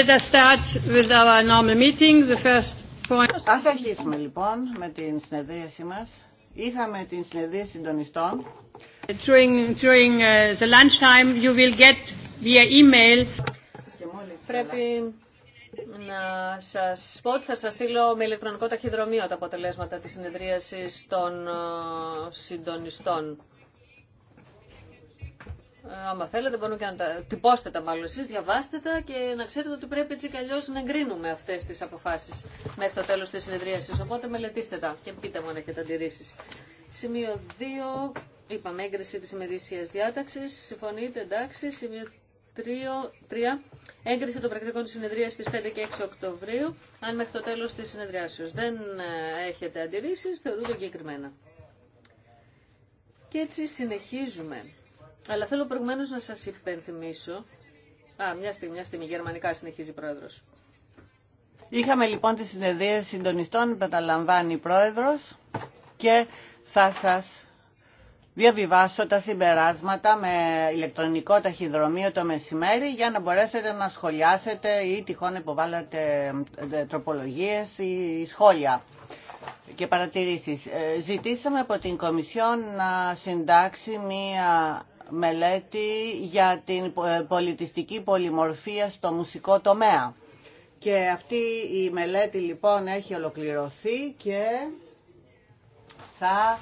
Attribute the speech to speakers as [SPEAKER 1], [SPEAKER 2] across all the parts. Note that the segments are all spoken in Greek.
[SPEAKER 1] Let us start with our normal meeting. The first point... Ας αρχίσουμε λοιπόν με την συνεδρίαση μας. Είχαμε την συνεδρίαση των συντονιστών. During, during uh, the time, you will get via email.
[SPEAKER 2] Πρέπει να σας πω ότι θα σας στείλω με ηλεκτρονικό ταχυδρομείο τα αποτελέσματα της συνεδρίασης των uh, συντονιστών. Ε, άμα θέλετε μπορούμε και να τα τυπώστε τα μάλλον εσείς, διαβάστε τα και να ξέρετε ότι πρέπει έτσι κι αλλιώ να εγκρίνουμε αυτές τις αποφάσεις μέχρι το τέλος της συνεδρίασης. Οπότε μελετήστε τα και πείτε μου αν έχετε αντιρρήσεις. Σημείο 2, είπαμε έγκριση της ημερήσιας διάταξης, συμφωνείτε εντάξει, σημείο 3, έγκριση των πρακτικών της συνεδρίας στις 5 και 6 Οκτωβρίου, αν μέχρι το τέλος της συνεδριάσεως δεν ε, έχετε αντιρρήσεις, θεωρούνται εγκεκριμένα. Και έτσι συνεχίζουμε. Αλλά θέλω προηγουμένως να σας υπενθυμίσω... Α, μια στιγμή, μια στιγμή, γερμανικά συνεχίζει η Πρόεδρος.
[SPEAKER 1] Είχαμε λοιπόν τη συνεδρία συντονιστών που η Πρόεδρος και θα σας διαβιβάσω τα συμπεράσματα με ηλεκτρονικό ταχυδρομείο το μεσημέρι για να μπορέσετε να σχολιάσετε ή τυχόν υποβάλλατε ε, τροπολογίες ή σχόλια και παρατηρήσεις. Ε, ζητήσαμε από την Κομισιόν να συντάξει μία μελέτη για την ε, πολιτιστική πολυμορφία στο μουσικό τομέα. Και αυτή η μελέτη λοιπόν έχει ολοκληρωθεί και θα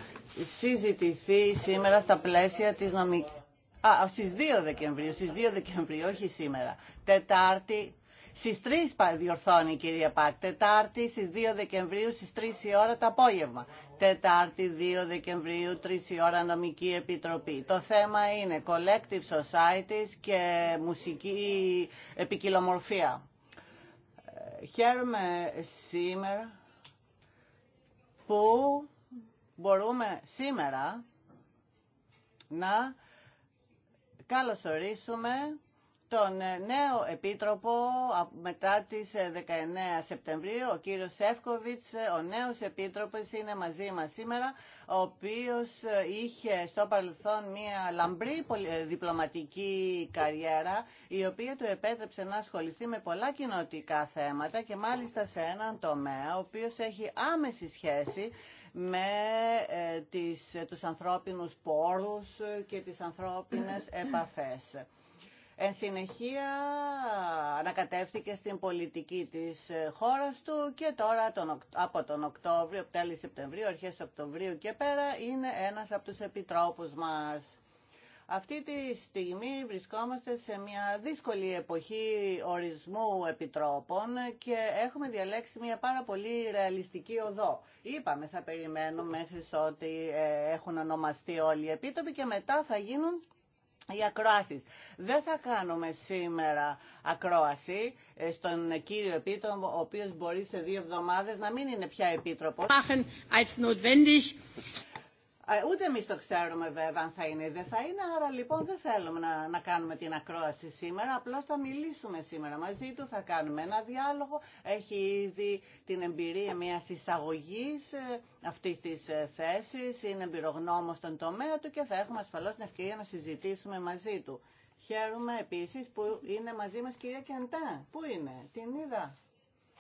[SPEAKER 1] συζητηθεί σήμερα στα πλαίσια της νομικής... Α, στις 2 Δεκεμβρίου, στις 2 Δεκεμβρίου, όχι σήμερα. Τετάρτη Στι 3 διορθώνει η κυρία Πακ. Τετάρτη στι 2 Δεκεμβρίου στι 3 η ώρα το απόγευμα. Τετάρτη 2 Δεκεμβρίου 3 η ώρα νομική επιτροπή. Το θέμα είναι collective societies και μουσική επικοινομορφία. Ε, χαίρομαι σήμερα που μπορούμε σήμερα να καλωσορίσουμε τον ε, νέο επίτροπο μετά τις 19 ε, Σεπτεμβρίου, ο κύριος Σεύκοβιτς, ε, ο νέος επίτροπος είναι μαζί μας σήμερα, ο οποίος είχε στο παρελθόν μια λαμπρή διπλωματική καριέρα, η οποία του επέτρεψε να ασχοληθεί με πολλά κοινοτικά θέματα και μάλιστα σε έναν τομέα, ο οποίος έχει άμεση σχέση με τις, τους ανθρώπινους πόρους και τις ανθρώπινες επαφές. Εν συνεχεία ανακατεύθηκε στην πολιτική της ε, χώρας του και τώρα τον, από τον Οκτώβριο, τέλη Σεπτεμβρίου, αρχές Οκτωβρίου και πέρα είναι ένας από τους επιτρόπους μας. Αυτή τη στιγμή βρισκόμαστε σε μια δύσκολη εποχή ορισμού επιτρόπων και έχουμε διαλέξει μια πάρα πολύ ρεαλιστική οδό. Είπαμε θα περιμένουμε μέχρι ότι ε, έχουν ονομαστεί όλοι οι επίτροποι και μετά θα γίνουν οι ακρόασει. Δεν θα κάνουμε σήμερα ακρόαση ε, στον κύριο Επίτροπο, ο οποίο μπορεί σε δύο εβδομάδε να μην είναι πια Επίτροπος. Ε, ούτε εμεί το ξέρουμε βέβαια αν θα είναι ή δεν θα είναι, άρα λοιπόν δεν θέλουμε να, να κάνουμε την ακρόαση σήμερα, Απλώ θα μιλήσουμε σήμερα μαζί του, θα κάνουμε ένα διάλογο. Έχει ήδη την εμπειρία μια εισαγωγή ε, αυτή τη ε, θέση, είναι εμπειρογνώμο στον τομέα του και θα έχουμε ασφαλώ την ευκαιρία να συζητήσουμε μαζί του. Χαίρομαι επίση που είναι μαζί μα κυρία Κεντά. Πού είναι, την είδα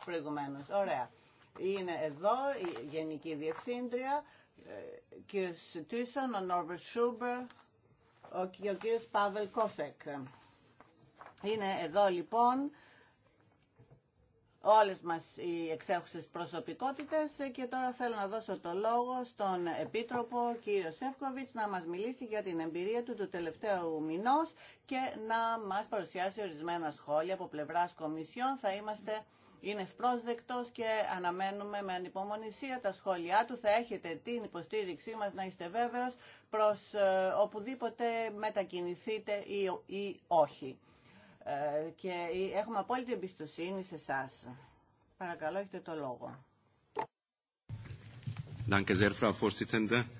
[SPEAKER 1] προηγουμένω. ωραία. Είναι εδώ η Γενική Διευθύντρια κύριος Τίσον, ο Νόρβερ Σούμπερ και ο κύριος Πάβελ Κόσεκ. Είναι εδώ λοιπόν όλες μας οι εξέχουσες προσωπικότητες και τώρα θέλω να δώσω το λόγο στον Επίτροπο κύριο Σεύκοβιτς να μας μιλήσει για την εμπειρία του του τελευταίου μηνός και να μας παρουσιάσει ορισμένα σχόλια από πλευράς Κομισιόν. Θα είμαστε είναι ευπρόσδεκτος και αναμένουμε με ανυπομονησία τα σχόλιά του. Θα έχετε την υποστήριξή μας να είστε βέβαιος προς ε, οπουδήποτε μετακινηθείτε ή όχι. Ε, και έχουμε απόλυτη εμπιστοσύνη σε εσά. Παρακαλώ, έχετε το λόγο.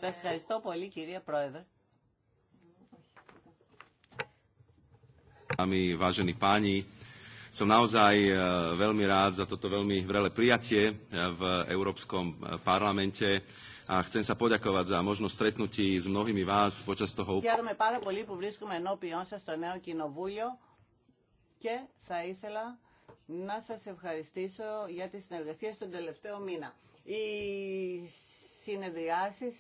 [SPEAKER 1] Σα ευχαριστώ πολύ, κυρία Πρόεδρε.
[SPEAKER 3] Som naozaj e, veľmi rád za toto veľmi vrele e, v Európskom e, parlamente a chcem sa poďakovať za možnosť stretnutí s
[SPEAKER 1] πάρα πολύ που βρίσκουμε σας στο νέο κοινοβούλιο και θα ήθελα να σας ευχαριστήσω για τη συνεργασία στον τελευταίο μήνα. Οι συνεδριάσεις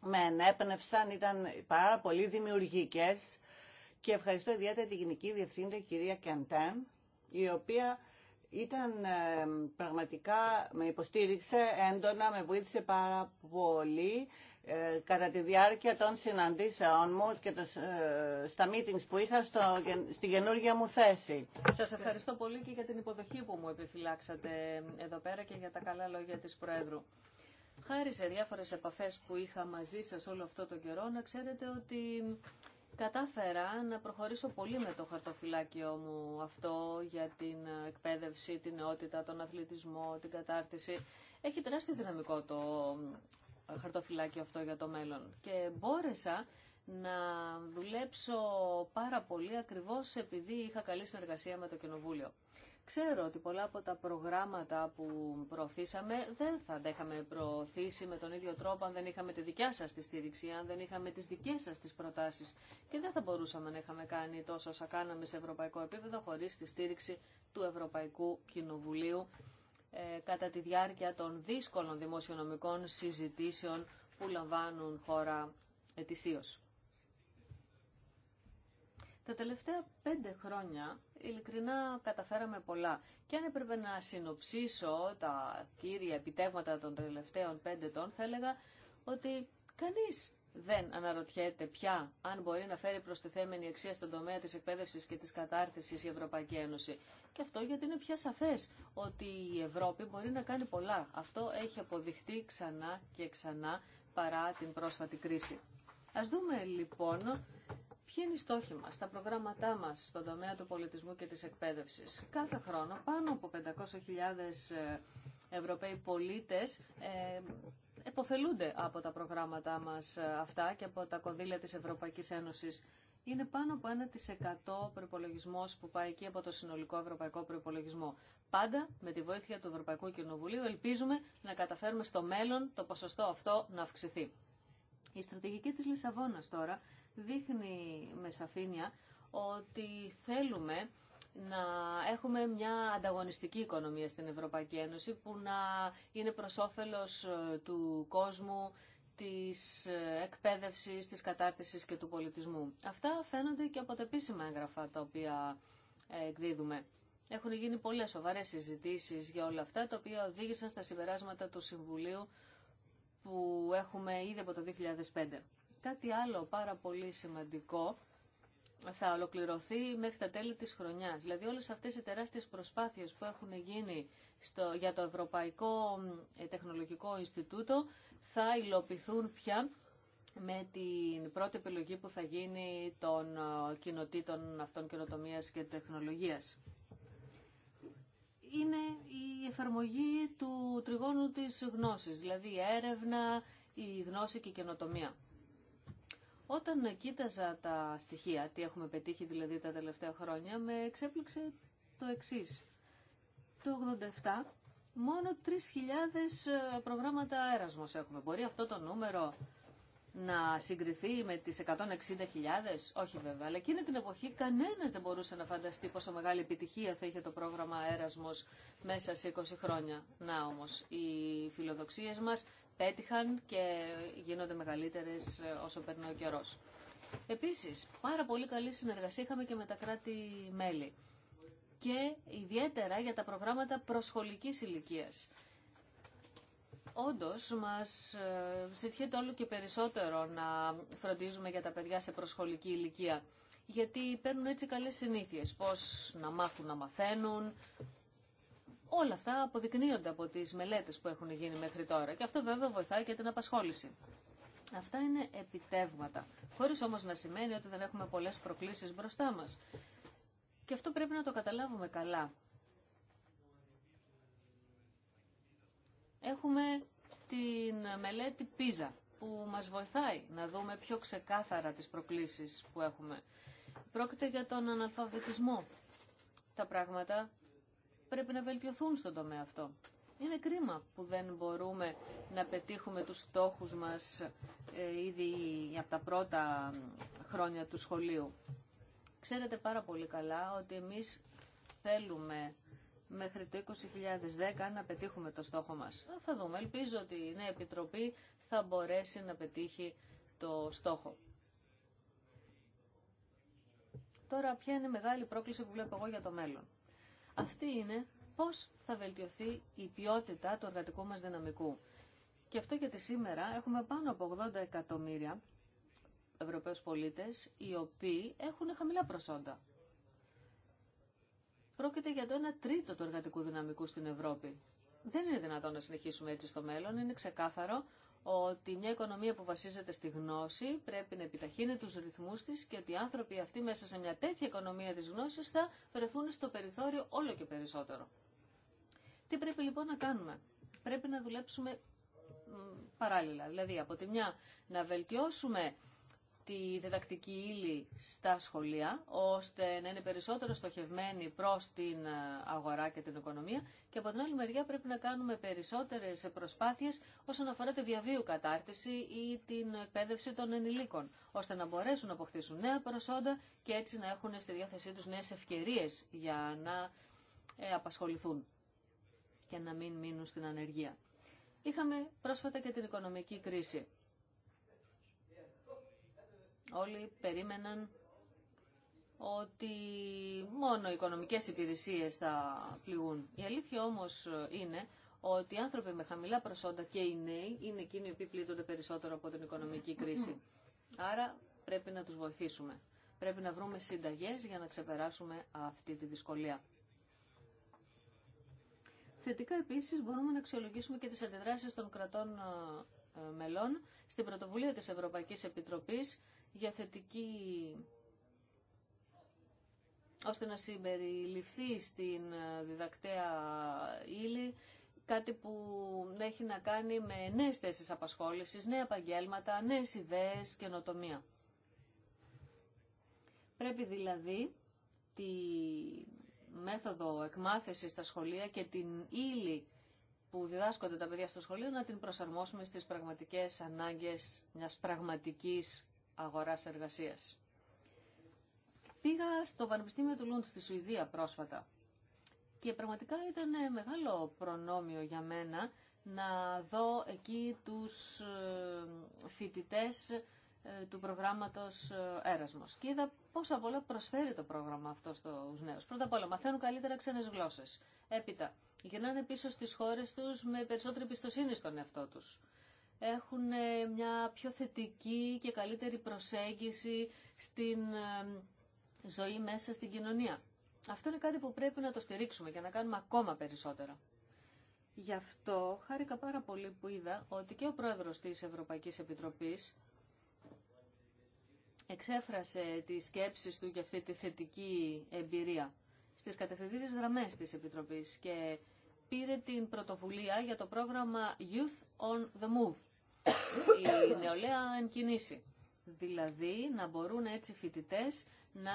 [SPEAKER 1] με ενέπνευσαν, ήταν πάρα πολύ δημιουργικές και ευχαριστώ ιδιαίτερα τη Γενική Διευθύντρια κυρία Καντάν, η οποία ήταν πραγματικά, με υποστήριξε έντονα, με βοήθησε πάρα πολύ ε, κατά τη διάρκεια των συναντήσεων μου και το, ε, στα meetings που είχα στο, στη καινούργια μου θέση. Σας
[SPEAKER 2] ευχαριστώ πολύ και για την υποδοχή που μου επιφυλάξατε εδώ πέρα και για τα καλά λόγια της Προέδρου. Χάρη σε διάφορες επαφές που είχα μαζί σας όλο αυτό το καιρό, να ξέρετε ότι Κατάφερα να προχωρήσω πολύ με το χαρτοφυλάκιο μου αυτό για την εκπαίδευση, την νεότητα, τον αθλητισμό, την κατάρτιση. Έχει τεράστιο δυναμικό το χαρτοφυλάκιο αυτό για το μέλλον. Και μπόρεσα να δουλέψω πάρα πολύ ακριβώς επειδή είχα καλή συνεργασία με το Κοινοβούλιο. Ξέρω ότι πολλά από τα προγράμματα που προωθήσαμε δεν θα τα είχαμε προωθήσει με τον ίδιο τρόπο αν δεν είχαμε τη δικιά σας τη στήριξη, αν δεν είχαμε τις δικές σας τις προτάσεις και δεν θα μπορούσαμε να είχαμε κάνει τόσο όσα κάναμε σε ευρωπαϊκό επίπεδο χωρίς τη στήριξη του Ευρωπαϊκού Κοινοβουλίου ε, κατά τη διάρκεια των δύσκολων δημοσιονομικών συζητήσεων που λαμβάνουν χώρα ετησίως. Τα τελευταία πέντε χρόνια, ειλικρινά, καταφέραμε πολλά. Και αν έπρεπε να συνοψίσω τα κύρια επιτεύγματα των τελευταίων πέντε ετών, θα έλεγα ότι κανείς δεν αναρωτιέται πια αν μπορεί να φέρει προστιθέμενη αξία στον τομέα της εκπαίδευσης και της κατάρτισης η Ευρωπαϊκή Ένωση. Και αυτό γιατί είναι πια σαφές ότι η Ευρώπη μπορεί να κάνει πολλά. Αυτό έχει αποδειχτεί ξανά και ξανά παρά την πρόσφατη κρίση. Ας δούμε λοιπόν Ποιοι είναι οι στόχοι μας, τα προγράμματά μας στον τομέα του πολιτισμού και της εκπαίδευσης. Κάθε χρόνο πάνω από 500.000 ε, Ευρωπαίοι πολίτες ε, εποφελούνται από τα προγράμματά μας ε, αυτά και από τα κονδύλια της Ευρωπαϊκής Ένωσης. Είναι πάνω από 1% προπολογισμό που πάει εκεί από το συνολικό ευρωπαϊκό προπολογισμό. Πάντα με τη βοήθεια του Ευρωπαϊκού Κοινοβουλίου ελπίζουμε να καταφέρουμε στο μέλλον το ποσοστό αυτό να αυξηθεί. Η στρατηγική της Λισαβόνας τώρα δείχνει με σαφήνεια ότι θέλουμε να έχουμε μια ανταγωνιστική οικονομία στην Ευρωπαϊκή Ένωση που να είναι προς όφελος ε, του κόσμου, της ε, εκπαίδευσης, της κατάρτισης και του πολιτισμού. Αυτά φαίνονται και από τα επίσημα έγγραφα τα οποία ε, εκδίδουμε. Έχουν γίνει πολλές σοβαρές συζητήσεις για όλα αυτά, τα οποία οδήγησαν στα συμπεράσματα του Συμβουλίου που έχουμε ήδη από το 2005. Κάτι άλλο πάρα πολύ σημαντικό θα ολοκληρωθεί μέχρι τα τέλη της χρονιάς. Δηλαδή όλες αυτές οι τεράστιες προσπάθειες που έχουν γίνει στο, για το Ευρωπαϊκό ε, Τεχνολογικό Ινστιτούτο θα υλοποιηθούν πια με την πρώτη επιλογή που θα γίνει των ε, κοινοτήτων αυτών καινοτομία και τεχνολογίας. Είναι η εφαρμογή του τριγώνου της γνώσης, δηλαδή η έρευνα, η γνώση και η καινοτομία. Όταν κοίταζα τα στοιχεία, τι έχουμε πετύχει δηλαδή τα τελευταία χρόνια, με εξέπληξε το εξή. Το 87 μόνο 3.000 ε, προγράμματα έρασμος έχουμε. Μπορεί αυτό το νούμερο να συγκριθεί με τις 160.000, όχι βέβαια, αλλά εκείνη την εποχή κανένας δεν μπορούσε να φανταστεί πόσο μεγάλη επιτυχία θα είχε το πρόγραμμα Έρασμος μέσα σε 20 χρόνια. Να όμως, οι φιλοδοξίες μας Πέτυχαν και γίνονται μεγαλύτερες ε, όσο περνάει ο καιρός. Επίσης, πάρα πολύ καλή συνεργασία είχαμε και με τα κράτη-μέλη και ιδιαίτερα για τα προγράμματα προσχολικής ηλικίας. Όντως, μας ε, ζητιέται όλο και περισσότερο να φροντίζουμε για τα παιδιά σε προσχολική ηλικία, γιατί παίρνουν έτσι καλές συνήθειες, πώς να μάθουν να μαθαίνουν, Όλα αυτά αποδεικνύονται από τις μελέτες που έχουν γίνει μέχρι τώρα και αυτό βέβαια βοηθάει και την απασχόληση. Αυτά είναι επιτεύγματα, χωρίς όμως να σημαίνει ότι δεν έχουμε πολλές προκλήσεις μπροστά μας. Και αυτό πρέπει να το καταλάβουμε καλά. Έχουμε την μελέτη PISA που μας βοηθάει να δούμε πιο ξεκάθαρα τις προκλήσεις που έχουμε. Πρόκειται για τον αναλφαβητισμό. Τα πράγματα πρέπει να βελτιωθούν στον τομέα αυτό. Είναι κρίμα που δεν μπορούμε να πετύχουμε τους στόχους μας ε, ήδη από τα πρώτα χρόνια του σχολείου. Ξέρετε πάρα πολύ καλά ότι εμείς θέλουμε μέχρι το 2010 να πετύχουμε το στόχο μας. Θα δούμε. Ελπίζω ότι η νέα Επιτροπή θα μπορέσει να πετύχει το στόχο. Τώρα, ποια είναι η μεγάλη πρόκληση που βλέπω εγώ για το μέλλον αυτή είναι πώς θα βελτιωθεί η ποιότητα του εργατικού μας δυναμικού. Και αυτό γιατί σήμερα έχουμε πάνω από 80 εκατομμύρια Ευρωπαίους πολίτες οι οποίοι έχουν χαμηλά προσόντα. Πρόκειται για το 1 τρίτο του εργατικού δυναμικού στην Ευρώπη. Δεν είναι δυνατόν να συνεχίσουμε έτσι στο μέλλον. Είναι ξεκάθαρο ότι μια οικονομία που βασίζεται στη γνώση πρέπει να επιταχύνει τους ρυθμούς της και ότι οι άνθρωποι αυτοί μέσα σε μια τέτοια οικονομία της γνώσης θα βρεθούν στο περιθώριο όλο και περισσότερο. Τι πρέπει λοιπόν να κάνουμε. Πρέπει να δουλέψουμε παράλληλα. Δηλαδή από τη μια να βελτιώσουμε τη διδακτική ύλη στα σχολεία, ώστε να είναι περισσότερο στοχευμένη προς την ε, αγορά και την οικονομία και από την άλλη μεριά πρέπει να κάνουμε περισσότερες προσπάθειες όσον αφορά τη διαβίου κατάρτιση ή την εκπαίδευση των ενηλίκων, ώστε να μπορέσουν να αποκτήσουν νέα προσόντα και έτσι να έχουν στη διάθεσή τους νέες ευκαιρίες για να ε, απασχοληθούν και να μην μείνουν στην ανεργία. Είχαμε πρόσφατα και την οικονομική κρίση. Όλοι περίμεναν ότι μόνο οι οικονομικές υπηρεσίες θα πληγούν. Η αλήθεια όμως είναι ότι οι άνθρωποι με χαμηλά προσόντα και οι νέοι είναι εκείνοι οι πλήττονται περισσότερο από την οικονομική κρίση. Άρα πρέπει να τους βοηθήσουμε. Πρέπει να βρούμε συνταγές για να ξεπεράσουμε αυτή τη δυσκολία. Θετικά επίσης μπορούμε να αξιολογήσουμε και τις αντιδράσεις των κρατών ε, μελών στην πρωτοβουλία της Ευρωπαϊκής Επιτροπής ώστε να συμπεριληφθεί στην ε, διδακτέα ύλη κάτι που έχει να κάνει με νέες θέσεις απασχόλησης, νέα επαγγέλματα, νέες ιδέες, καινοτομία. Πρέπει δηλαδή τη μέθοδο εκμάθησης στα σχολεία και την ύλη που διδάσκονται τα παιδιά στο σχολείο να την προσαρμόσουμε στις πραγματικές ανάγκες μιας πραγματικής αγοράς εργασίας. Πήγα στο Πανεπιστήμιο του Λούντ στη Σουηδία πρόσφατα και πραγματικά ήταν μεγάλο προνόμιο για μένα να δω εκεί τους ε, φοιτητές ε, του προγράμματος Έρασμος. Ε, και είδα πόσα πολλά προσφέρει το πρόγραμμα αυτό στους νέους. Πρώτα απ' όλα μαθαίνουν καλύτερα ξένες γλώσσες. Έπειτα γυρνάνε πίσω στις χώρες τους με περισσότερη εμπιστοσύνη στον εαυτό τους έχουν ε, μια πιο θετική και καλύτερη προσέγγιση στην ε, ζωή μέσα στην κοινωνία. Αυτό είναι κάτι που πρέπει να το στηρίξουμε και να κάνουμε ακόμα περισσότερο. Γι' αυτό χάρηκα πάρα πολύ που είδα ότι και ο πρόεδρος της Ευρωπαϊκής Επιτροπής εξέφρασε τις σκέψεις του για αυτή τη θετική εμπειρία στις κατευθυντήριες γραμμές της Επιτροπής και πήρε την πρωτοβουλία για το πρόγραμμα Youth on the Move, η νεολαία εν κινήσει. Δηλαδή να μπορούν έτσι φοιτητέ να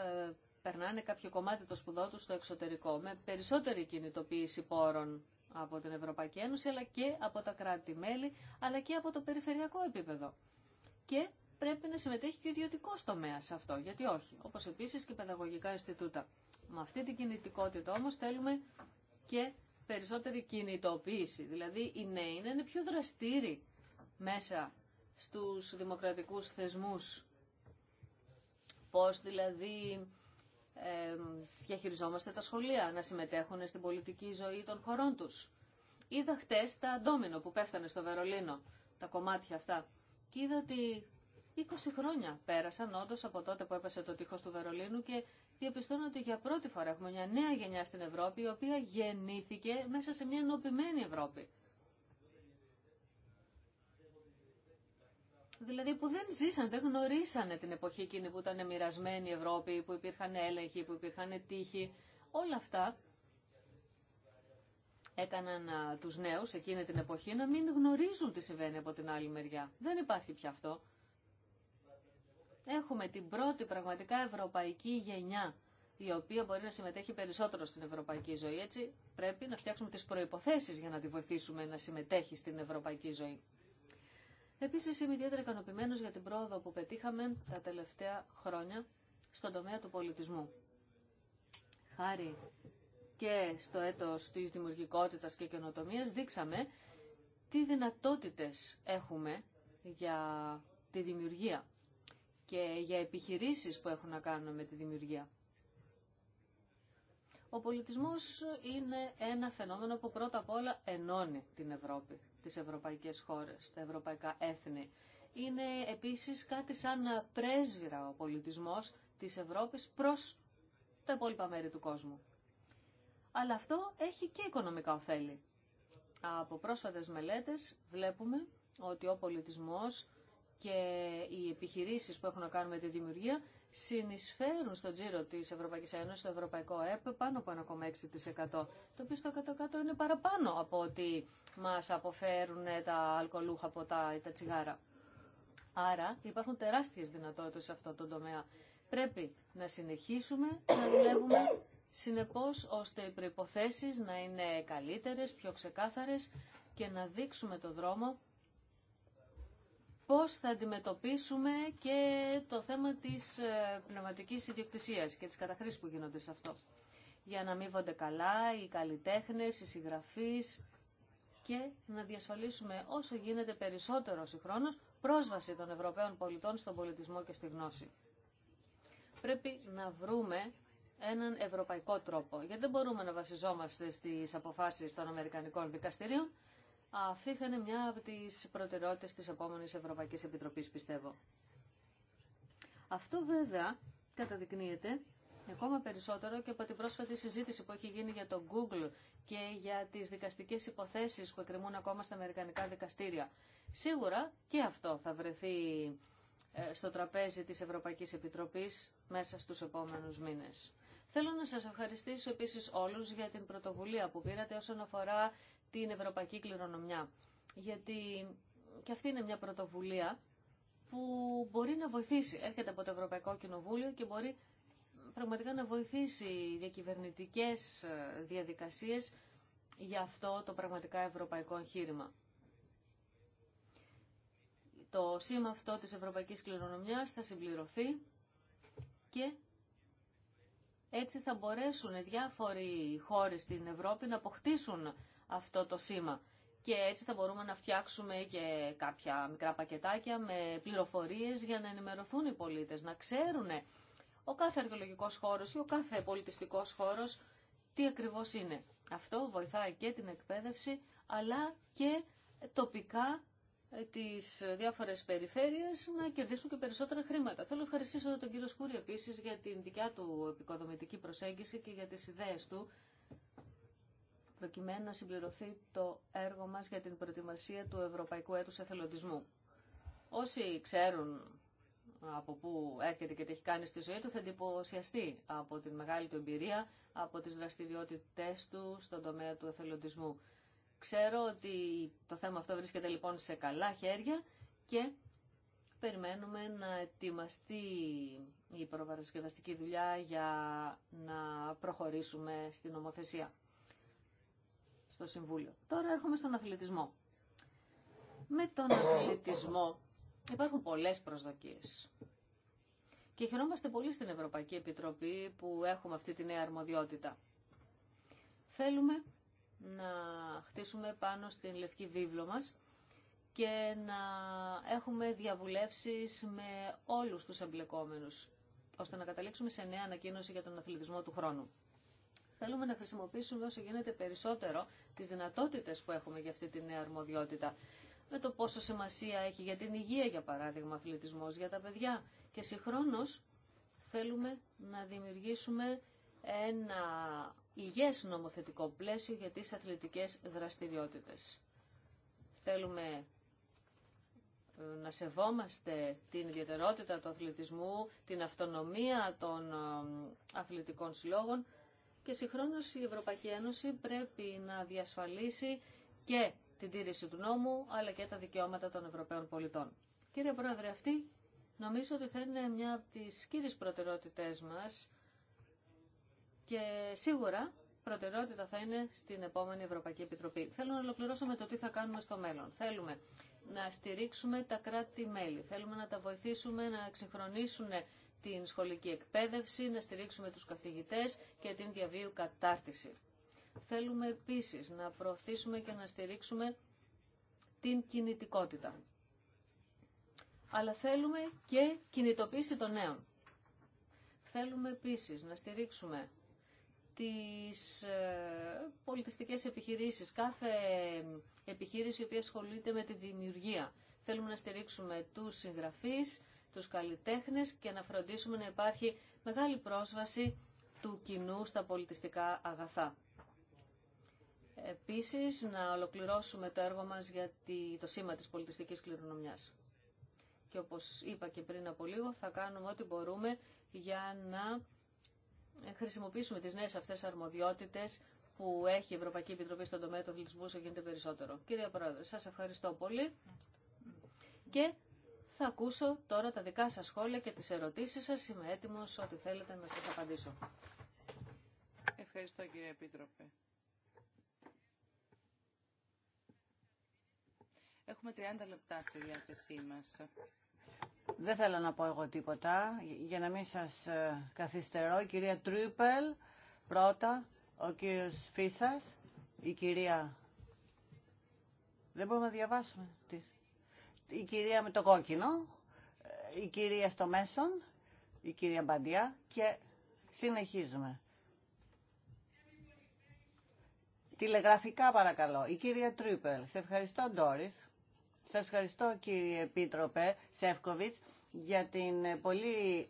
[SPEAKER 2] ε, περνάνε κάποιο κομμάτι το σπουδό του στο εξωτερικό, με περισσότερη κινητοποίηση πόρων από την Ευρωπαϊκή Ένωση, αλλά και από τα κράτη-μέλη, αλλά και από το περιφερειακό επίπεδο. Και πρέπει να συμμετέχει και ο ιδιωτικό τομέα σε αυτό, γιατί όχι. Όπω επίση και παιδαγωγικά Ινστιτούτα. Με αυτή την κινητικότητα όμω θέλουμε και περισσότερη κινητοποίηση. Δηλαδή οι νέοι να είναι πιο δραστήριοι μέσα στους δημοκρατικούς θεσμούς. Πώς δηλαδή ε, διαχειριζόμαστε τα σχολεία, να συμμετέχουν στην πολιτική ζωή των χωρών τους. Είδα χτες τα ντόμινο που πέφτανε στο Βερολίνο, τα κομμάτια αυτά. Και είδα ότι 20 χρόνια πέρασαν όντω από τότε που έπεσε το τείχος του Βερολίνου και διαπιστώνω ότι για πρώτη φορά έχουμε μια νέα γενιά στην Ευρώπη η οποία γεννήθηκε μέσα σε μια ενωπημένη Ευρώπη. Δηλαδή που δεν ζήσαν, δεν γνωρίσανε την εποχή εκείνη που ήταν μοιρασμένη η Ευρώπη, που υπήρχαν έλεγχοι, που υπήρχαν τείχοι. Όλα αυτά έκαναν ε, τους νέους εκείνη την εποχή να μην γνωρίζουν τι συμβαίνει από την άλλη μεριά. Δεν υπάρχει πια αυτό έχουμε την πρώτη πραγματικά ευρωπαϊκή γενιά η οποία μπορεί να συμμετέχει περισσότερο στην ευρωπαϊκή ζωή. Έτσι πρέπει να φτιάξουμε τις προϋποθέσεις για να τη βοηθήσουμε να συμμετέχει στην ευρωπαϊκή ζωή. Επίσης είμαι ιδιαίτερα ικανοποιημένος για την πρόοδο που πετύχαμε τα τελευταία χρόνια στον τομέα του πολιτισμού. Χάρη και στο έτος της δημιουργικότητας και καινοτομίας δείξαμε τι δυνατότητες έχουμε για τη δημιουργία και για επιχειρήσεις που έχουν να κάνουν με τη δημιουργία. Ο πολιτισμός είναι ένα φαινόμενο που πρώτα απ' όλα ενώνει την Ευρώπη, τις ευρωπαϊκές χώρες, τα ευρωπαϊκά έθνη. Είναι επίσης κάτι σαν πρέσβυρα ο πολιτισμός της Ευρώπης προς τα υπόλοιπα μέρη του κόσμου. Αλλά αυτό έχει και οικονομικά ωφέλη. Από πρόσφατες μελέτες βλέπουμε ότι ο πολιτισμός και οι επιχειρήσεις που έχουν να κάνουν με τη δημιουργία συνεισφέρουν στο τζίρο της Ευρωπαϊκής Ένωσης, στο Ευρωπαϊκό ΕΠ, πάνω από 1,6%. Το οποίο στο 100% είναι παραπάνω από ότι μας αποφέρουν τα αλκοολούχα ποτά ή τα τσιγάρα. Άρα υπάρχουν τεράστιες δυνατότητες σε αυτό το τομέα. Πρέπει να συνεχίσουμε να δουλεύουμε συνεπώς ώστε οι προϋποθέσεις να είναι καλύτερες, πιο ξεκάθαρες και να δείξουμε το δρόμο πώς θα αντιμετωπίσουμε και το θέμα της ε, πνευματικής ιδιοκτησίας και της καταχρήσης που γίνονται σε αυτό. Για να μείβονται καλά οι καλλιτέχνες, οι συγγραφείς και να διασφαλίσουμε όσο γίνεται περισσότερο συγχρόνως πρόσβαση των Ευρωπαίων πολιτών στον πολιτισμό και στη γνώση. Πρέπει να βρούμε έναν ευρωπαϊκό τρόπο, γιατί δεν μπορούμε να βασιζόμαστε στις αποφάσεις των Αμερικανικών δικαστηρίων, αυτή θα είναι μια από τι προτεραιότητε της επόμενη Ευρωπαϊκή Επιτροπή, πιστεύω. Αυτό βέβαια καταδεικνύεται ακόμα περισσότερο και από την πρόσφατη συζήτηση που έχει γίνει για το Google και για τι δικαστικέ υποθέσει που εκκρεμούν ακόμα στα Αμερικανικά δικαστήρια. Σίγουρα και αυτό θα βρεθεί ε, στο τραπέζι της Ευρωπαϊκής Επιτροπής μέσα στους επόμενους μήνες. Θέλω να σας ευχαριστήσω επίσης όλους για την πρωτοβουλία που πήρατε όσον αφορά την Ευρωπαϊκή Κληρονομιά. Γιατί και αυτή είναι μια πρωτοβουλία που μπορεί να βοηθήσει. Έρχεται από το Ευρωπαϊκό Κοινοβούλιο και μπορεί πραγματικά να βοηθήσει διακυβερνητικές ε, διαδικασίες για αυτό το πραγματικά ευρωπαϊκό εγχείρημα. Το σήμα αυτό της Ευρωπαϊκής Κληρονομιάς θα συμπληρωθεί και έτσι θα μπορέσουν διάφοροι χώρες στην Ευρώπη να αποκτήσουν αυτό το σήμα. Και έτσι θα μπορούμε να φτιάξουμε και κάποια μικρά πακετάκια με πληροφορίες για να ενημερωθούν οι πολίτες, να ξέρουν ο κάθε αρχαιολογικός χώρος ή ο κάθε πολιτιστικός χώρος τι ακριβώς είναι. Αυτό βοηθάει και την εκπαίδευση αλλά και τοπικά τις διάφορες περιφέρειες να κερδίσουν και περισσότερα χρήματα. Θέλω να ευχαριστήσω τον κύριο Σκούρη επίσης για την δικιά του επικοδομητική προσέγγιση και για τις ιδέες του προκειμένου να συμπληρωθεί το έργο μας για την προετοιμασία του Ευρωπαϊκού Έτους Εθελοντισμού. Όσοι ξέρουν από πού έρχεται και τι έχει κάνει στη ζωή του θα εντυπωσιαστεί από την μεγάλη του εμπειρία, από τις δραστηριότητές του στον τομέα του εθελοντισμού. Ξέρω ότι το θέμα αυτό βρίσκεται λοιπόν σε καλά χέρια και περιμένουμε να ετοιμαστεί η προπαρασκευαστική δουλειά για να προχωρήσουμε στην ομοθεσία στο Συμβούλιο. Τώρα έρχομαι στον αθλητισμό. Με τον αθλητισμό υπάρχουν πολλές προσδοκίες. Και χαιρόμαστε πολύ στην Ευρωπαϊκή Επιτροπή που έχουμε αυτή τη νέα αρμοδιότητα. Θέλουμε να χτίσουμε πάνω στην Λευκή Βίβλο μας και να έχουμε διαβουλεύσεις με όλους τους εμπλεκόμενους, ώστε να καταλήξουμε σε νέα ανακοίνωση για τον αθλητισμό του χρόνου. Θέλουμε να χρησιμοποιήσουμε όσο γίνεται περισσότερο τις δυνατότητες που έχουμε για αυτή τη νέα αρμοδιότητα. Με το πόσο σημασία έχει για την υγεία, για παράδειγμα, αθλητισμός για τα παιδιά. Και συγχρόνως θέλουμε να δημιουργήσουμε ένα υγιές νομοθετικό πλαίσιο για τις αθλητικές δραστηριότητες. Θέλουμε ε, να σεβόμαστε την ιδιαιτερότητα του αθλητισμού, την αυτονομία των ε, αθλητικών συλλόγων και συγχρόνως η Ευρωπαϊκή Ένωση πρέπει να διασφαλίσει και την τήρηση του νόμου αλλά και τα δικαιώματα των Ευρωπαίων πολιτών. Κύριε Πρόεδρε, αυτή νομίζω ότι θα είναι μια από τις κύριες προτεραιότητές μας και σίγουρα προτεραιότητα θα είναι στην επόμενη Ευρωπαϊκή Επιτροπή. Θέλω να ολοκληρώσω με το τι θα κάνουμε στο μέλλον. Θέλουμε να στηρίξουμε τα κράτη-μέλη. Θέλουμε να τα βοηθήσουμε να εξυγχρονίσουν την σχολική εκπαίδευση, να στηρίξουμε τους καθηγητές και την διαβίου κατάρτιση. Θέλουμε επίσης να προωθήσουμε και να στηρίξουμε την κινητικότητα. Αλλά θέλουμε και κινητοποίηση των νέων. Θέλουμε επίσης να στηρίξουμε τις ε, πολιτιστικές επιχειρήσεις, κάθε επιχείρηση η οποία ασχολείται με τη δημιουργία. Θέλουμε να στηρίξουμε τους συγγραφείς, τους καλλιτέχνες και να φροντίσουμε να υπάρχει μεγάλη πρόσβαση του κοινού στα πολιτιστικά αγαθά. Επίσης, να ολοκληρώσουμε το έργο μας για το σήμα της πολιτιστικής κληρονομιάς. Και όπως είπα και πριν από λίγο, θα κάνουμε ό,τι μπορούμε για να χρησιμοποιήσουμε τις νέες αυτές αρμοδιότητες που έχει η Ευρωπαϊκή Επιτροπή στον τομέα του αθλητισμού όσο γίνεται περισσότερο. Κύριε Πρόεδρε, σας ευχαριστώ πολύ και θα ακούσω τώρα τα δικά σας σχόλια και τις ερωτήσεις σας. Είμαι έτοιμος ό,τι θέλετε να σας απαντήσω.
[SPEAKER 3] Ευχαριστώ κύριε Επίτροπε. Έχουμε 30 λεπτά στη διάθεσή μας.
[SPEAKER 1] Δεν θέλω να πω εγώ τίποτα, για να μην σας ε, καθυστερώ. Η κυρία Τρίπελ, πρώτα, ο κύριος Φίσας, η κυρία... Δεν μπορούμε να διαβάσουμε. Η κυρία με το κόκκινο, η κυρία στο μέσον, η κυρία Μπαντιά και συνεχίζουμε. Τηλεγραφικά παρακαλώ. Η κυρία Τρίπελ. Σε ευχαριστώ, Ντόρις. Σας ευχαριστώ κύριε Επίτροπε Σεύκοβιτς για την πολύ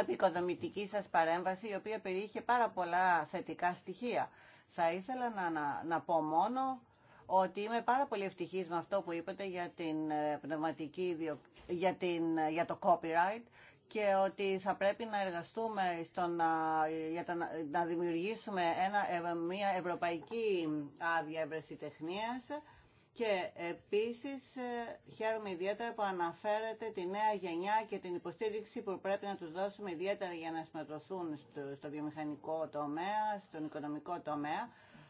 [SPEAKER 1] επικοδομητική σας παρέμβαση η οποία περιείχε πάρα πολλά θετικά στοιχεία. Θα ήθελα να, να, πω μόνο ότι είμαι πάρα πολύ ευτυχής με αυτό που είπατε για, την ε, πνευματική, για, την, ε, για το copyright και ότι θα πρέπει να εργαστούμε στο να, για να δημιουργήσουμε ένα, ε, μια ευρωπαϊκή άδεια ευρεσιτεχνίας και επίσης ε, χαίρομαι ιδιαίτερα που αναφέρετε τη νέα γενιά και την υποστήριξη που πρέπει να τους δώσουμε ιδιαίτερα για να συμμετωθούν στο βιομηχανικό τομέα, στον οικονομικό τομέα.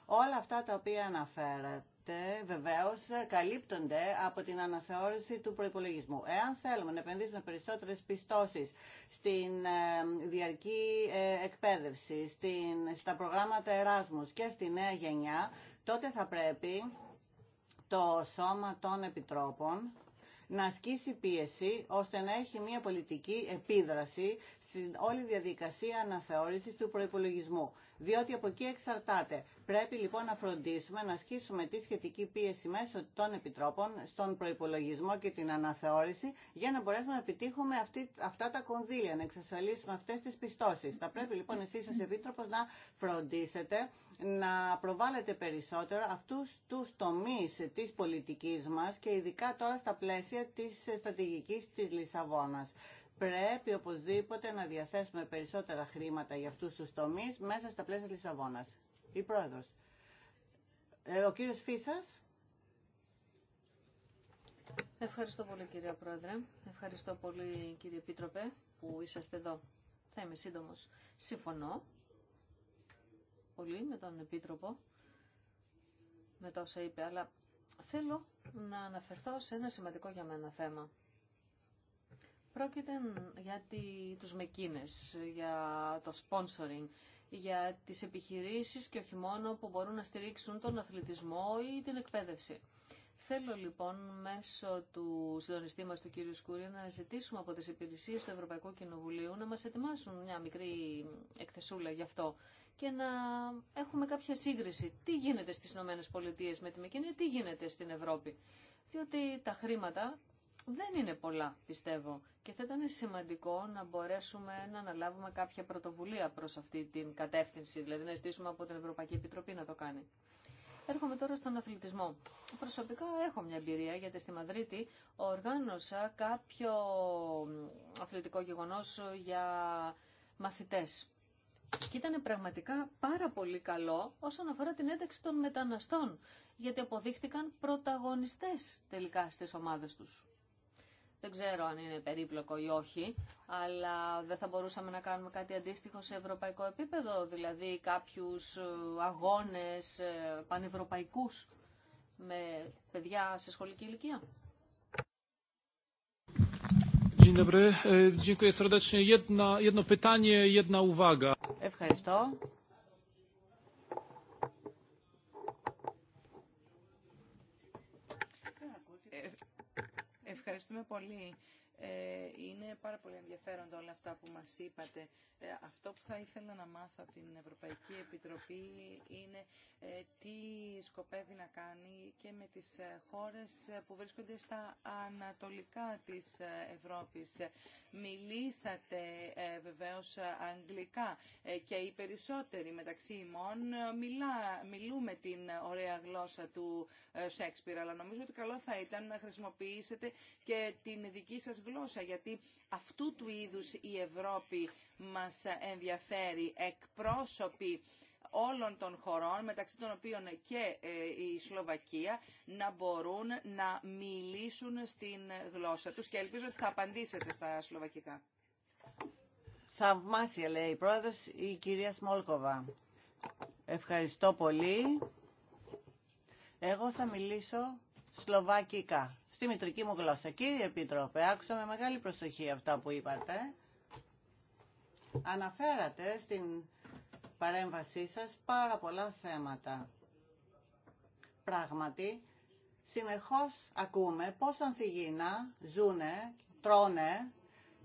[SPEAKER 1] Όλα αυτά τα οποία αναφέρετε βεβαίως καλύπτονται από την αναθεώρηση του προϋπολογισμού. Εάν θέλουμε να επενδύσουμε περισσότερες πιστώσεις στην ε, διαρκή ε, εκπαίδευση, στα προγράμματα Εράσμους και στη νέα γενιά, τότε θα πρέπει το Σώμα των Επιτρόπων να ασκήσει πίεση ώστε να έχει μια πολιτική επίδραση στην όλη διαδικασία αναθεώρησης του προϋπολογισμού διότι από εκεί εξαρτάται. Πρέπει λοιπόν να φροντίσουμε να ασκήσουμε τη σχετική πίεση μέσω των επιτρόπων στον προπολογισμό και την αναθεώρηση για να μπορέσουμε να επιτύχουμε αυτή, αυτά τα κονδύλια, να εξασφαλίσουμε αυτέ τι πιστώσει. Θα πρέπει λοιπόν εσεί ω Επίτροπο να φροντίσετε να προβάλλετε περισσότερο αυτού του τομεί τη πολιτική μα και ειδικά τώρα στα πλαίσια τη στρατηγική τη Λισαβόνα πρέπει οπωσδήποτε να διαθέσουμε περισσότερα χρήματα για αυτούς τους τομείς μέσα στα πλαίσια Λισαβόνας. Η πρόεδρος. Ε, ο κύριος Φίσας.
[SPEAKER 2] Ευχαριστώ πολύ κύριε Πρόεδρε. Ευχαριστώ πολύ κύριε Επίτροπε που είσαστε εδώ. Θα είμαι σύντομος. Συμφωνώ πολύ με τον Επίτροπο, με τόσα είπε, αλλά θέλω να αναφερθώ σε ένα σημαντικό για μένα θέμα. Πρόκειται για τη, τους μεκίνες, για το sponsoring, για τις επιχειρήσεις και όχι μόνο που μπορούν να στηρίξουν τον αθλητισμό ή την εκπαίδευση. Θέλω λοιπόν μέσω του συντονιστή μας του κύριου Σκούρη να ζητήσουμε από τις υπηρεσίες του Ευρωπαϊκού Κοινοβουλίου να μας ετοιμάσουν μια μικρή εκθεσούλα γι' αυτό και να έχουμε κάποια σύγκριση. Τι γίνεται στις ΗΠΑ με τη Μεκίνη, τι γίνεται στην Ευρώπη. Διότι τα χρήματα δεν είναι πολλά, πιστεύω. Και θα ήταν σημαντικό να μπορέσουμε να αναλάβουμε κάποια πρωτοβουλία προς αυτή την κατεύθυνση, δηλαδή να ζητήσουμε από την Ευρωπαϊκή Επιτροπή να το κάνει. Έρχομαι τώρα στον αθλητισμό. Προσωπικά έχω μια εμπειρία γιατί στη Μαδρίτη οργάνωσα κάποιο αθλητικό γεγονός για μαθητές. Και ήταν πραγματικά πάρα πολύ καλό όσον αφορά την ένταξη των μεταναστών, γιατί αποδείχτηκαν πρωταγωνιστές τελικά στις ομάδες τους. Δεν ξέρω αν είναι περίπλοκο ή όχι, αλλά δεν θα μπορούσαμε να κάνουμε κάτι αντίστοιχο σε ευρωπαϊκό επίπεδο, δηλαδή κάποιους ε, αγώνες ε, πανευρωπαϊκούς με παιδιά σε σχολική ηλικία.
[SPEAKER 1] Dzień e, Ευχαριστώ.
[SPEAKER 3] Ευχαριστούμε πολύ. Ε, είναι πάρα πολύ ενδιαφέροντα όλα αυτά που μας είπατε. Ε, αυτό που θα ήθελα να μάθω από την Ευρωπαϊκή Επιτροπή είναι ε, τι σκοπεύει να κάνει και με τις ε, χώρες που βρίσκονται στα ανατολικά της Ευρώπης. Μιλήσατε βεβαίως αγγλικά και οι περισσότεροι μεταξύ ημών μιλά, μιλούμε την ωραία γλώσσα του Σέξπιρ, αλλά νομίζω ότι καλό θα ήταν να χρησιμοποιήσετε και την δική σας γλώσσα, γιατί αυτού του είδους η Ευρώπη μας ενδιαφέρει εκπρόσωποι όλων των χωρών, μεταξύ των οποίων και ε, η Σλοβακία, να μπορούν να μιλήσουν στην γλώσσα τους και ελπίζω ότι θα απαντήσετε στα σλοβακικά.
[SPEAKER 1] Θαυμάσια λέει η πρόεδρος, η κυρία Σμόλκοβα. Ευχαριστώ πολύ. Εγώ θα μιλήσω σλοβακικά, στη μητρική μου γλώσσα. Κύριε Επίτροπε, άκουσα με μεγάλη προσοχή αυτά που είπατε Αναφέρατε στην παρέμβασή σας πάρα πολλά θέματα. Πράγματι, συνεχώς ακούμε πώς ανθιγίνα ζούνε, τρώνε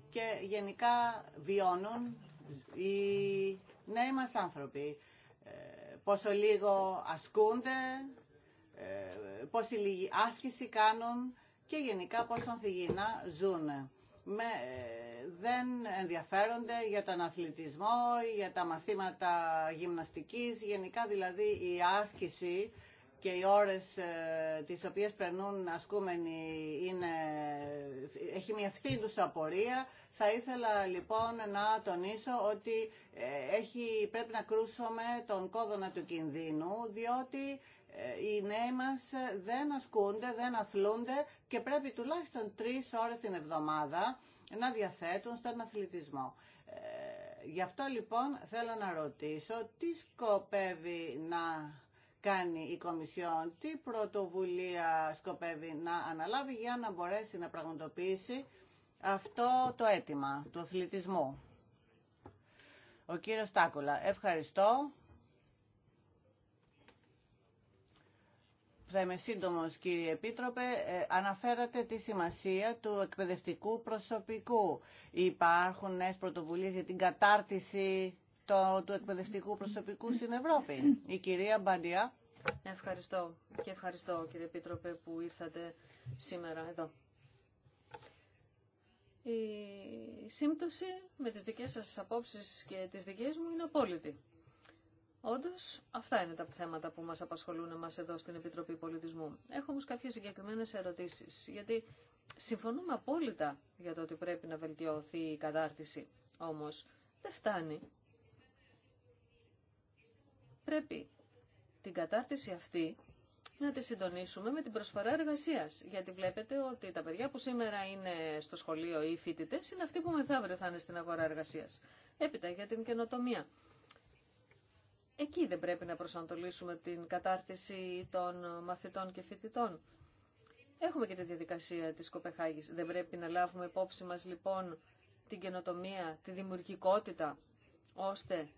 [SPEAKER 1] και γενικά βιώνουν οι νέοι μας άνθρωποι. Ε, πόσο λίγο ασκούνται, ε, πόση λίγη άσκηση κάνουν και γενικά πόσο ανθιγίνα ζούνε με, δεν ενδιαφέρονται για τον αθλητισμό, για τα μαθήματα γυμναστικής, γενικά δηλαδή η άσκηση και οι ώρες ε, τις οποίες περνούν ασκούμενοι είναι, έχει μια φθήντουσα πορεία. Θα ήθελα λοιπόν να τονίσω ότι ε, έχει, πρέπει να κρούσουμε τον κόδωνα του κινδύνου, διότι ε, οι νέοι μας ε, δεν ασκούνται, δεν αθλούνται και πρέπει τουλάχιστον τρεις ώρες την εβδομάδα να διαθέτουν στον αθλητισμό. Ε, γι' αυτό λοιπόν θέλω να ρωτήσω τι σκοπεύει να κάνει η Κομισιόν, τι πρωτοβουλία σκοπεύει να αναλάβει για να μπορέσει να πραγματοποιήσει αυτό το αίτημα του αθλητισμού. Ο κύριος Τάκουλα, ευχαριστώ. θα είμαι σύντομο κύριε Επίτροπε, ε, αναφέρατε τη σημασία του εκπαιδευτικού προσωπικού. Υπάρχουν νέε πρωτοβουλίε για την κατάρτιση του εκπαιδευτικού προσωπικού στην Ευρώπη. Η κυρία Μπαντιά.
[SPEAKER 2] Ευχαριστώ και ευχαριστώ κύριε Επίτροπε που ήρθατε σήμερα εδώ. Η σύμπτωση με τις δικές σας απόψεις και τις δικές μου είναι απόλυτη. Όντω, αυτά είναι τα θέματα που μα απασχολούν εμά εδώ στην Επιτροπή Πολιτισμού. Έχω όμω κάποιε συγκεκριμένε ερωτήσει. γιατί συμφωνούμε απόλυτα για το ότι πρέπει να βελτιωθεί η κατάρτιση. Όμω δεν φτάνει. Πρέπει την κατάρτιση αυτή να τη συντονίσουμε με την προσφορά εργασία. Γιατί βλέπετε ότι τα παιδιά που σήμερα είναι στο σχολείο ή φοιτητέ είναι αυτοί που μεθαύριο θα είναι στην αγορά εργασία. Έπειτα για την καινοτομία. Εκεί δεν πρέπει να προσανατολίσουμε την κατάρτιση των μαθητών και φοιτητών. Έχουμε και τη διαδικασία της Κοπεχάγης. Δεν πρέπει να λάβουμε υπόψη μας λοιπόν την καινοτομία, τη δημιουργικότητα, ώστε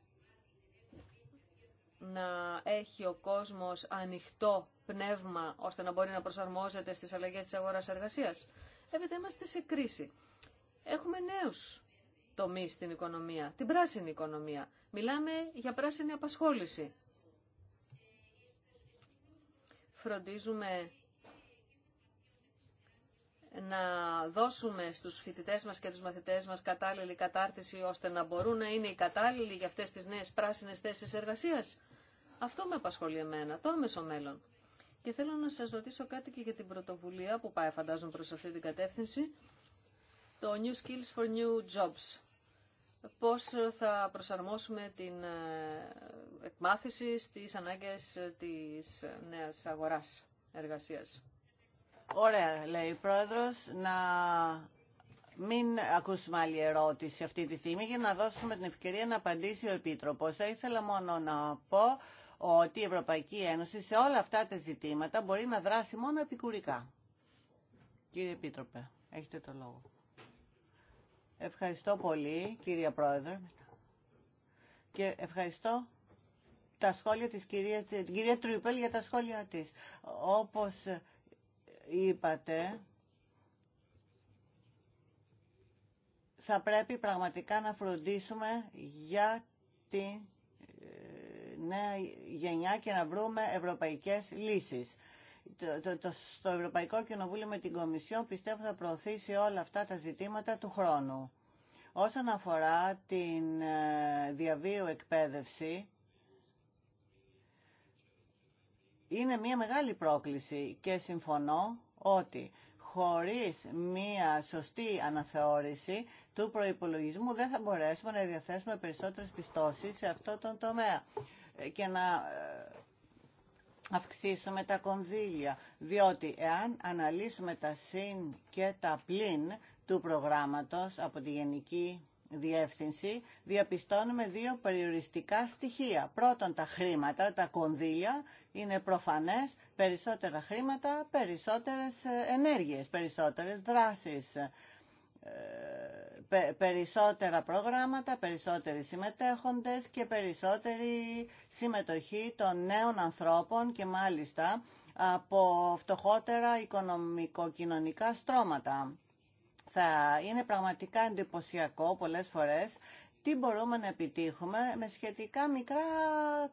[SPEAKER 2] να έχει ο κόσμος ανοιχτό πνεύμα, ώστε να μπορεί να προσαρμόζεται στις αλλαγές της αγοράς εργασίας. Έπειτα είμαστε σε κρίση. Έχουμε νέους τομεί στην οικονομία, την πράσινη οικονομία. Μιλάμε για πράσινη απασχόληση. Φροντίζουμε να δώσουμε στους φοιτητές μας και τους μαθητές μας κατάλληλη κατάρτιση ώστε να μπορούν να είναι οι κατάλληλοι για αυτές τις νέες πράσινες θέσεις εργασίας. Αυτό με απασχολεί εμένα, το άμεσο μέλλον. Και θέλω να σας ρωτήσω κάτι και για την πρωτοβουλία που πάει φαντάζομαι προς αυτή την κατεύθυνση, το New Skills for New Jobs πώς θα προσαρμόσουμε την ε, εκμάθηση στις ανάγκες της νέας αγοράς εργασίας.
[SPEAKER 1] Ωραία, λέει η Πρόεδρος, να μην ακούσουμε άλλη ερώτηση αυτή τη στιγμή για να δώσουμε την ευκαιρία να απαντήσει ο Επίτροπος. Θα ήθελα μόνο να πω ότι η Ευρωπαϊκή Ένωση σε όλα αυτά τα ζητήματα μπορεί να δράσει μόνο επικουρικά. Κύριε Επίτροπε, έχετε το λόγο. Ευχαριστώ πολύ, κυρία Πρόεδρε. Και ευχαριστώ τα σχόλια της κυρίας, την κυρία Τρουιπέλ για τα σχόλια της. Όπως είπατε, θα πρέπει πραγματικά να φροντίσουμε για τη ε, νέα γενιά και να βρούμε ευρωπαϊκές λύσεις το, το, το, στο Ευρωπαϊκό Κοινοβούλιο με την Κομισιόν πιστεύω θα προωθήσει όλα αυτά τα ζητήματα του χρόνου. Όσον αφορά την ε, διαβίου εκπαίδευση, είναι μια μεγάλη πρόκληση και συμφωνώ ότι χωρίς μια σωστή αναθεώρηση του προϋπολογισμού δεν θα μπορέσουμε να διαθέσουμε περισσότερες πιστώσεις σε αυτό τον τομέα ε, και να ε, αυξήσουμε τα κονδύλια, διότι εάν αναλύσουμε τα συν και τα πλην του προγράμματος από τη Γενική Διεύθυνση, διαπιστώνουμε δύο περιοριστικά στοιχεία. Πρώτον, τα χρήματα, τα κονδύλια, είναι προφανές περισσότερα χρήματα, περισσότερες ε, ενέργειες, περισσότερες δράσεις ε, περισσότερα προγράμματα, περισσότεροι συμμετέχοντες και περισσότερη συμμετοχή των νέων ανθρώπων και μάλιστα από φτωχότερα οικονομικο-κοινωνικά στρώματα. Θα είναι πραγματικά εντυπωσιακό πολλές φορές τι μπορούμε να επιτύχουμε με σχετικά μικρά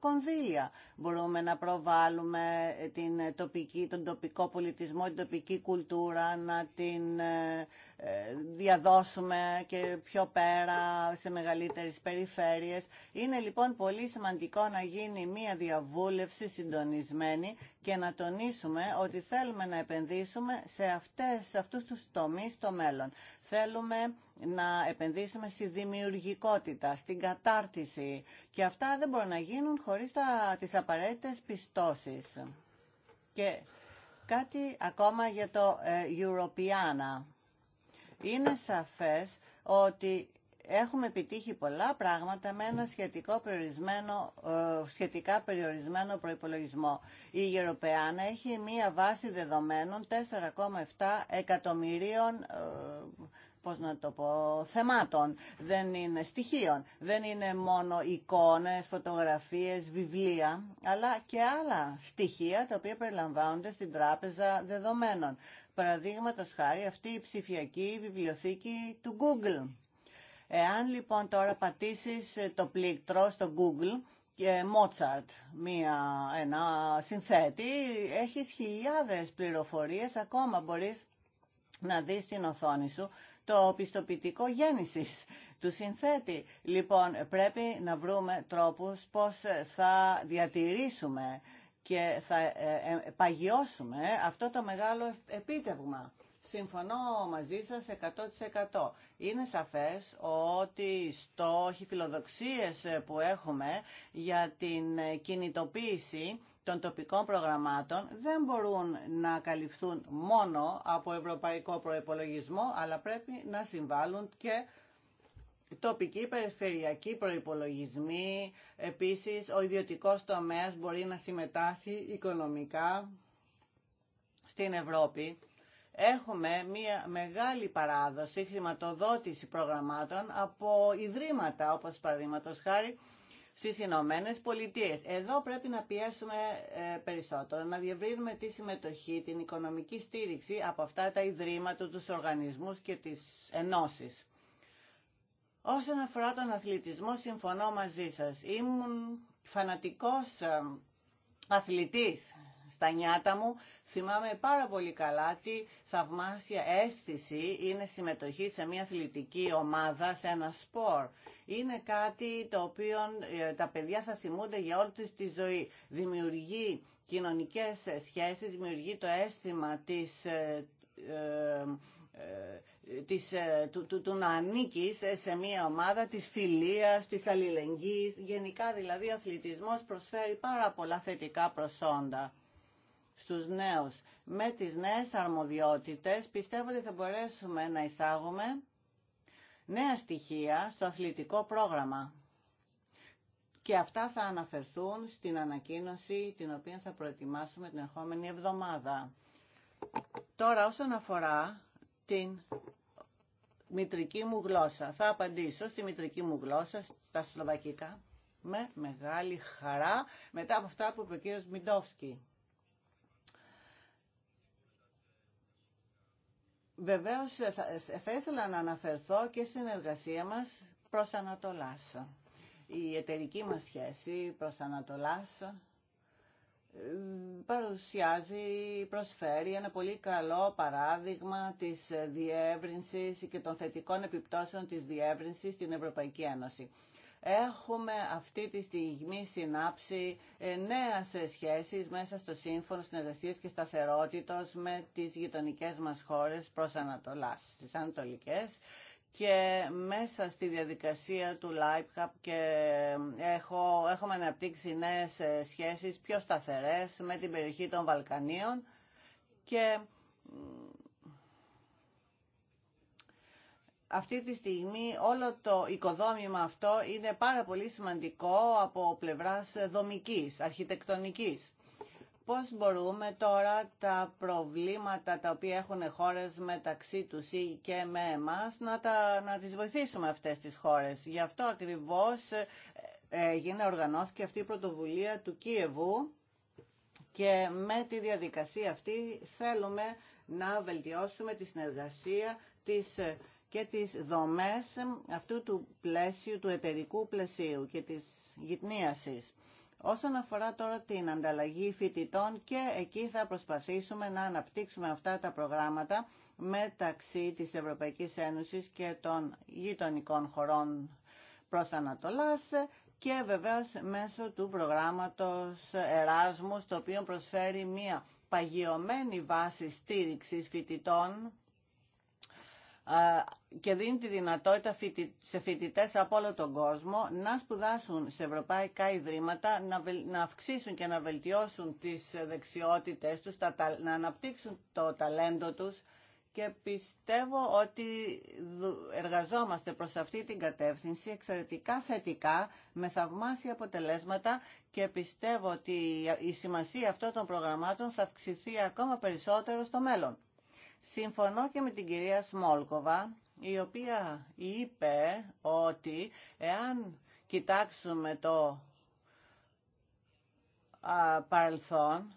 [SPEAKER 1] κονδύλια. Μπορούμε να προβάλλουμε την τοπική, τον τοπικό πολιτισμό, την τοπική κουλτούρα, να την ε, ε, διαδώσουμε και πιο πέρα σε μεγαλύτερες περιφέρειες. Είναι λοιπόν πολύ σημαντικό να γίνει μία διαβούλευση συντονισμένη και να τονίσουμε ότι θέλουμε να επενδύσουμε σε, αυτές, σε αυτούς τους τομείς στο μέλλον. Θέλουμε να επενδύσουμε στη δημιουργικότητα, στην κατάρτιση και αυτά δεν μπορούν να γίνουν χωρίς τα, τις απαραίτητες πιστώσεις. Και κάτι ακόμα για το ε, Europeana είναι σαφές ότι έχουμε επιτύχει πολλά πράγματα με ένα σχετικό περιορισμένο, ε, σχετικά περιορισμένο προϋπολογισμό. Η Γεροπεάνα έχει μία βάση δεδομένων 4,7 εκατομμυρίων ε, πώς να θεμάτων, δεν είναι στοιχείων, δεν είναι μόνο εικόνες, φωτογραφίες, βιβλία, αλλά και άλλα στοιχεία τα οποία περιλαμβάνονται στην τράπεζα δεδομένων. Παραδείγματο χάρη αυτή η ψηφιακή βιβλιοθήκη του Google. Εάν λοιπόν τώρα πατήσεις ε, το πλήκτρο στο Google και Mozart, μία, ένα συνθέτη, έχεις χιλιάδες πληροφορίες ακόμα μπορείς να δεις στην οθόνη σου το πιστοποιητικό γέννησης του συνθέτη. Λοιπόν, πρέπει να βρούμε τρόπους πώς θα διατηρήσουμε και θα ε, ε, παγιώσουμε αυτό το μεγάλο επίτευγμα. Συμφωνώ μαζί σας 100%. Είναι σαφές ότι οι στόχοι, φιλοδοξίες ε, που έχουμε για την κινητοποίηση των τοπικών προγραμμάτων δεν μπορούν να καλυφθούν μόνο από ευρωπαϊκό προϋπολογισμό, αλλά πρέπει να συμβάλλουν και τοπικοί περιφερειακοί προϋπολογισμοί, επίσης ο ιδιωτικός τομέας μπορεί να συμμετάσχει οικονομικά στην Ευρώπη. Έχουμε μια μεγάλη παράδοση χρηματοδότηση προγραμμάτων από ιδρύματα, όπως παραδείγματο χάρη στις Ηνωμένε Πολιτείες. Εδώ πρέπει να πιέσουμε ε, περισσότερο, να διευρύνουμε τη συμμετοχή, την οικονομική στήριξη από αυτά τα ιδρύματα, τους οργανισμούς και τις ενώσεις. Όσον αφορά τον αθλητισμό, συμφωνώ μαζί σας. Ήμουν φανατικός ε, αθλητής στα νιάτα μου. Θυμάμαι πάρα πολύ καλά τι θαυμάσια αίσθηση είναι συμμετοχή σε μια αθλητική ομάδα, σε ένα σπορ. Είναι κάτι το οποίο ε, τα παιδιά σας θυμούνται για όλη τους τη ζωή. Δημιουργεί κοινωνικές σχέσεις, δημιουργεί το αίσθημα της, ε, της, ε, του, του, να ανήκει σε, μια ομάδα της φιλίας, της αλληλεγγύης. Γενικά δηλαδή ο αθλητισμός προσφέρει πάρα πολλά θετικά προσόντα στους νέους. Με τις νέες αρμοδιότητες πιστεύω ότι θα μπορέσουμε να εισάγουμε νέα στοιχεία στο αθλητικό πρόγραμμα. Και αυτά θα αναφερθούν στην ανακοίνωση την οποία θα προετοιμάσουμε την ερχόμενη εβδομάδα. Τώρα όσον αφορά την μητρική μου γλώσσα. Θα απαντήσω στη μητρική μου γλώσσα, στα σλοβακικά, με μεγάλη χαρά, μετά από αυτά που είπε ο κύριος Μιντόφσκι. Βεβαίως θα ήθελα να αναφερθώ και στην εργασία μας προς Ανατολάς. Η εταιρική μας σχέση προς Ανατολάς παρουσιάζει, προσφέρει ένα πολύ καλό παράδειγμα της διεύρυνσης και των θετικών επιπτώσεων της διεύρυνσης στην Ευρωπαϊκή Ένωση. Έχουμε αυτή τη στιγμή συνάψει ε, νέες σχέσεις μέσα στο Σύμφωνο Συνεργασίας και Σταθερότητος με τις γειτονικές μας χώρες προς Ανατολάς, τις Ανατολικές και μέσα στη διαδικασία του LifeHub και ε, έχω, έχουμε αναπτύξει νέες ε, σχέσεις πιο σταθερές με την περιοχή των Βαλκανίων και αυτή τη στιγμή όλο το οικοδόμημα αυτό είναι πάρα πολύ σημαντικό από πλευράς δομικής, αρχιτεκτονικής πώς μπορούμε τώρα τα προβλήματα τα οποία έχουν χώρες μεταξύ τους ή και με εμάς να, τα, να τις βοηθήσουμε αυτές τις χώρες. Γι' αυτό ακριβώς ε, έγινε οργανώθηκε αυτή η πρωτοβουλία του Κίεβου και με τη διαδικασία αυτή θέλουμε να βελτιώσουμε τη συνεργασία της ε, και τις δομές αυτού του πλαίσιου, του εταιρικού πλαισίου και της γυτνίασης. Όσον αφορά τώρα την ανταλλαγή φοιτητών και εκεί θα προσπαθήσουμε να αναπτύξουμε αυτά τα προγράμματα μεταξύ της Ευρωπαϊκής Ένωσης και των γειτονικών χωρών προς Ανατολάς και βεβαίως μέσω του προγράμματος Εράσμου, το οποίο προσφέρει μία παγιωμένη βάση στήριξης φοιτητών και δίνει τη δυνατότητα σε φοιτητές από όλο τον κόσμο να σπουδάσουν σε ευρωπαϊκά ιδρύματα, να αυξήσουν και να βελτιώσουν τις δεξιότητες τους, να αναπτύξουν το ταλέντο τους και πιστεύω ότι εργαζόμαστε προς αυτή την κατεύθυνση εξαιρετικά θετικά, με θαυμάσια αποτελέσματα και πιστεύω ότι η σημασία αυτών των προγραμμάτων θα αυξηθεί ακόμα περισσότερο στο μέλλον. Συμφωνώ και με την κυρία Σμόλκοβα, η οποία είπε ότι εάν κοιτάξουμε το α, παρελθόν,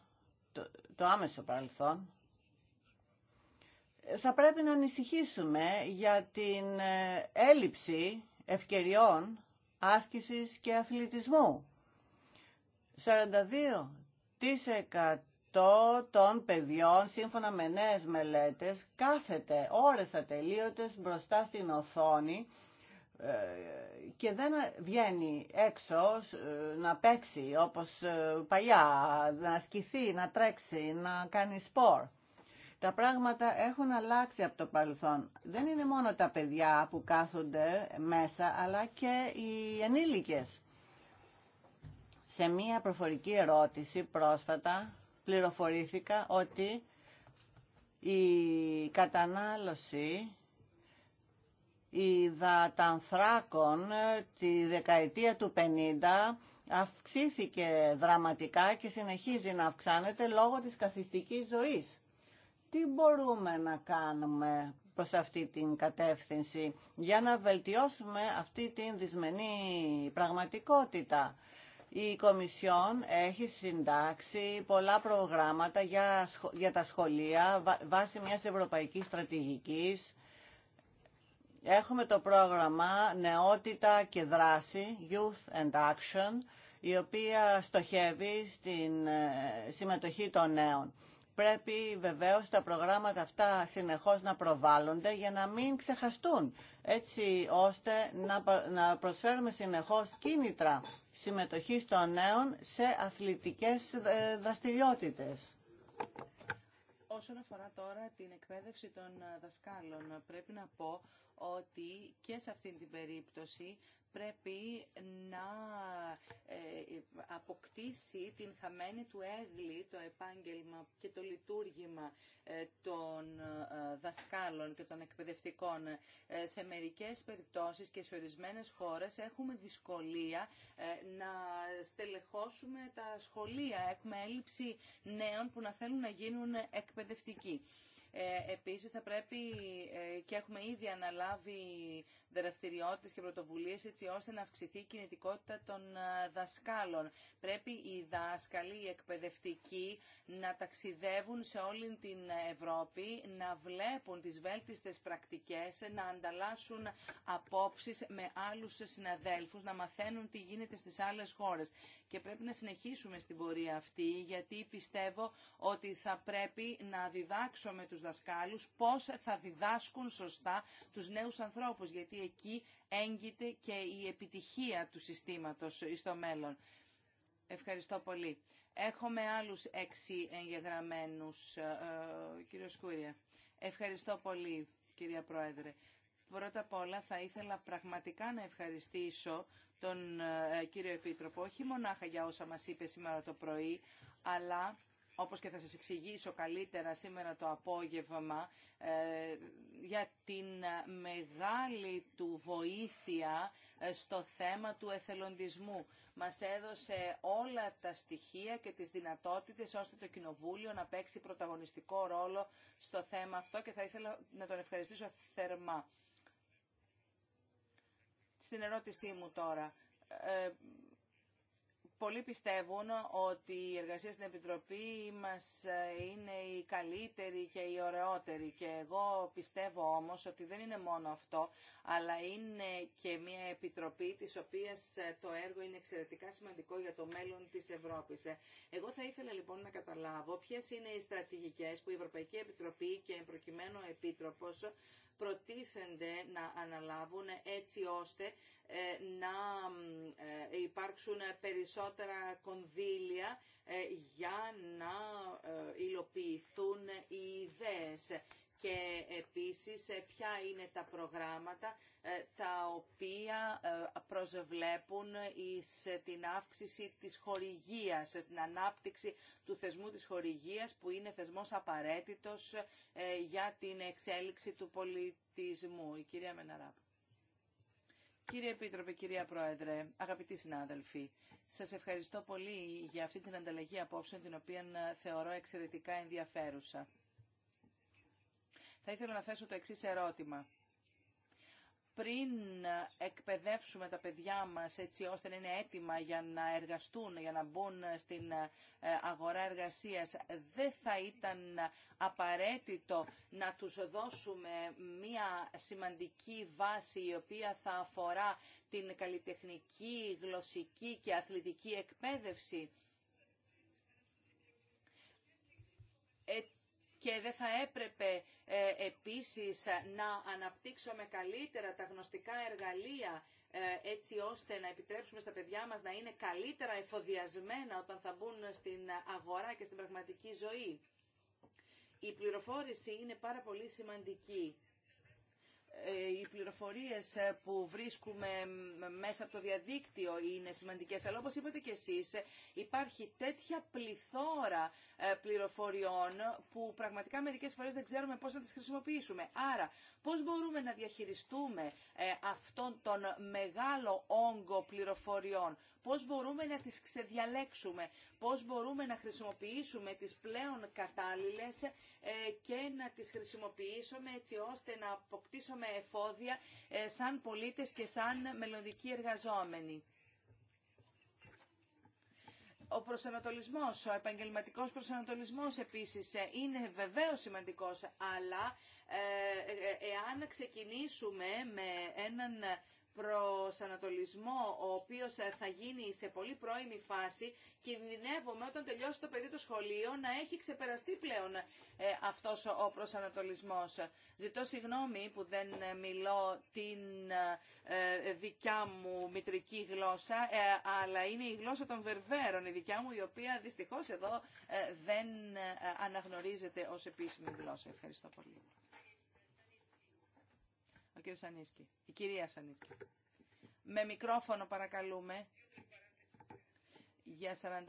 [SPEAKER 1] το, άμεσο παρελθόν, θα πρέπει να ανησυχήσουμε για την ε, έλλειψη ευκαιριών άσκησης και αθλητισμού. 42% των παιδιών, σύμφωνα με νέες μελέτες, κάθεται ώρες ατελείωτες μπροστά στην οθόνη ε, και δεν βγαίνει έξω ε, να παίξει όπως ε, παλιά, να σκηθεί, να τρέξει, να κάνει σπορ. Τα πράγματα έχουν αλλάξει από το παρελθόν. Δεν είναι μόνο τα παιδιά που κάθονται μέσα, αλλά και οι ενήλικες. Σε μία προφορική ερώτηση πρόσφατα πληροφορήθηκα ότι η κατανάλωση υδατανθράκων τη δεκαετία του 50 αυξήθηκε δραματικά και συνεχίζει να αυξάνεται λόγω της καθιστικής ζωής. Τι μπορούμε να κάνουμε προς αυτή την κατεύθυνση για να βελτιώσουμε αυτή την δυσμενή πραγματικότητα. Η Κομισιόν έχει συντάξει πολλά προγράμματα για, για τα σχολεία βάσει μιας ευρωπαϊκής στρατηγικής. Έχουμε το πρόγραμμα Νεότητα και Δράση, Youth and Action, η οποία στοχεύει στην ε, συμμετοχή των νέων πρέπει βεβαίως τα προγράμματα αυτά συνεχώς να προβάλλονται για να μην ξεχαστούν, έτσι ώστε να προσφέρουμε συνεχώς κίνητρα συμμετοχής των νέων σε αθλητικές ε, δραστηριότητες.
[SPEAKER 3] Όσον αφορά τώρα την εκπαίδευση των ε, δασκάλων, πρέπει να πω ότι και σε αυτήν την περίπτωση πρέπει να ε, αποκτήσει την χαμένη του έγκλη το επάγγελμα και το λειτουργήμα ε, των ε, δασκάλων και των εκπαιδευτικών. Σε μερικές περιπτώσεις και σε ορισμένες χώρες έχουμε δυσκολία να στελεχώσουμε τα σχολεία. Έχουμε έλλειψη νέων που να θέλουν να γίνουν εκπαιδευτικοί. Ε, επίσης θα πρέπει ε, και έχουμε ήδη αναλάβει δραστηριότητες και πρωτοβουλίες έτσι ώστε να αυξηθεί η κινητικότητα των ε, δασκάλων. Πρέπει οι δάσκαλοι, οι εκπαιδευτικοί να ταξιδεύουν σε όλη την Ευρώπη, να βλέπουν τις βέλτιστες πρακτικές, να ανταλλάσσουν απόψεις με άλλους συναδέλφους, να μαθαίνουν τι γίνεται στις άλλες χώρες. Και πρέπει να συνεχίσουμε στην πορεία αυτή, γιατί πιστεύω ότι θα πρέπει να διδάξουμε τους δασκάλους πώς θα διδάσκουν σωστά τους νέους ανθρώπους, γιατί εκεί έγκυται και η επιτυχία του συστήματος στο μέλλον. Ευχαριστώ πολύ. Έχουμε άλλους έξι εγγεγραμμένους, ε, κύριο Σκούρια. Ευχαριστώ πολύ, κυρία Πρόεδρε. Πρώτα απ' όλα θα ήθελα πραγματικά να ευχαριστήσω τον ε, κύριο Επίτροπο, όχι μονάχα για όσα μας είπε σήμερα το πρωί, αλλά όπως και θα σας εξηγήσω καλύτερα σήμερα το απόγευμα, ε, για την μεγάλη του βοήθεια ε, στο θέμα του εθελοντισμού. Μας έδωσε όλα τα στοιχεία και τις δυνατότητες ώστε το Κοινοβούλιο να παίξει πρωταγωνιστικό ρόλο στο θέμα αυτό και θα ήθελα να τον ευχαριστήσω θερμά. Στην ερώτησή μου τώρα, ε, Πολλοί πιστεύουν ότι η εργασία στην Επιτροπή μας ε, είναι η καλύτερη και η ωραιότερη και εγώ πιστεύω όμως ότι δεν είναι μόνο αυτό, αλλά είναι και μια Επιτροπή της οποίας ε, το έργο είναι εξαιρετικά σημαντικό για το μέλλον της Ευρώπης. Ε, εγώ θα ήθελα λοιπόν να καταλάβω ποιες είναι οι στρατηγικές που η Ευρωπαϊκή Επιτροπή και προκειμένου ο Επίτροπος προτίθενται να αναλάβουν έτσι ώστε ε, να ε, υπάρξουν περισσότερα κονδύλια ε, για να υλοποιηθούν οι ιδέες και επίσης ε, ποια είναι τα προγράμματα ε, τα οποία ε, προσβλέπουν την αύξηση της χορηγίας, στην ανάπτυξη του θεσμού της χορηγίας που είναι θεσμός απαραίτητος για την εξέλιξη του πολιτισμού. Η κυρία Μεναράπ. Κύριε Επίτροπε, κυρία Πρόεδρε, αγαπητοί συνάδελφοι, σας ευχαριστώ πολύ για αυτή την ανταλλαγή απόψεων την οποία θεωρώ εξαιρετικά ενδιαφέρουσα. Θα ήθελα να θέσω το εξής ερώτημα πριν εκπαιδεύσουμε τα παιδιά μας έτσι ώστε να είναι έτοιμα για να εργαστούν, για να μπουν στην ε, αγορά εργασίας, δεν θα ήταν απαραίτητο να τους δώσουμε μία σημαντική βάση η οποία θα αφορά την καλλιτεχνική, γλωσσική και αθλητική εκπαίδευση και δεν θα έπρεπε ε, επίσης να αναπτύξουμε καλύτερα τα γνωστικά εργαλεία ε, έτσι ώστε να επιτρέψουμε στα παιδιά μας να είναι καλύτερα εφοδιασμένα όταν θα μπουν στην αγορά και στην πραγματική ζωή. Η πληροφόρηση είναι πάρα πολύ σημαντική οι πληροφορίες ε, που βρίσκουμε μέσα από το διαδίκτυο είναι σημαντικές, αλλά όπως είπατε και εσείς ε, υπάρχει τέτοια πληθώρα ε, πληροφοριών που πραγματικά μερικές φορές δεν ξέρουμε πώς να τις χρησιμοποιήσουμε. Άρα, πώς μπορούμε να διαχειριστούμε αυτόν τον μεγάλο όγκο πληροφοριών, πώς μπορούμε να τις ξεδιαλέξουμε, πώς μπορούμε να χρησιμοποιήσουμε τις πλέον κατάλληλες ε, και να τις χρησιμοποιήσουμε έτσι ώστε να αποκτήσουμε εφόδια ε, σαν πολίτες και σαν μελλοντικοί εργαζόμενοι. Ο προσανατολισμός, ο επαγγελματικός προσανατολισμός επίσης ε, είναι βεβαίως σημαντικός, αλλά εάν ξεκινήσουμε με έναν προσανατολισμό ο οποίος ε, θα γίνει σε πολύ πρώιμη φάση κινδυνεύομαι όταν τελειώσει το παιδί το σχολείο να έχει ξεπεραστεί πλέον ε, αυτός ο προσανατολισμός. Ζητώ συγγνώμη που δεν ε, μιλώ την δικιά μου μητρική γλώσσα αλλά είναι η γλώσσα των Βερβέρων η δικιά μου η οποία δυστυχώς εδώ δεν αναγνωρίζεται ως επίσημη γλώσσα. Ευχαριστώ πολύ κύριο Σανίσκη. Η κυρία Σανίσκη. Με μικρόφωνο παρακαλούμε. Για 45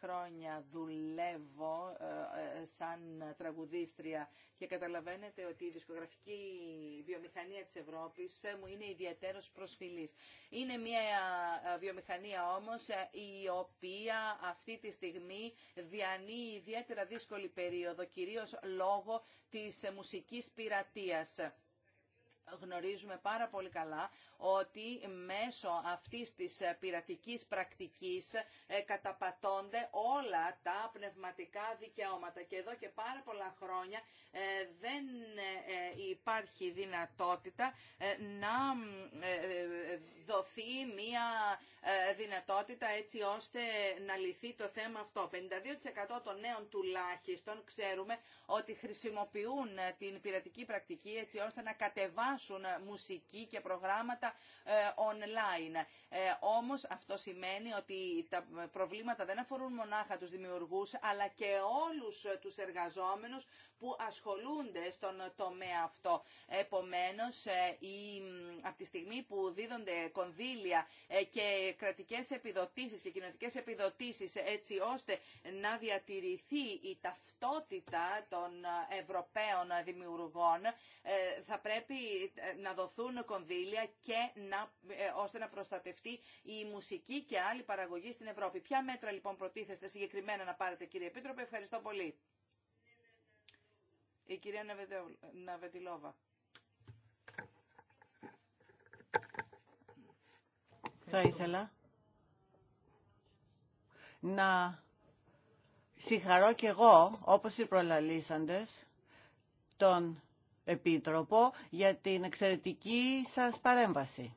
[SPEAKER 3] χρόνια δουλεύω ε, ε, σαν τραγουδίστρια και καταλαβαίνετε ότι η δισκογραφική βιομηχανία της Ευρώπης ε, μου είναι ιδιαίτερος προσφυλής. Είναι μια ε, βιομηχανία όμως η οποία αυτή τη στιγμή διανύει ιδιαίτερα δύσκολη περίοδο, κυρίως λόγω της μουσικής πειρατείας γνωρίζουμε πάρα πολύ καλά ότι μέσω αυτής της ε, πειρατικής πρακτικής ε, καταπατώνται όλα τα πνευματικά δικαιώματα. Και εδώ και πάρα πολλά χρόνια ε, δεν υπάρχει δυνατότητα να δοθεί μία δυνατότητα έτσι ώστε να λυθεί το θέμα αυτό. 52% των νέων τουλάχιστον ξέρουμε ότι χρησιμοποιούν την πειρατική πρακτική έτσι ώστε να κατεβάσουν μουσική και προγράμματα ε, online. Ε, όμως αυτό σημαίνει ότι τα προβλήματα δεν αφορούν μονάχα τους δημιουργούς αλλά και όλους ε, τους εργαζόμενους που ασχολούνται στον τομέα αυτό. Επομένως, ε, η, από τη στιγμή που δίδονται κονδύλια ε, και κρατικές επιδοτήσεις και κοινωτικές επιδοτήσεις έτσι ώστε να διατηρηθεί η ταυτότητα των ε, Ευρωπαίων δημιουργών, θα πρέπει να δοθούν κονδύλια και να, ώστε να προστατευτεί η μουσική και άλλη παραγωγή στην Ευρώπη. Ποια μέτρα λοιπόν προτίθεστε συγκεκριμένα να πάρετε κύριε Επίτροπε. Ευχαριστώ πολύ. Η κυρία Ναβετιλόβα.
[SPEAKER 1] Θα ήθελα να συγχαρώ και εγώ, όπως οι προλαλήσαντες, τον Επίτροπο για την εξαιρετική σας παρέμβαση.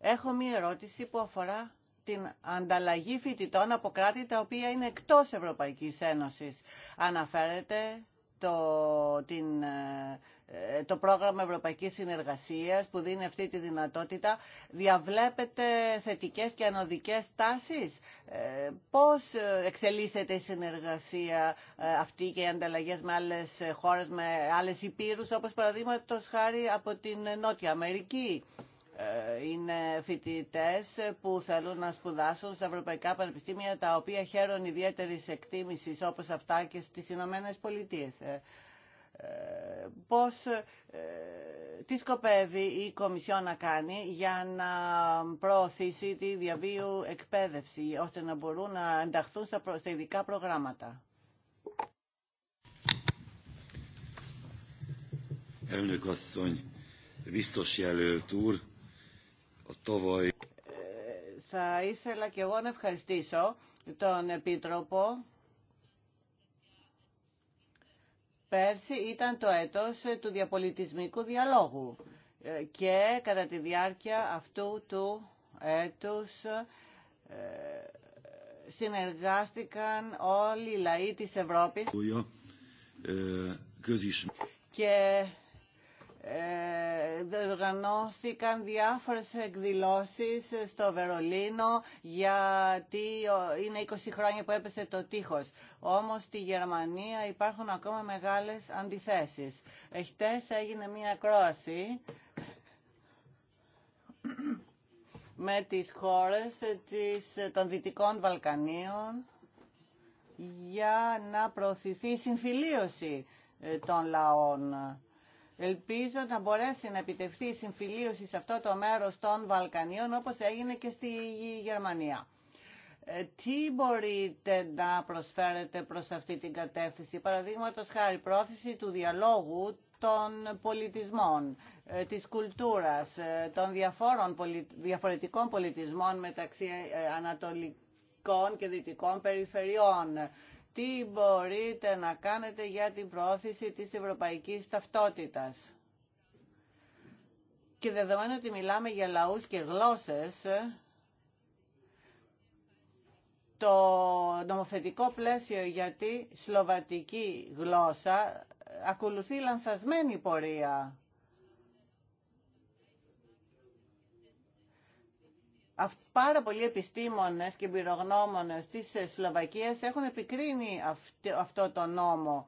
[SPEAKER 1] Έχω μία ερώτηση που αφορά την ανταλλαγή φοιτητών από κράτη τα οποία είναι εκτός Ευρωπαϊκής Ένωσης. Αναφέρεται το, την, ε, το πρόγραμμα Ευρωπαϊκής Συνεργασίας που δίνει αυτή τη δυνατότητα διαβλέπετε θετικές και ανωδικές τάσεις. Ε, πώς ε, εξελίσσεται η συνεργασία αυτή και οι ανταλλαγές με άλλες χώρες, με άλλες υπήρους όπως παραδείγματο χάρη από την Νότια Αμερική. Ε, είναι φοιτητέ που θέλουν να σπουδάσουν στα ευρωπαϊκά πανεπιστήμια τα οποία χαίρουν ιδιαίτερη εκτίμηση όπως αυτά και στι Ηνωμένε Πολιτείε. Ε, ε, πώς, τι σκοπεύει η Κομισιόν να κάνει για να προωθήσει τη διαβίου εκπαίδευση ώστε να μπορούν να ενταχθούν στα ειδικά προγράμματα.
[SPEAKER 3] Elnök asszony,
[SPEAKER 1] θα ήθελα και εγώ να ευχαριστήσω τον Επίτροπο. Πέρσι ήταν το έτος του διαπολιτισμικού διαλόγου και κατά τη διάρκεια αυτού του έτους ε, συνεργάστηκαν όλοι οι λαοί της Ευρώπης ε, και ε, οργανώθηκαν διάφορες εκδηλώσεις στο Βερολίνο γιατί είναι 20 χρόνια που έπεσε το τείχος. Όμως στη Γερμανία υπάρχουν ακόμα μεγάλες αντιθέσεις. Εχθές έγινε μια κρόαση με τις χώρες των Δυτικών Βαλκανίων για να προωθηθεί η συμφιλίωση ε, των λαών Ελπίζω να μπορέσει να επιτευχθεί η συμφιλίωση σε αυτό το μέρος των Βαλκανίων όπως έγινε και στη Γερμανία. Ε, τι μπορείτε να προσφέρετε προς αυτή την κατεύθυνση, παραδείγματος χάρη πρόθεση του διαλόγου των πολιτισμών, ε, της κουλτούρας, ε, των διαφόρων, διαφορετικών πολιτισμών μεταξύ ανατολικών και δυτικών περιφερειών, τι μπορείτε να κάνετε για την προώθηση της ευρωπαϊκής ταυτότητας. Και δεδομένου ότι μιλάμε για λαούς και γλώσσες, το νομοθετικό πλαίσιο για τη σλοβατική γλώσσα ακολουθεί λανθασμένη πορεία. πάρα πολλοί επιστήμονες και εμπειρογνώμονες της Σλοβακίας έχουν επικρίνει αυτό το νόμο.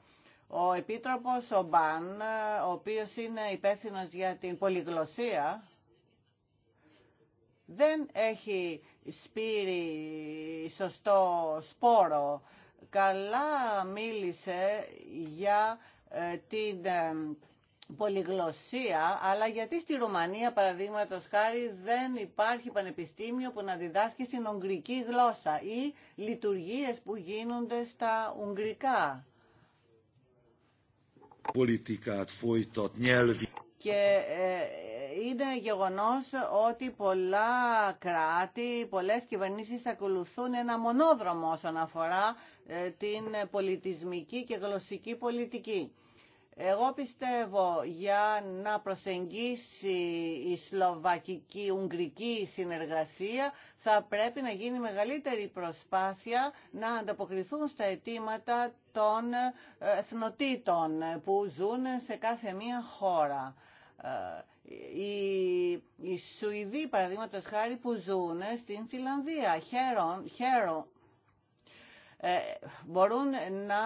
[SPEAKER 1] Ο Επίτροπος Μπαν, ε, ο οποίος είναι υπεύθυνος για την πολυγλωσία, δεν έχει σπείρει σωστό σπόρο. Καλά μίλησε για ε, την ε, πολυγλωσία, αλλά γιατί στη Ρουμανία, παραδείγματο χάρη, δεν υπάρχει πανεπιστήμιο που να διδάσκει στην ουγγρική γλώσσα ή λειτουργίες που γίνονται στα ουγγρικά. Και ε, είναι γεγονός ότι πολλά κράτη, πολλές κυβερνήσεις ακολουθούν ένα μονόδρομο όσον αφορά ε, την πολιτισμική και γλωσσική πολιτική. Εγώ πιστεύω για να προσεγγίσει η σλοβακική-ουγγρική συνεργασία θα πρέπει να γίνει μεγαλύτερη προσπάθεια να ανταποκριθούν στα αιτήματα των ε, εθνοτήτων που ζουν σε κάθε μία χώρα. Ε, οι, οι Σουηδοί, παραδείγματο χάρη, που ζουν στην Φιλανδία, χαίρον, ε, μπορούν να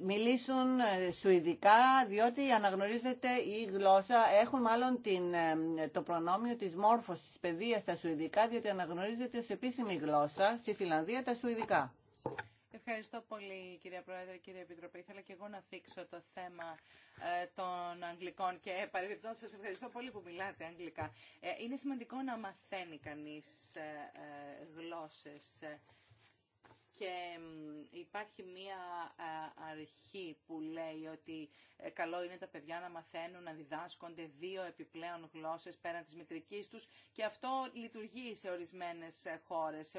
[SPEAKER 1] μιλήσουν ε, σουηδικά διότι αναγνωρίζεται η γλώσσα, έχουν μάλλον την, ε, το προνόμιο της μόρφωσης της παιδείας στα σουηδικά διότι αναγνωρίζεται ως επίσημη γλώσσα στη Φιλανδία τα σουηδικά.
[SPEAKER 3] Ευχαριστώ πολύ κυρία Πρόεδρε, κύριε Επιτροπή. Ήθελα και εγώ να θίξω το θέμα ε, των Αγγλικών και παρεμπιπτόν σας ευχαριστώ πολύ που μιλάτε Αγγλικά. είναι σημαντικό να μαθαίνει κανείς γλώσσες και υπάρχει μία αρχή που λέει ότι ε, καλό είναι τα παιδιά να μαθαίνουν, να διδάσκονται δύο επιπλέον γλώσσες πέραν της μητρικής τους και αυτό λειτουργεί σε ορισμένες ε, χώρες, σε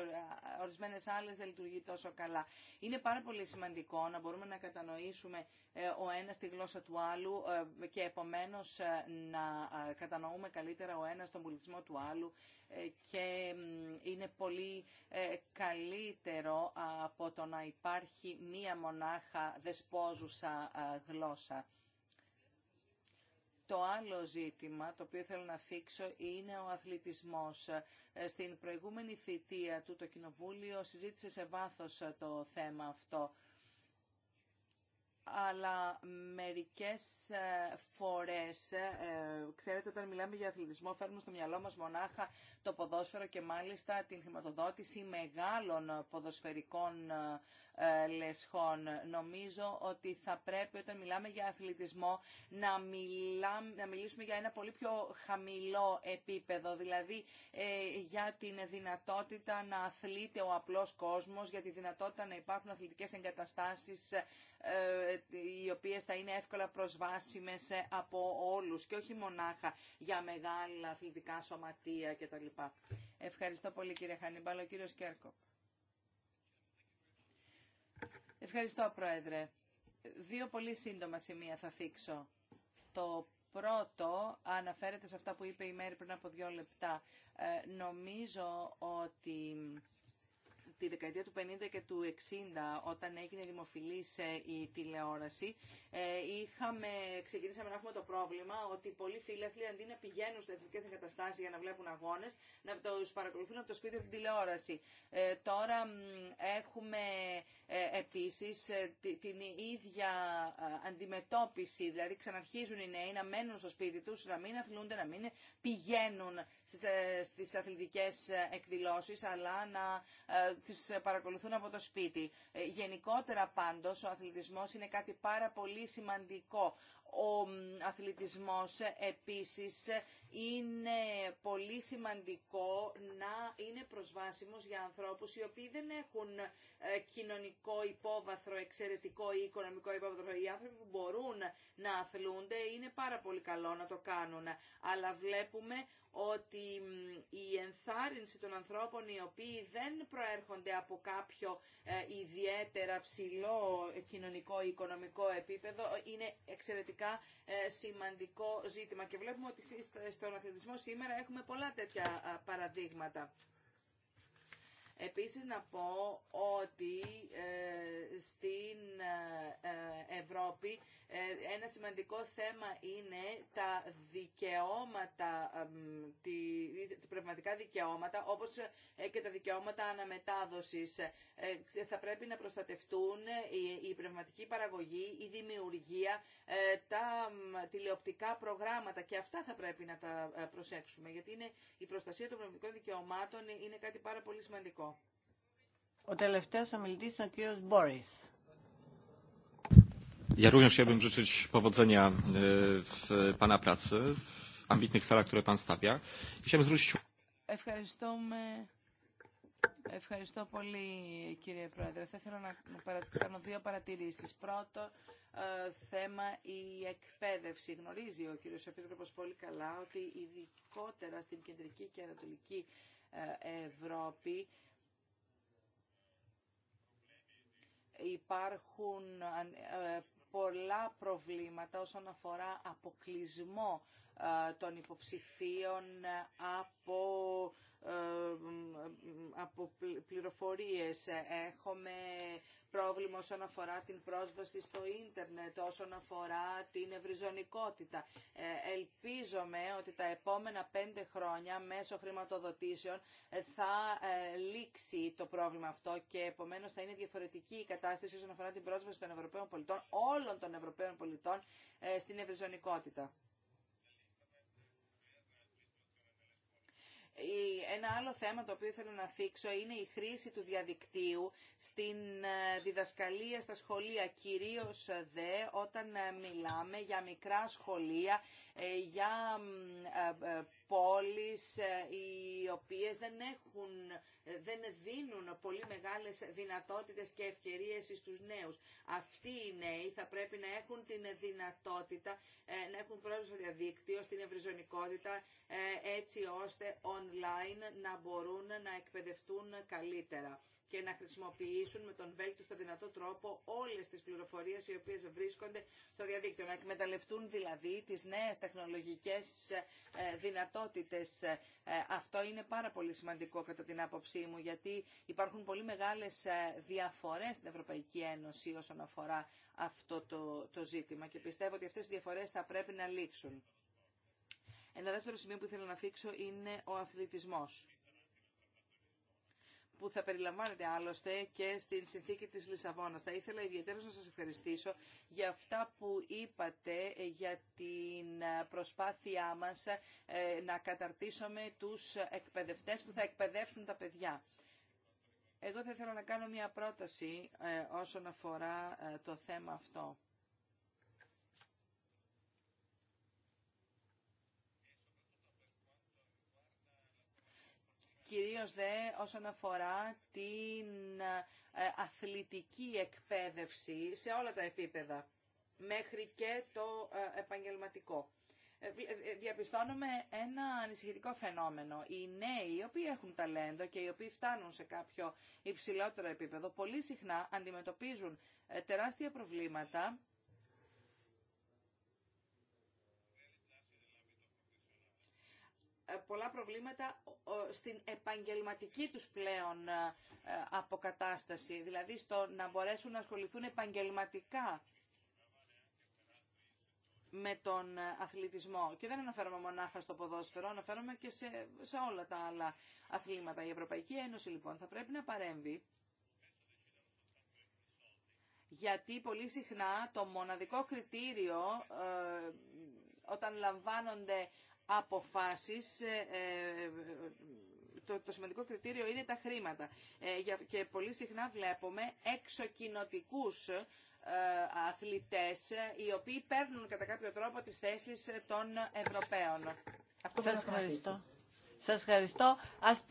[SPEAKER 3] ορισμένες άλλες δεν λειτουργεί τόσο καλά. Είναι πάρα πολύ σημαντικό να μπορούμε να κατανοήσουμε ε, ο ένας τη γλώσσα του άλλου ε, και επομένως ε, να κατανοούμε καλύτερα ο ένας τον πολιτισμό του άλλου και είναι πολύ καλύτερο από το να υπάρχει μία μονάχα δεσπόζουσα γλώσσα. Το άλλο ζήτημα το οποίο θέλω να θίξω είναι ο αθλητισμός. Στην προηγούμενη θητεία του το Κοινοβούλιο συζήτησε σε βάθος το θέμα αυτό αλλά μερικές ε, φορές, ε, ε, ξέρετε όταν μιλάμε για αθλητισμό φέρνουμε στο μυαλό μας μονάχα το ποδόσφαιρο και μάλιστα την χρηματοδότηση μεγάλων ποδοσφαιρικών λεσχών. Νομίζω ότι θα πρέπει όταν μιλάμε για αθλητισμό να, μιλάμε, να μιλήσουμε για ένα πολύ πιο χαμηλό επίπεδο, δηλαδή για την δυνατότητα να αθλείται ο απλός κόσμος, για τη δυνατότητα να υπάρχουν αθλητικές εγκαταστάσεις οι οποίες θα είναι εύκολα προσβάσιμες ε, από όλους και όχι μονάχα για μεγάλα αθλητικά σωματεία κτλ. Ευχαριστώ πολύ κύριε Χανιμπάλο. Ο κύριος Κέρκοπ. Ευχαριστώ Πρόεδρε. Δύο πολύ σύντομα σημεία θα θίξω. Το πρώτο αναφέρεται σε αυτά που είπε η Μέρη πριν από δύο λεπτά. Ε, νομίζω ότι τη δεκαετία του 50 και του 60 όταν έγινε δημοφιλής η τηλεόραση ε, είχαμε, ξεκινήσαμε να έχουμε το πρόβλημα ότι πολλοί φίλεθλοι αντί να πηγαίνουν στι εθνικέ εγκαταστάσεις για να βλέπουν αγώνες να του παρακολουθούν από το σπίτι από την τηλεόραση. Ε, τώρα έχουμε ε, επίσης ε, την ίδια ε, αντιμετώπιση, δηλαδή ξαναρχίζουν οι νέοι να μένουν στο σπίτι τους, να μην αθλούνται, να μην πηγαίνουν στις, στις αθλητικές εκδηλώσεις, αλλά να τις παρακολουθούν από το σπίτι. Γενικότερα πάντως ο αθλητισμός είναι κάτι πάρα πολύ σημαντικό ο αθλητισμός ε, επίσης ε, είναι πολύ σημαντικό να είναι προσβάσιμος για ανθρώπους οι οποίοι δεν έχουν ε, κοινωνικό υπόβαθρο, εξαιρετικό ή οικονομικό υπόβαθρο. Οι άνθρωποι που μπορούν να αθλούνται είναι πάρα πολύ καλό να το κάνουν. Αλλά βλέπουμε ότι η ενθάρρυνση των ανθρώπων οι οποίοι δεν προέρχονται από κάποιο ε, ιδιαίτερα ψηλό κοινωνικό ή οικονομικό επίπεδο ε, είναι εξαιρετικά ε, σημαντικό ζήτημα. Και βλέπουμε ότι στον αθλητισμό σήμερα έχουμε πολλά τέτοια παραδείγματα. Επίσης να πω ότι ε, στην ε, ε, Ευρώπη ένα σημαντικό θέμα είναι τα δικαιώματα, τα πνευματικά δικαιώματα, όπως και τα δικαιώματα αναμετάδοσης. Θα πρέπει να προστατευτούν η πνευματική παραγωγή, η δημιουργία, τα τηλεοπτικά προγράμματα και αυτά θα πρέπει να τα προσέξουμε, γιατί είναι η προστασία των πνευματικών δικαιωμάτων είναι κάτι πάρα πολύ σημαντικό. Επίτροπο. Ο τελευταίος ομιλητής είναι ο κύριος Μπόρις.
[SPEAKER 1] Ja również chciałbym życzyć powodzenia e, w Pana pracy, w ambitnych celach, które Pan stawia. Chciałem zwrócić
[SPEAKER 3] uwagę... Ευχαριστώ πολύ κύριε Πρόεδρε. Θα ήθελα να κάνω δύο παρατηρήσεις. Πρώτο ε, θέμα η εκπαίδευση. Γνωρίζει ο κύριος Επίτροπος πολύ καλά ότι ειδικότερα στην κεντρική και ανατολική ε, Ευρώπη υπάρχουν ε, πολλά προβλήματα όσον αφορά αποκλεισμό ε, των υποψηφίων από ε, από πληροφορίες, έχουμε πρόβλημα όσον αφορά την πρόσβαση στο ίντερνετ, όσον αφορά την ευρυζωνικότητα. Ε, ελπίζομαι ότι τα επόμενα πέντε χρόνια μέσω χρηματοδοτήσεων θα ε, λήξει το πρόβλημα αυτό και επομένως θα είναι διαφορετική η κατάσταση όσον αφορά την πρόσβαση των Ευρωπαίων πολιτών, όλων των Ευρωπαίων πολιτών στην ευρυζωνικότητα. Ένα άλλο θέμα το οποίο θέλω να θίξω είναι η χρήση του διαδικτύου στην ε, διδασκαλία στα σχολεία, κυρίως ε, δε όταν ε, μιλάμε για μικρά σχολεία, για πόλεις ε, οι οποίες δεν, έχουν, ε, δεν δίνουν πολύ μεγάλες δυνατότητες και ευκαιρίες στους νέους. Αυτοί οι νέοι θα πρέπει να έχουν την δυνατότητα ε, να έχουν πρόσβαση στο διαδίκτυο, στην ευρυζωνικότητα, έτσι ώστε online να μπορούν να εκπαιδευτούν καλύτερα και να χρησιμοποιήσουν με τον βέλτιστο δυνατό τρόπο όλες τις πληροφορίες οι οποίες βρίσκονται στο διαδίκτυο. Να εκμεταλλευτούν δηλαδή τις νέες τεχνολογικές ε, δυνατότητες. Ε, αυτό είναι πάρα πολύ σημαντικό κατά την άποψή μου γιατί υπάρχουν πολύ μεγάλες ε, διαφορές στην Ευρωπαϊκή Ένωση όσον αφορά αυτό το, το ζήτημα και πιστεύω ότι αυτέ οι διαφορέ θα πρέπει να λήξουν. Ένα δεύτερο σημείο που ήθελα να θίξω είναι ο αθλητισμός που θα περιλαμβάνεται άλλωστε και στην συνθήκη της Λισαβόνας. Θα ήθελα ιδιαίτερα να σας ευχαριστήσω για αυτά που είπατε ε, για την ε, προσπάθειά μας ε, να καταρτήσουμε τους εκπαιδευτές που θα εκπαιδεύσουν τα παιδιά. Εγώ θα ήθελα να κάνω μια πρόταση όσον αφορά το θέμα αυτό. κυρίως δε όσον αφορά την ε, αθλητική εκπαίδευση σε όλα τα επίπεδα, μέχρι και το ε, επαγγελματικό. Ε, διαπιστώνουμε ένα ανησυχητικό φαινόμενο. Οι νέοι, οι οποίοι έχουν ταλέντο και οι οποίοι φτάνουν σε κάποιο υψηλότερο επίπεδο, πολύ συχνά αντιμετωπίζουν τεράστια προβλήματα πολλά προβλήματα στην επαγγελματική τους πλέον ε, ε, αποκατάσταση, δηλαδή στο να μπορέσουν να ασχοληθούν επαγγελματικά με τον ε, αθλητισμό. Και δεν αναφέρομαι μονάχα στο ποδόσφαιρο, αναφέρομαι και σε, σε όλα τα άλλα αθλήματα. Η Ευρωπαϊκή Ένωση λοιπόν θα πρέπει να παρέμβει γιατί πολύ συχνά το μοναδικό κριτήριο όταν λαμβάνονται αποφάσεις ε, ε, το, το σημαντικό κριτήριο είναι τα χρήματα ε, και πολύ συχνά βλέπουμε εξοκοινοτικούς αθλητές οι οποίοι παίρνουν κατά κάποιο τρόπο τις θέσεις των Ευρωπαίων.
[SPEAKER 1] Αυτό Σας ευχαριστώ. Σας ευχαριστώ. Ας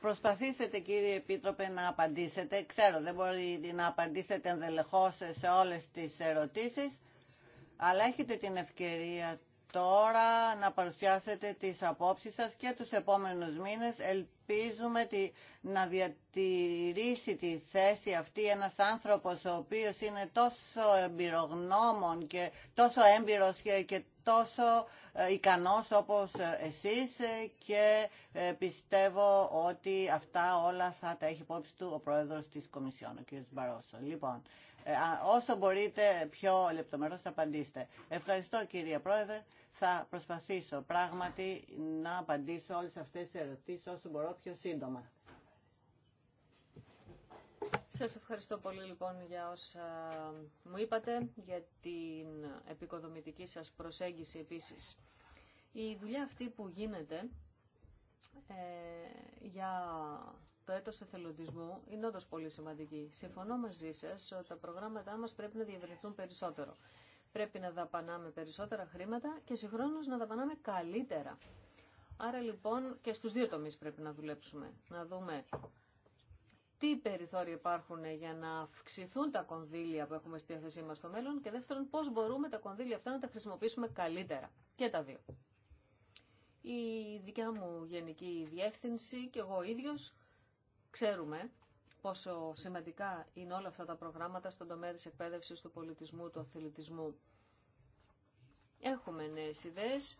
[SPEAKER 1] προσπαθήσετε κύριε Επίτροπε να απαντήσετε. Ξέρω δεν μπορεί να απαντήσετε ενδελεχώς σε όλες τις ερωτήσεις αλλά έχετε την ευκαιρία τώρα να παρουσιάσετε τις απόψεις σας και τους επόμενους μήνες ελπίζουμε τη, να διατηρήσει τη θέση αυτή ένας άνθρωπος ο οποίος είναι τόσο εμπειρογνώμων και τόσο έμπειρος και, και τόσο ε, ικανός όπως ε, εσείς ε, και πιστεύω ότι αυτά όλα θα τα έχει υπόψη του ο Πρόεδρος της Κομισιόν, ο κ. Μπαρόσο. Λοιπόν, όσο μπορείτε πιο λεπτομερώς απαντήσετε. Ευχαριστώ κυρία Πρόεδρε. Θα προσπαθήσω πράγματι να απαντήσω όλες αυτές τις ερωτήσεις όσο μπορώ πιο σύντομα.
[SPEAKER 2] Σας ευχαριστώ πολύ λοιπόν για όσα μου είπατε, για την επικοδομητική σας προσέγγιση επίσης. Η δουλειά αυτή που γίνεται ε, για το έτος εθελοντισμού είναι όντως πολύ σημαντική. Συμφωνώ μαζί σας ότι τα προγράμματά μας πρέπει να διευρυνθούν περισσότερο. Πρέπει να δαπανάμε περισσότερα χρήματα και συγχρόνως να δαπανάμε καλύτερα. Άρα λοιπόν και στους δύο τομείς πρέπει να δουλέψουμε. Να δούμε τι περιθώρια υπάρχουν για να αυξηθούν τα κονδύλια που έχουμε στη θέση μας στο μέλλον και δεύτερον πώς μπορούμε τα κονδύλια αυτά να τα χρησιμοποιήσουμε καλύτερα. Και τα δύο. Η δικιά μου γενική διεύθυνση και εγώ ίδιος ξέρουμε πόσο σημαντικά είναι όλα αυτά τα προγράμματα στον τομέα της εκπαίδευσης, του πολιτισμού, του αθλητισμού. Έχουμε νέες ιδέες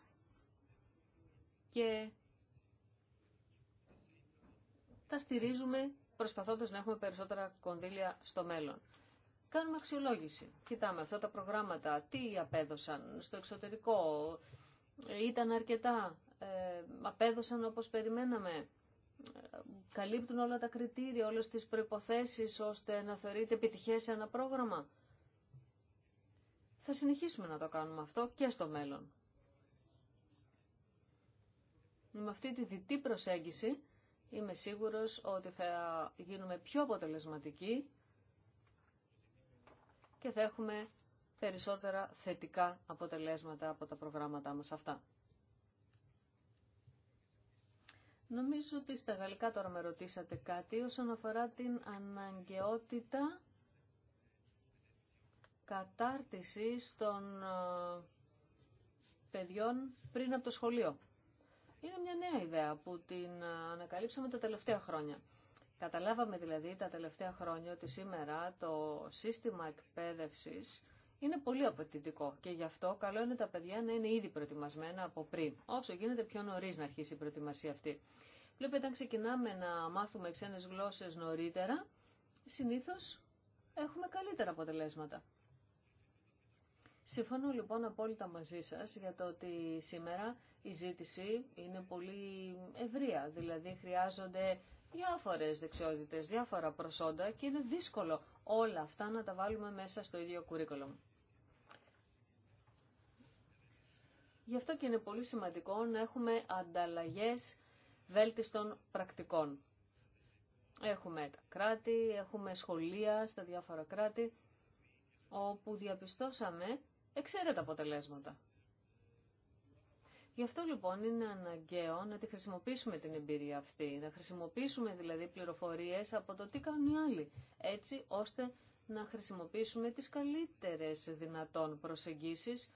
[SPEAKER 2] και τα στηρίζουμε προσπαθώντας να έχουμε περισσότερα κονδύλια στο μέλλον. Κάνουμε αξιολόγηση. Κοιτάμε αυτά τα προγράμματα, τι απέδωσαν στο εξωτερικό, ήταν αρκετά, ε, απέδωσαν όπως περιμέναμε καλύπτουν όλα τα κριτήρια, όλες τις προϋποθέσεις ώστε να θεωρείται επιτυχές ένα πρόγραμμα. Θα συνεχίσουμε να το κάνουμε αυτό και στο μέλλον. Με αυτή τη διτή προσέγγιση είμαι σίγουρος ότι θα γίνουμε πιο αποτελεσματικοί και θα έχουμε περισσότερα θετικά αποτελέσματα από τα προγράμματά μας αυτά. Νομίζω ότι στα γαλλικά τώρα με ρωτήσατε κάτι όσον αφορά την αναγκαιότητα κατάρτισης των ε, παιδιών πριν από το σχολείο. Είναι μια νέα ιδέα που την ε, ανακαλύψαμε τα τελευταία χρόνια. Καταλάβαμε δηλαδή τα τελευταία χρόνια ότι σήμερα το σύστημα εκπαίδευσης είναι πολύ απαιτητικό και γι' αυτό καλό είναι τα παιδιά να είναι ήδη προετοιμασμένα από πριν, όσο γίνεται πιο νωρί να αρχίσει η προετοιμασία αυτή. Βλέπετε, αν ξεκινάμε να μάθουμε ξένε γλώσσε νωρίτερα, συνήθω έχουμε καλύτερα αποτελέσματα. Συμφωνώ λοιπόν απόλυτα μαζί σας για το ότι σήμερα η ζήτηση είναι πολύ ευρεία, δηλαδή χρειάζονται διάφορες δεξιότητες, διάφορα προσόντα και είναι δύσκολο όλα αυτά να τα βάλουμε μέσα στο ίδιο κουρίκολο. Γι' αυτό και είναι πολύ σημαντικό να έχουμε ανταλλαγές βέλτιστων πρακτικών. Έχουμε τα κράτη, έχουμε σχολεία στα διάφορα κράτη, όπου διαπιστώσαμε εξαίρετα αποτελέσματα. Γι' αυτό λοιπόν είναι αναγκαίο να τη χρησιμοποιήσουμε την εμπειρία αυτή, να χρησιμοποιήσουμε δηλαδή πληροφορίες από το τι κάνουν οι άλλοι, έτσι ώστε να χρησιμοποιήσουμε τις καλύτερες δυνατόν προσεγγίσεις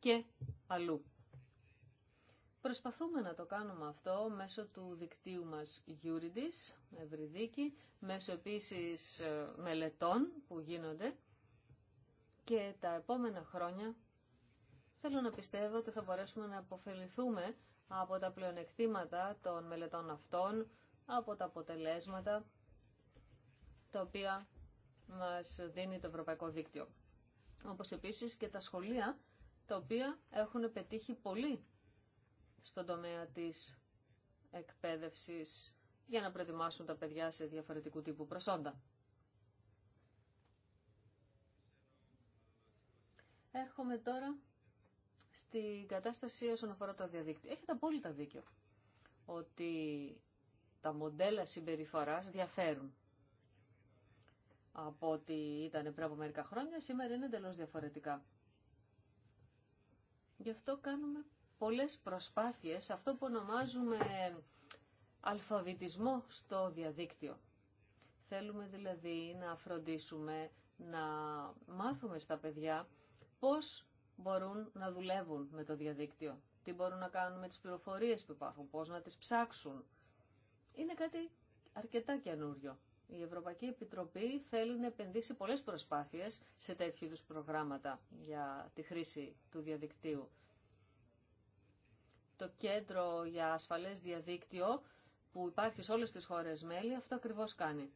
[SPEAKER 2] και αλλού. Προσπαθούμε να το κάνουμε αυτό μέσω του δικτύου μας Euridis, Ευρυδίκη, μέσω επίσης ε, μελετών που γίνονται και τα επόμενα χρόνια θέλω να πιστεύω ότι θα μπορέσουμε να αποφεληθούμε από τα πλεονεκτήματα των μελετών αυτών, από τα αποτελέσματα τα οποία μας δίνει το Ευρωπαϊκό Δίκτυο. Όπως επίσης και τα σχολεία τα οποία έχουν πετύχει πολύ στον τομέα της εκπαίδευσης για να προετοιμάσουν τα παιδιά σε διαφορετικού τύπου προσόντα. Έρχομαι τώρα στην κατάσταση όσον αφορά το διαδίκτυο. Έχετε απόλυτα δίκιο ότι τα μοντέλα συμπεριφοράς διαφέρουν από ό,τι ήταν πριν από μερικά χρόνια, σήμερα είναι εντελώ διαφορετικά. Γι' αυτό κάνουμε πολλές προσπάθειες, αυτό που ονομάζουμε αλφαβητισμό στο διαδίκτυο. Θέλουμε δηλαδή να φροντίσουμε, να μάθουμε στα παιδιά πώς μπορούν να δουλεύουν με το διαδίκτυο, τι μπορούν να κάνουν με τις πληροφορίες που υπάρχουν, πώς να τις ψάξουν. Είναι κάτι αρκετά καινούριο. Η Ευρωπαϊκή Επιτροπή θέλει να επενδύσει πολλές προσπάθειες σε τέτοιου είδους προγράμματα για τη χρήση του διαδικτύου. Το κέντρο για ασφαλές διαδίκτυο που υπάρχει σε όλες τις χώρες μέλη, αυτό ακριβώς κάνει.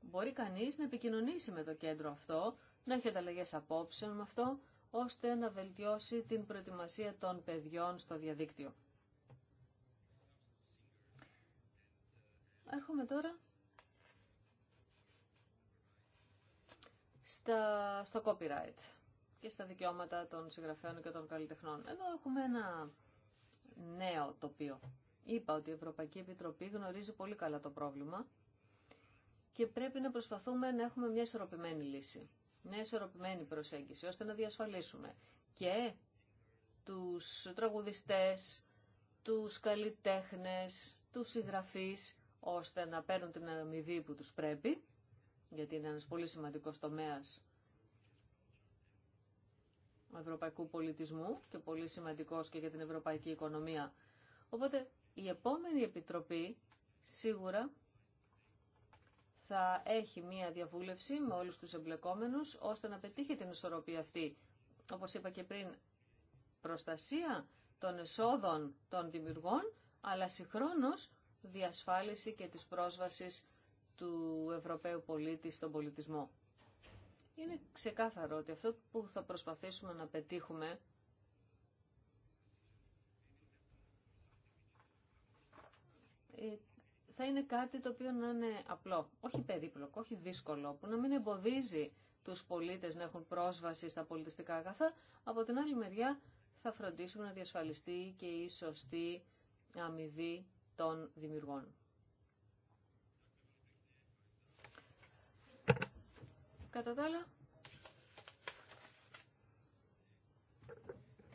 [SPEAKER 2] Μπορεί κανείς να επικοινωνήσει με το κέντρο αυτό, να έχει ανταλλαγέ απόψεων με αυτό, ώστε να βελτιώσει την προετοιμασία των παιδιών στο διαδίκτυο. Έρχομαι τώρα στα, στο copyright και στα δικαιώματα των συγγραφέων και των καλλιτεχνών. Εδώ έχουμε ένα νέο τοπίο. Είπα ότι η Ευρωπαϊκή Επιτροπή γνωρίζει πολύ καλά το πρόβλημα και πρέπει να προσπαθούμε να έχουμε μια ισορροπημένη λύση, μια ισορροπημένη προσέγγιση, ώστε να διασφαλίσουμε και τους τραγουδιστές, τους καλλιτέχνες, τους συγγραφείς, ώστε να παίρνουν την αμοιβή που τους πρέπει γιατί είναι ένας πολύ σημαντικός τομέας ευρωπαϊκού πολιτισμού και πολύ σημαντικός και για την ευρωπαϊκή οικονομία. Οπότε η επόμενη επιτροπή σίγουρα θα έχει μία διαβούλευση με όλους τους εμπλεκόμενους ώστε να πετύχει την ισορροπία αυτή. Όπως είπα και πριν, προστασία των εσόδων των δημιουργών, αλλά συγχρόνως διασφάλιση και της πρόσβασης του Ευρωπαίου πολίτη στον πολιτισμό. Είναι ξεκάθαρο ότι αυτό που θα προσπαθήσουμε να πετύχουμε ε, θα είναι κάτι το οποίο να είναι απλό, όχι περίπλοκο, όχι δύσκολο, που να μην εμποδίζει τους πολίτες να έχουν πρόσβαση στα πολιτιστικά αγαθά, από την άλλη μεριά θα φροντίσουμε να διασφαλιστεί και η σωστή αμοιβή των δημιουργών. Κατά τα άλλα.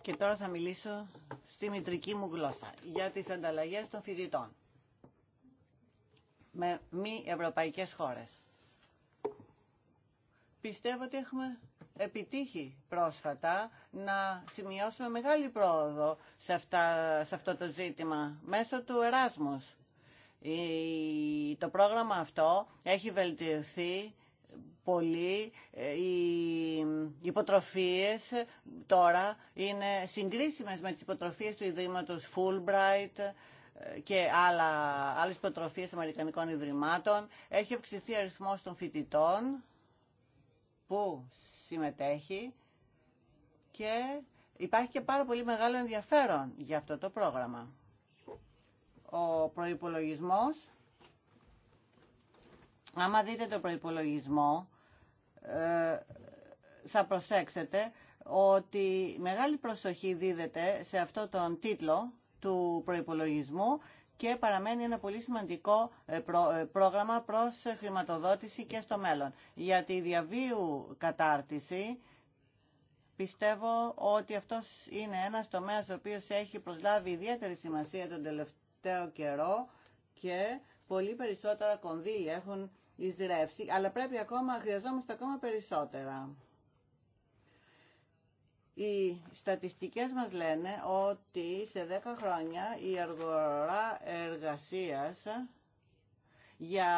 [SPEAKER 1] Και τώρα θα μιλήσω στη μητρική μου γλώσσα για τις ανταλλαγές των φοιτητών με μη ευρωπαϊκές χώρες. Πιστεύω ότι έχουμε επιτύχει πρόσφατα να σημειώσουμε μεγάλη πρόοδο σε, σε αυτό το ζήτημα μέσω του Εράσμους. Το πρόγραμμα αυτό έχει βελτιωθεί πολύ ε, οι υποτροφίες τώρα είναι συγκρίσιμες με τις υποτροφίες του Ιδρύματος Fulbright ε, και άλλα, άλλες υποτροφίες Αμερικανικών Ιδρυμάτων. Έχει αυξηθεί αριθμός των φοιτητών που συμμετέχει και υπάρχει και πάρα πολύ μεγάλο ενδιαφέρον για αυτό το πρόγραμμα. Ο προϋπολογισμός Άμα δείτε το προϋπολογισμό, ε, θα προσέξετε ότι μεγάλη προσοχή δίδεται σε αυτό τον τίτλο του προϋπολογισμού και παραμένει ένα πολύ σημαντικό ε, ε, πρόγραμμα προς χρηματοδότηση και στο μέλλον. Για τη διαβίου κατάρτιση πιστεύω ότι αυτός είναι ένας τομέας ο οποίος έχει προσλάβει ιδιαίτερη σημασία τον τελευταίο καιρό και πολύ περισσότερα κονδύλια έχουν εισρεύσει, αλλά πρέπει ακόμα, χρειαζόμαστε ακόμα περισσότερα. Οι στατιστικές μας λένε ότι σε 10 χρόνια η αργόρα εργασίας για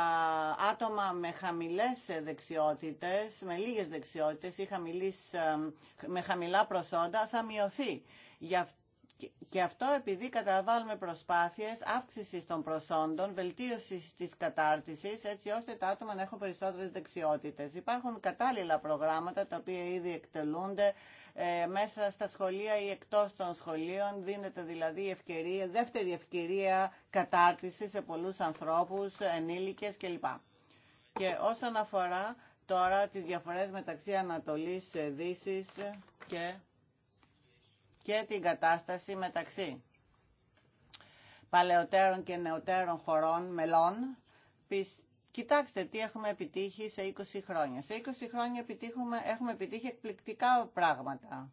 [SPEAKER 1] άτομα με χαμηλές δεξιότητες, με λίγες δεξιότητες ή χαμηλής, ε, με χαμηλά προσόντα θα μειωθεί. Γι' αυτό και αυτό επειδή καταβάλουμε προσπάθειες αύξησης των προσόντων, βελτίωσης της κατάρτισης, έτσι ώστε τα άτομα να έχουν περισσότερες δεξιότητες. Υπάρχουν κατάλληλα προγράμματα τα οποία ήδη εκτελούνται ε, μέσα στα σχολεία ή εκτός των σχολείων. Δίνεται δηλαδή ευκαιρία, δεύτερη ευκαιρία κατάρτιση σε πολλούς ανθρώπους, ενήλικες κλπ. Και όσον αφορά τώρα τις διαφορές μεταξύ Ανατολής, Δύσης και και την κατάσταση μεταξύ παλαιότερων και νεωτέρων χωρών μελών. Κοιτάξτε τι έχουμε επιτύχει σε 20 χρόνια. Σε 20 χρόνια έχουμε επιτύχει εκπληκτικά πράγματα.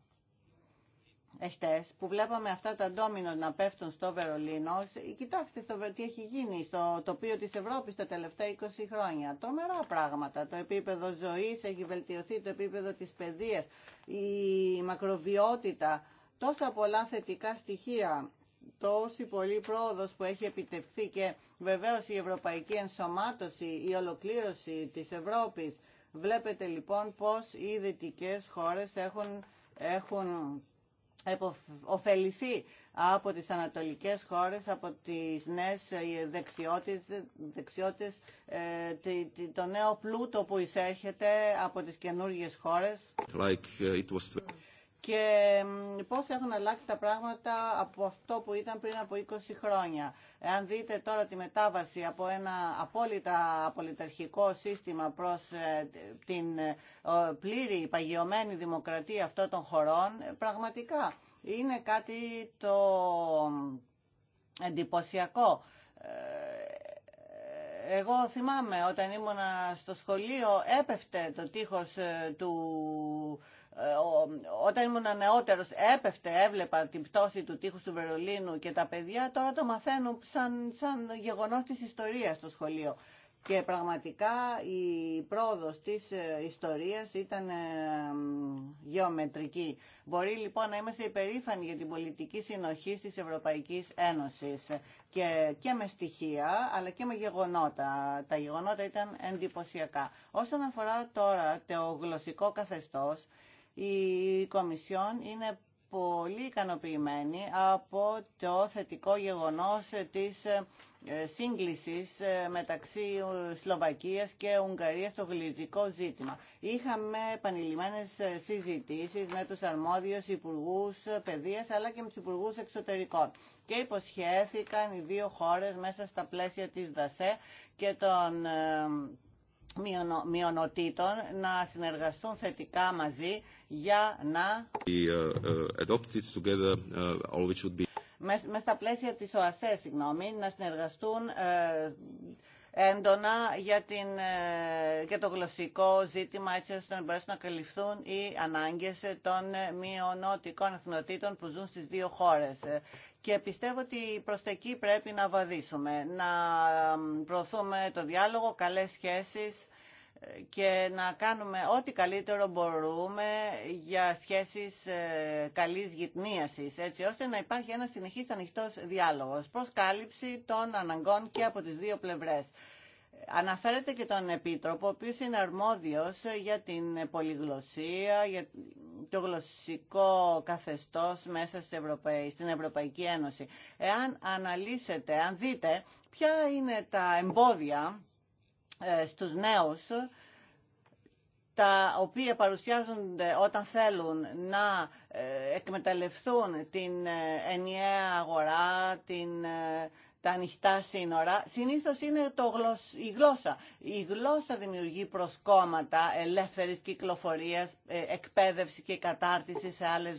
[SPEAKER 1] Εχθές που βλέπαμε αυτά τα ντόμινο να πέφτουν στο Βερολίνο, κοιτάξτε στο, τι έχει γίνει στο τοπίο της Ευρώπης τα τελευταία 20 χρόνια. Τρομερά πράγματα. Το επίπεδο ζωής έχει βελτιωθεί, το επίπεδο της παιδείας, η μακροβιότητα, τόσα πολλά θετικά στοιχεία τόση πολύ πρόοδος που έχει επιτευχθεί και βεβαίως η ευρωπαϊκή ενσωμάτωση, η ολοκλήρωση της Ευρώπης. Βλέπετε λοιπόν πως οι δυτικέ χώρες έχουν, έχουν ωφεληθεί από τις ανατολικές χώρες, από τις νέες ε, δεξιότητες, δεξιότητες ε, το νέο πλούτο που εισέρχεται από τις καινούργιες χώρες. Like ε, και πώς έχουν αλλάξει τα πράγματα από αυτό που ήταν πριν από 20 χρόνια. Εάν δείτε τώρα τη μετάβαση από ένα απόλυτα πολιταρχικό σύστημα προς ε, την ε, πλήρη παγιωμένη δημοκρατία αυτών των χωρών, ε, πραγματικά είναι κάτι το εντυπωσιακό. Εγώ θυμάμαι όταν ήμουνα στο σχολείο έπεφτε το τείχος του ε, όταν ήμουν νεότερο έπεφτε, έβλεπα την πτώση του τείχους του Βερολίνου και τα παιδιά τώρα το μαθαίνουν σαν, σαν γεγονός της ιστορίας στο σχολείο. Και πραγματικά η πρόοδος της ε, ιστορίας ήταν ε, γεωμετρική. Μπορεί λοιπόν να είμαστε υπερήφανοι για την πολιτική συνοχή της Ευρωπαϊκής Ένωσης και, και με στοιχεία αλλά και με γεγονότα. Τα γεγονότα ήταν εντυπωσιακά. Όσον αφορά τώρα το γλωσσικό καθεστώς, η Κομισιόν είναι πολύ ικανοποιημένη από το θετικό γεγονός της ε, σύγκλησης ε, μεταξύ Σλοβακίας και Ουγγαρίας στο γλυκό ζήτημα. Είχαμε επανειλημμένες ε, συζητήσεις με τους αρμόδιους υπουργούς παιδείας αλλά και με τους υπουργούς εξωτερικών και υποσχέθηκαν οι δύο χώρες μέσα στα πλαίσια της ΔΑΣΕ και των μειονοτήτων να συνεργαστούν θετικά μαζί για να...
[SPEAKER 3] Uh, uh, uh,
[SPEAKER 1] Με στα πλαίσια της ΟΑΣΕ, συγγνώμη, να συνεργαστούν ε, έντονα για, την, ε, το γλωσσικό ζήτημα έτσι ώστε να μπορέσουν να καλυφθούν οι ανάγκες των μειονοτικών εθνοτήτων που ζουν στις δύο χώρες. Και πιστεύω ότι προς τα εκεί πρέπει να βαδίσουμε, να προωθούμε το διάλογο, καλές σχέσεις και να κάνουμε ό,τι καλύτερο μπορούμε για σχέσεις ε, καλής γυτνίασης, έτσι ώστε να υπάρχει ένα συνεχής ανοιχτός διάλογος προς κάλυψη των αναγκών και από τις δύο πλευρές. Αναφέρεται και τον Επίτροπο, ο οποίο είναι αρμόδιος για την πολυγλωσία, για το γλωσσικό καθεστώς μέσα στην Ευρωπαϊκή Ένωση. Εάν αναλύσετε, αν δείτε ποια είναι τα εμπόδια ε, στους νέους τα οποία παρουσιάζονται όταν θέλουν να ε, εκμεταλλευτούν την ε, ενιαία αγορά, την, τα ανοιχτά σύνορα, συνήθως είναι το η γλώσσα. Η γλώσσα δημιουργεί προσκόμματα ελεύθερης κυκλοφορίας, εκπαίδευση και κατάρτιση σε άλλες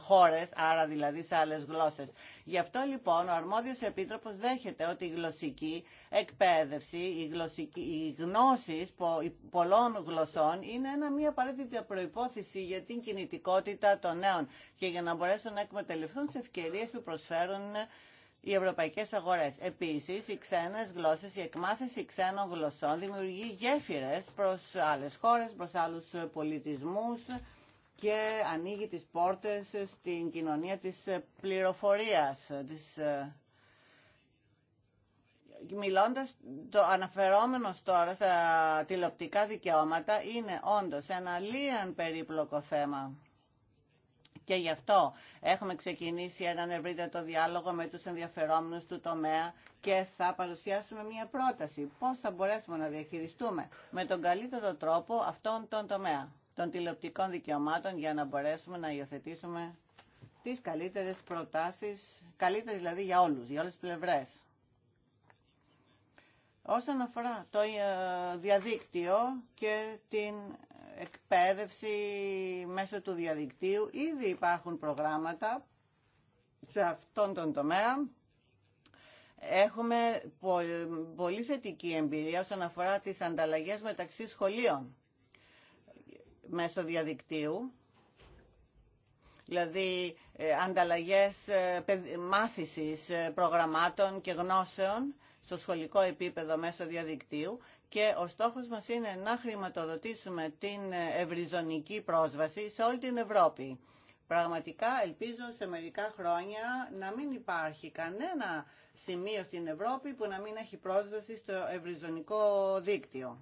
[SPEAKER 1] χώρες, άρα δηλαδή σε άλλες γλώσσες. Γι' αυτό λοιπόν ο αρμόδιος επίτροπος δέχεται ότι η γλωσσική εκπαίδευση, οι, γλωσσική, γνώσεις πολλών γλωσσών είναι ένα μία απαραίτητη προϋπόθεση για την κινητικότητα των νέων και για να μπορέσουν να εκμεταλλευτούν τις ευκαιρίες που προσφέρουν οι ευρωπαϊκέ αγορέ. Επίση, οι ξένε γλώσσε, η εκμάθηση ξένων γλωσσών δημιουργεί γέφυρε προ άλλε χώρε, προ άλλου πολιτισμού και ανοίγει τις πόρτες στην κοινωνία της πληροφορίας, της ε, μιλώντας, το αναφερόμενο τώρα στα τηλεοπτικά δικαιώματα είναι όντως ένα λίαν περίπλοκο θέμα. Και γι' αυτό έχουμε ξεκινήσει έναν ευρύτερο διάλογο με τους ενδιαφερόμενους του τομέα και θα παρουσιάσουμε μια πρόταση πώς θα μπορέσουμε να διαχειριστούμε με τον καλύτερο τρόπο αυτόν τον τομέα των τηλεοπτικών δικαιωμάτων για να μπορέσουμε να υιοθετήσουμε τις καλύτερες προτάσεις, καλύτερες δηλαδή για όλους, για όλες τις πλευρές. Όσον αφορά το ε, διαδίκτυο και την εκπαίδευση μέσω του διαδικτύου, ήδη υπάρχουν προγράμματα σε αυτόν τον τομέα. Έχουμε πολύ θετική εμπειρία όσον αφορά τις ανταλλαγές μεταξύ σχολείων μέσω διαδικτύου, δηλαδή ε, ανταλλαγές ε, μάθησης ε, προγραμμάτων και γνώσεων στο σχολικό επίπεδο μέσω διαδικτύου και ο στόχος μας είναι να χρηματοδοτήσουμε την ευρυζωνική πρόσβαση σε όλη την Ευρώπη. Πραγματικά ελπίζω σε μερικά χρόνια να μην υπάρχει κανένα σημείο στην Ευρώπη που να μην έχει πρόσβαση στο ευρυζωνικό δίκτυο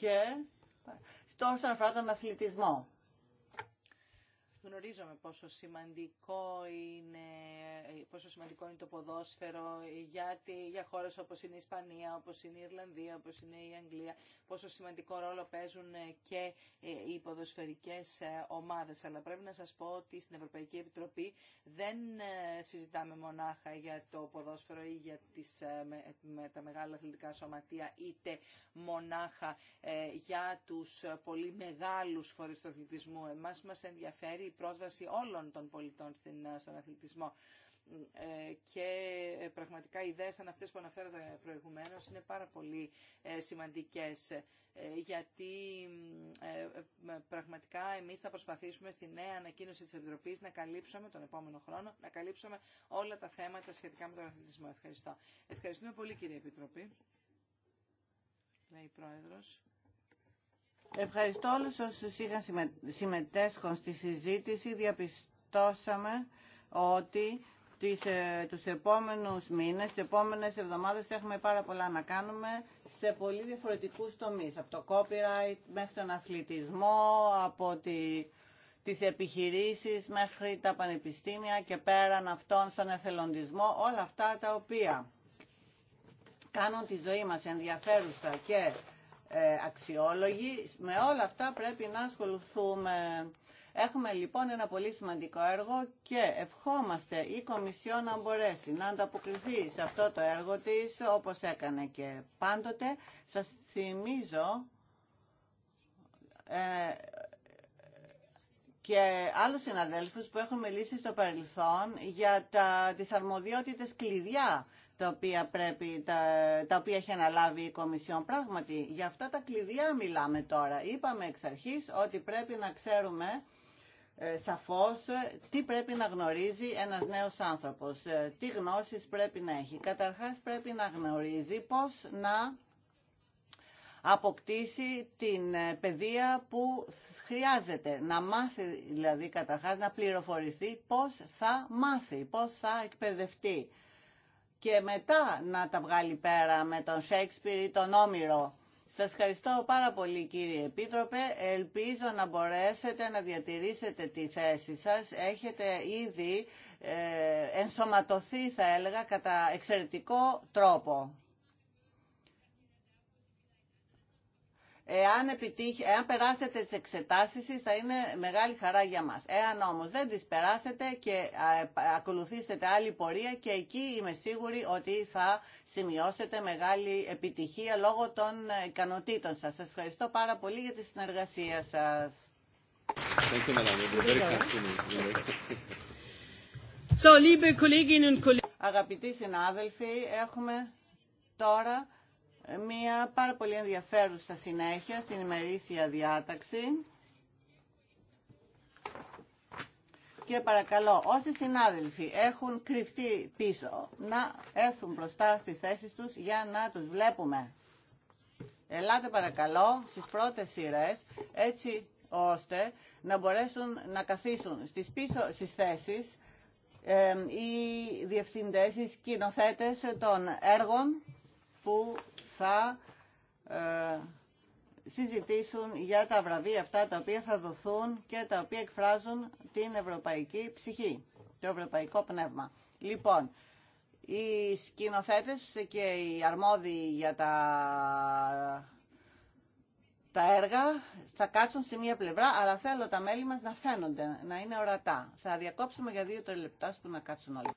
[SPEAKER 1] και τόσο αφορά τον αθλητισμό.
[SPEAKER 3] Γνωρίζομαι πόσο σημαντικό είναι, πόσο σημαντικό είναι το ποδόσφαιρο για, για χώρες όπως είναι η Ισπανία, όπως είναι η Ιρλανδία, όπως είναι η Αγγλία, πόσο σημαντικό ρόλο παίζουν και ε, οι ποδοσφαιρικές ε, ομάδες. Αλλά πρέπει να σας πω ότι στην Ευρωπαϊκή Επιτροπή δεν ε, συζητάμε μονάχα για το ποδόσφαιρο ή για τις, με, με τα μεγάλα αθλητικά σωματεία, είτε μονάχα για τους πολύ μεγάλους φορείς του αθλητισμού. Εμάς μας ενδιαφέρει η πρόσβαση όλων των πολιτών ε, στον αθλητισμό ε, και ε, πραγματικά οι ιδέες σαν αυτές που αναφέρατε προηγουμένως είναι πάρα πολύ σημαντικές γιατί πραγματικά εμείς θα προσπαθήσουμε στη νέα ανακοίνωση της Επιτροπής να καλύψουμε τον επόμενο χρόνο, να καλύψουμε όλα τα θέματα σχετικά με τον αθλητισμό. Ευχαριστώ. Ευχαριστούμε πολύ κύριε Επιτροπή. Λέει η Πρόεδρος. Ευχαριστώ
[SPEAKER 1] όλους όσους είχαν συμμετέσχον στη συζήτηση. Διαπιστώσαμε ότι τις, ε, τους επόμενους μήνες, τις επόμενες εβδομάδες έχουμε πάρα πολλά να κάνουμε σε πολύ διαφορετικούς τομείς. Από το copyright μέχρι τον αθλητισμό, από τη, τις επιχειρήσεις μέχρι τα πανεπιστήμια και πέραν αυτών στον εθελοντισμό, όλα αυτά τα οποία κάνουν τη ζωή μας ενδιαφέρουσα και ε, αξιόλογοι. Με όλα αυτά πρέπει να ασχοληθούμε. Έχουμε λοιπόν ένα πολύ σημαντικό έργο και ευχόμαστε η Κομισιό να μπορέσει να ανταποκριθεί σε αυτό το έργο της όπως έκανε και πάντοτε. Σας θυμίζω ε, και άλλους συναδέλφους που έχουν μιλήσει στο παρελθόν για τα, τις αρμοδιότητες κλειδιά τα οποία, πρέπει, τα, τα οποία έχει αναλάβει η Κομισιόν. Πράγματι, για αυτά τα κλειδιά μιλάμε τώρα. Είπαμε εξ ότι πρέπει να ξέρουμε ε, σαφώς τι πρέπει να γνωρίζει ένας νέος άνθρωπος, ε, τι γνώσεις πρέπει να έχει. Καταρχάς πρέπει να γνωρίζει πώς να αποκτήσει την ε, παιδεία που χρειάζεται. Να μάθει δηλαδή καταρχάς, να πληροφορηθεί πώς θα μάθει, πώς θα εκπαιδευτεί και μετά να τα βγάλει πέρα με τον Σέξπιρ ή τον Όμηρο. Σας ευχαριστώ πάρα πολύ κύριε Επίτροπε. Ελπίζω να μπορέσετε να διατηρήσετε τη θέση σας. Έχετε ήδη ε, ενσωματωθεί θα έλεγα κατά εξαιρετικό τρόπο. Εάν, επιτύχει, εάν περάσετε τις εξετάσεις θα είναι μεγάλη χαρά για μας. Εάν όμως δεν τις περάσετε και ακολουθήσετε άλλη πορεία και εκεί είμαι σίγουρη ότι θα σημειώσετε μεγάλη επιτυχία λόγω των ε, ικανοτήτων σας. Σας ευχαριστώ πάρα πολύ για τη συνεργασία σας. Αγαπητοί συνάδελφοι, έχουμε τώρα μία πάρα πολύ ενδιαφέρουσα συνέχεια στην ημερήσια διάταξη. Και παρακαλώ όσοι συνάδελφοι έχουν κρυφτεί πίσω να έρθουν μπροστά στις θέσεις τους για να τους βλέπουμε. Ελάτε παρακαλώ στις πρώτες σειρές έτσι ώστε να μπορέσουν να καθίσουν στις πίσω στις θέσεις ε, οι διευθυντές, οι σκηνοθέτες των έργων που θα ε, συζητήσουν για τα βραβεία αυτά τα οποία θα δοθούν και τα οποία εκφράζουν την ευρωπαϊκή ψυχή, το ευρωπαϊκό πνεύμα. Λοιπόν, οι σκηνοθέτες και οι αρμόδιοι για τα, τα έργα θα κάτσουν σε μία πλευρά, αλλά θέλω τα μέλη μας να φαίνονται, να είναι ορατά. Θα διακόψουμε για δύο-τρία λεπτά που να κάτσουν όλοι.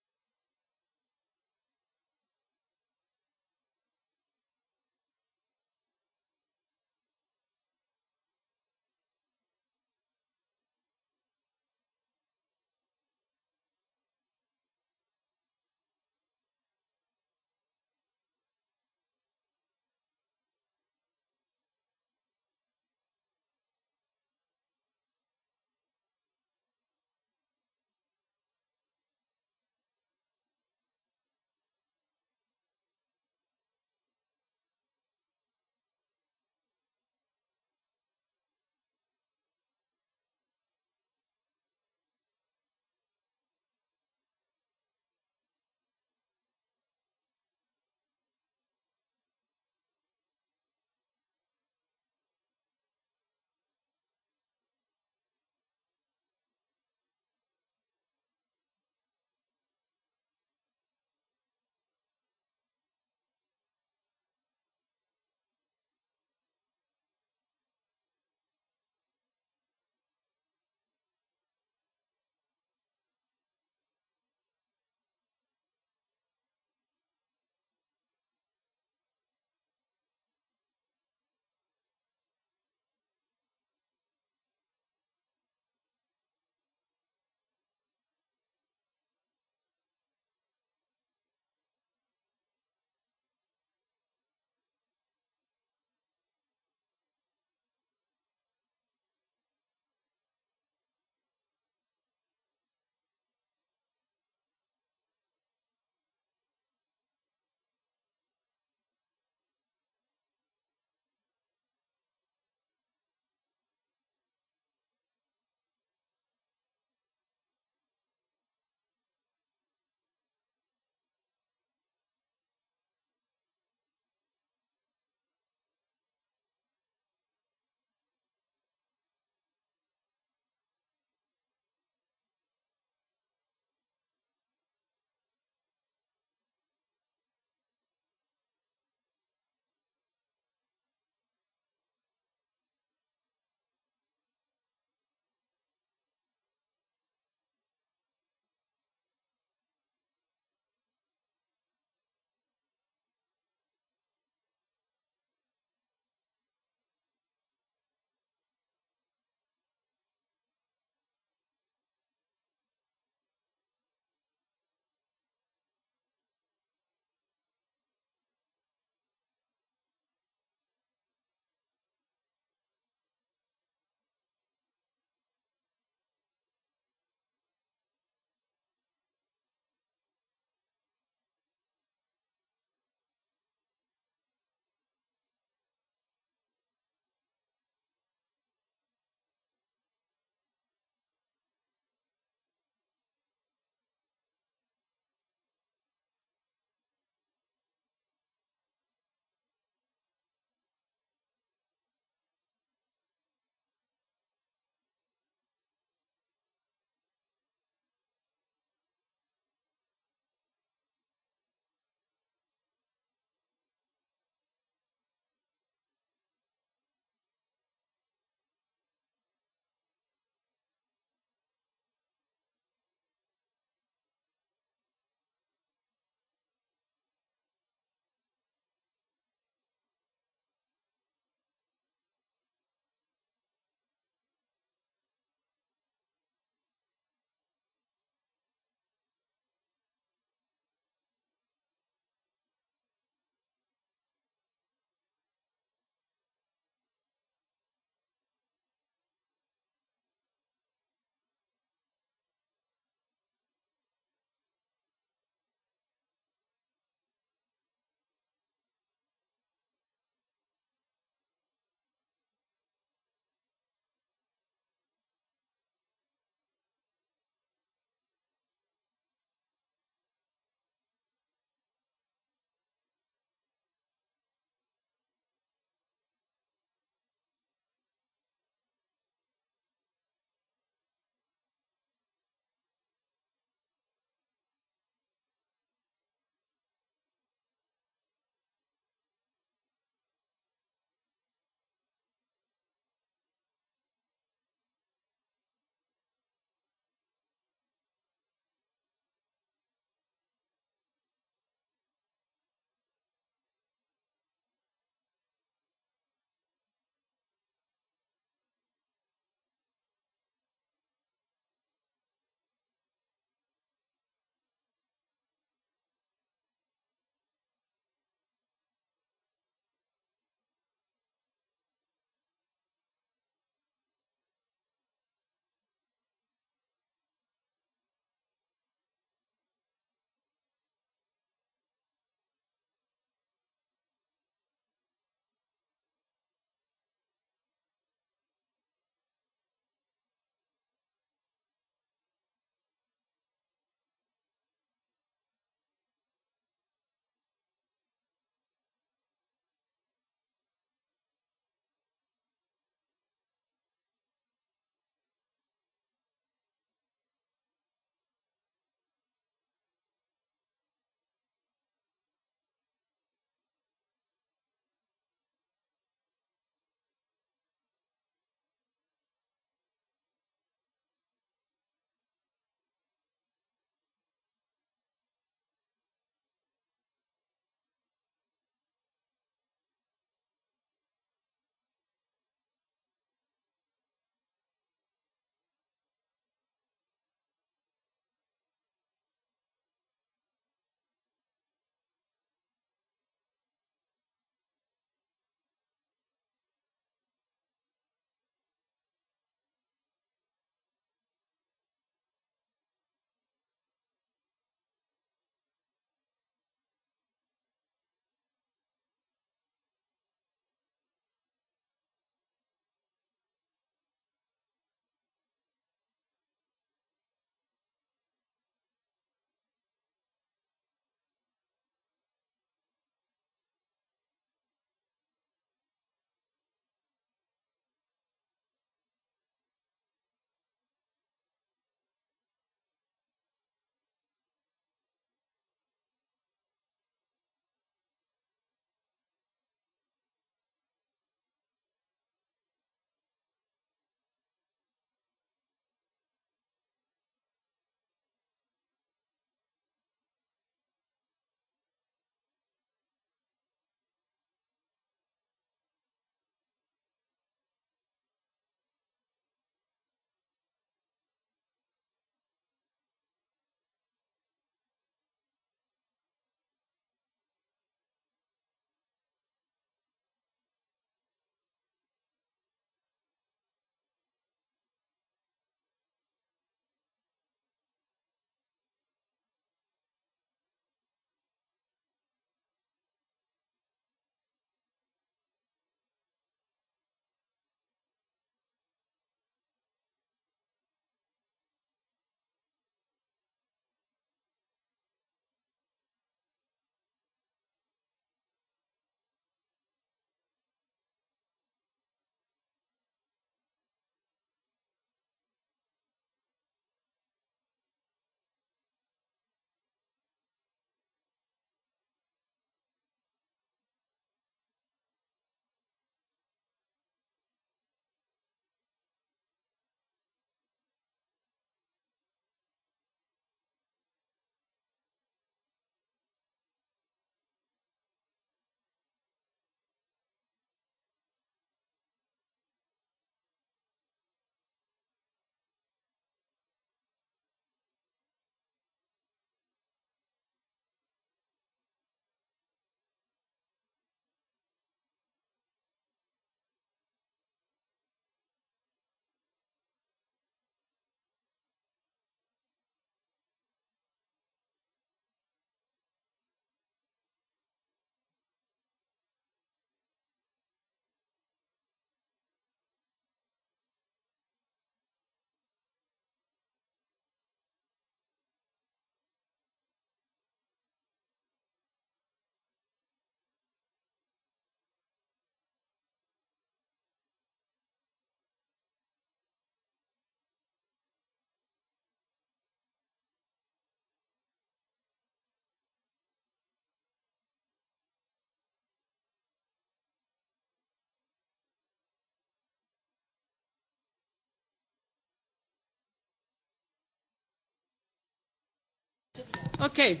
[SPEAKER 3] Okay.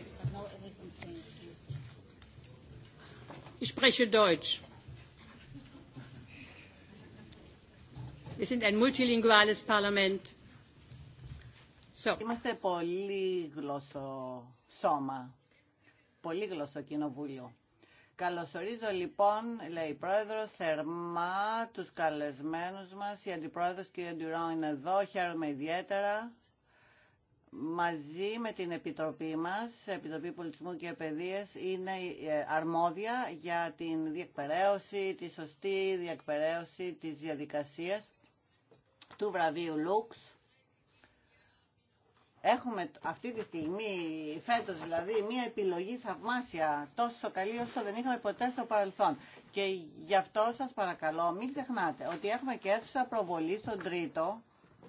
[SPEAKER 2] Ich spreche Deutsch.
[SPEAKER 1] Wir sind ein multilinguales Parlament. So. Είμαστε πολύ γλωσσο σώμα, πολύ γλωσσο κοινοβούλιο. Καλωσορίζω λοιπόν, λέει η πρόεδρο, θερμά τους καλεσμένους μας. Η Αντιπρόεδρος κυρία Ντουράν είναι εδώ, χαίρομαι ιδιαίτερα μαζί με την Επιτροπή μας, Επιτροπή Πολιτισμού και Παιδείας, είναι ε, αρμόδια για την διεκπαιρέωση, τη σωστή διεκπαιρέωση της διαδικασίας του βραβείου Λουξ. Έχουμε αυτή τη στιγμή, φέτος δηλαδή, μία επιλογή θαυμάσια, τόσο καλή όσο δεν είχαμε ποτέ στο παρελθόν. Και γι' αυτό σας παρακαλώ μην ξεχνάτε ότι έχουμε και αίθουσα προβολή στον τρίτο,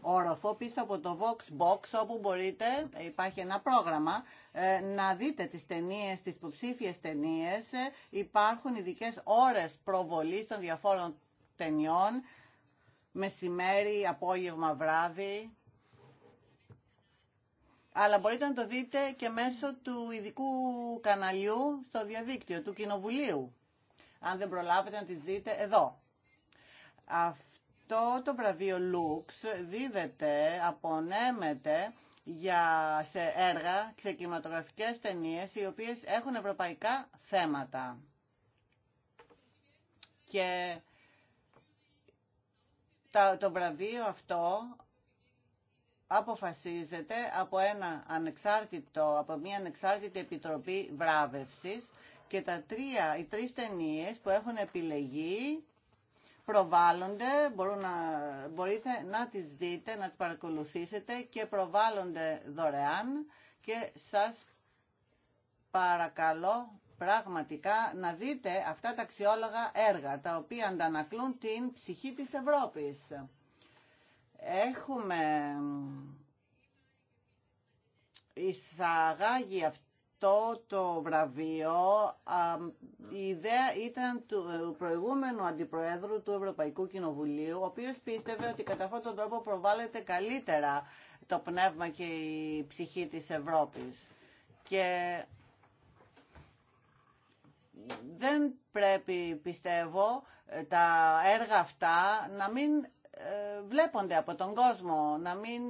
[SPEAKER 1] όροφο πίσω από το Vox Box όπου μπορείτε, υπάρχει ένα πρόγραμμα, ε, να δείτε τις ταινίες, τις υποψήφιες ταινίες. Ε, υπάρχουν ειδικέ ώρες προβολής των διαφόρων ταινιών, μεσημέρι, απόγευμα, βράδυ. Αλλά μπορείτε να το δείτε και μέσω του ειδικού καναλιού στο διαδίκτυο του Κοινοβουλίου. Αν δεν προλάβετε να τις δείτε εδώ. Αυτό αυτό το βραβείο Λουξ δίδεται, απονέμεται για, σε έργα, σε κινηματογραφικές ταινίες, οι οποίες έχουν ευρωπαϊκά θέματα. Και το βραβείο αυτό αποφασίζεται από, ένα ανεξάρτητο, από μια ανεξάρτητη επιτροπή βράβευσης και τα τρία, οι τρεις ταινίες που έχουν επιλεγεί προβάλλονται, μπορούν να, μπορείτε να τις δείτε, να τις παρακολουθήσετε και προβάλλονται δωρεάν και σας παρακαλώ πραγματικά να δείτε αυτά τα αξιόλογα έργα τα οποία αντανακλούν την ψυχή της Ευρώπης. Έχουμε εισαγάγει αυτή αυτό το βραβείο η ιδέα ήταν ε, του προηγούμενου αντιπροέδρου του Ευρωπαϊκού Κοινοβουλίου ο οποίος πίστευε ότι κατά αυτόν τον τρόπο προβάλλεται καλύτερα το πνεύμα και η ψυχή της Ευρώπης. Και δεν πρέπει, πιστεύω, ε, τα έργα αυτά να μην ε, βλέπονται από τον κόσμο, να μην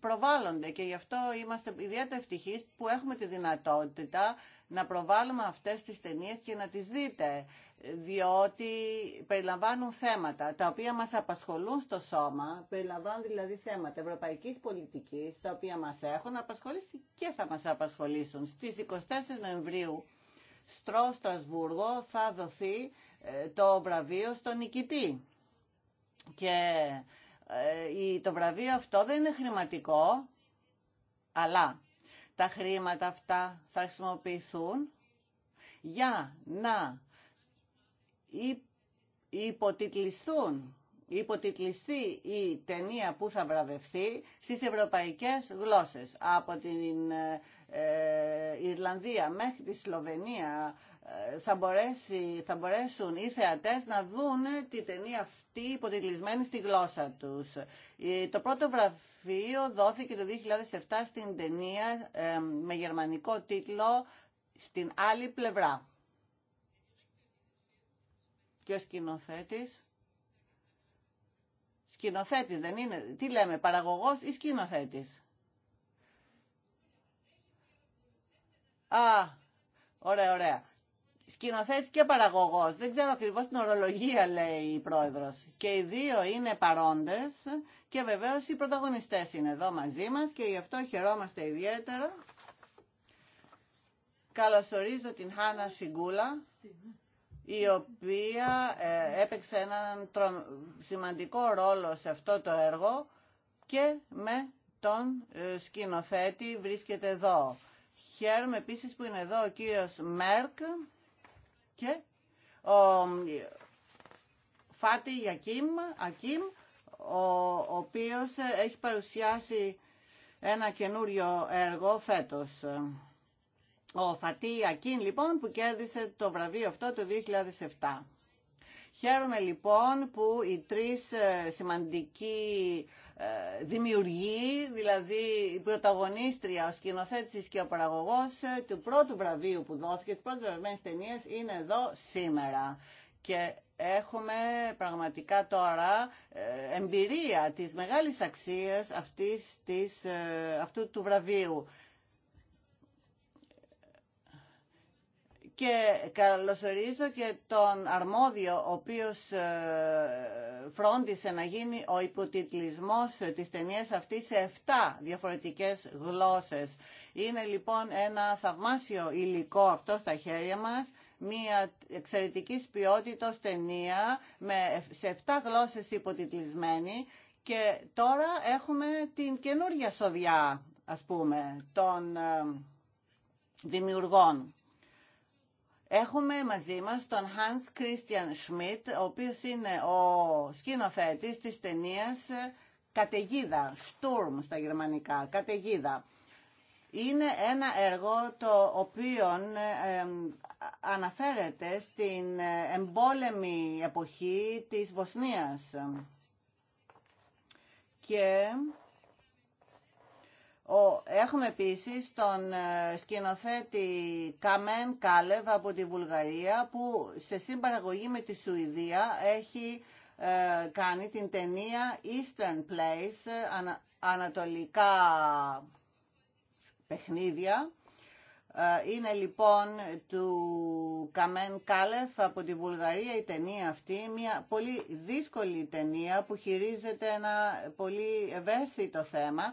[SPEAKER 1] προβάλλονται και γι' αυτό είμαστε ιδιαίτερα ευτυχείς που έχουμε τη δυνατότητα να προβάλλουμε αυτές τις ταινίες και να τις δείτε διότι περιλαμβάνουν θέματα τα οποία μας απασχολούν στο σώμα, περιλαμβάνουν δηλαδή θέματα ευρωπαϊκής πολιτικής τα οποία μας έχουν απασχολήσει και θα μας απασχολήσουν. Στις 24 Νοεμβρίου στο Στρασβούργο θα δοθεί ε, το βραβείο στον νικητή και ε, το βραβείο αυτό δεν είναι χρηματικό, αλλά τα χρήματα αυτά θα χρησιμοποιηθούν για να υποτιτλιστούν υποτιτλιστεί η ταινία που θα βραβευτεί στις ευρωπαϊκές γλώσσες από την ε, ε, Ιρλανδία μέχρι τη Σλοβενία θα, μπορέσει, θα μπορέσουν οι θεατές να δουν τη ταινία αυτή υποτιτλισμένη στη γλώσσα τους. Το πρώτο βραφείο δόθηκε το 2007 στην ταινία ε, με γερμανικό τίτλο «Στην άλλη πλευρά». Και ο σκηνοθέτης... Σκηνοθέτης δεν είναι. Τι λέμε, παραγωγός ή σκηνοθέτης. Α, ωραία, ωραία σκηνοθέτης και παραγωγός. Δεν ξέρω ακριβώ την ορολογία, λέει η πρόεδρο. Και οι δύο είναι παρόντε και βεβαίω οι πρωταγωνιστές είναι εδώ μαζί μας και γι' αυτό χαιρόμαστε ιδιαίτερα. Καλωσορίζω την Χάνα Σιγκούλα, η οποία ε, έπαιξε έναν σημαντικό ρόλο σε αυτό το έργο και με τον ε, σκηνοθέτη βρίσκεται εδώ. Χαίρομαι επίσης που είναι εδώ ο κύριος Μέρκ, και ο Φάτι Ιακίμ, Ακίμ, ο οποίος έχει παρουσιάσει ένα καινούριο έργο φέτος. Ο Φατή Ακίν λοιπόν που κέρδισε το βραβείο αυτό το 2007. Χαίρομαι λοιπόν που οι τρεις ε, σημαντικοί ε, δημιουργοί, δηλαδή η πρωταγωνίστρια, ο σκηνοθέτης και ο παραγωγός ε, του πρώτου βραβείου που δόθηκε, της πρώτης βραβευμένης ταινίας, είναι εδώ σήμερα. Και έχουμε πραγματικά τώρα εμπειρία της μεγάλης αξίας αυτής, της, αυτού του βραβείου. και καλωσορίζω και τον αρμόδιο ο οποίος ε, φρόντισε να γίνει ο υποτιτλισμός της ταινίας αυτή σε 7 διαφορετικές γλώσσες. Είναι λοιπόν ένα θαυμάσιο υλικό αυτό στα χέρια μας, μια εξαιρετική ποιότητα ταινία με, σε 7 γλώσσες υποτιτλισμένη και τώρα έχουμε την καινούργια σοδιά ας πούμε των ε, δημιουργών Έχουμε μαζί μας τον Hans Christian Schmidt, ο οποίος είναι ο σκηνοθέτης της ταινίας ε, «Καταιγίδα», «Sturm» στα γερμανικά, «Καταιγίδα». Είναι ένα έργο το οποίο ε, ε, αναφέρεται στην εμπόλεμη εποχή της Βοσνίας. Και Έχουμε επίσης τον ε, σκηνοθέτη Καμέν Κάλεβ από τη Βουλγαρία που σε συμπαραγωγή με τη Σουηδία έχει ε, κάνει την ταινία Eastern Place, ανατολικά παιχνίδια. Ε, είναι λοιπόν του Καμέν Κάλεφ από τη Βουλγαρία η ταινία αυτή, μια πολύ δύσκολη ταινία που χειρίζεται ένα πολύ ευαίσθητο θέμα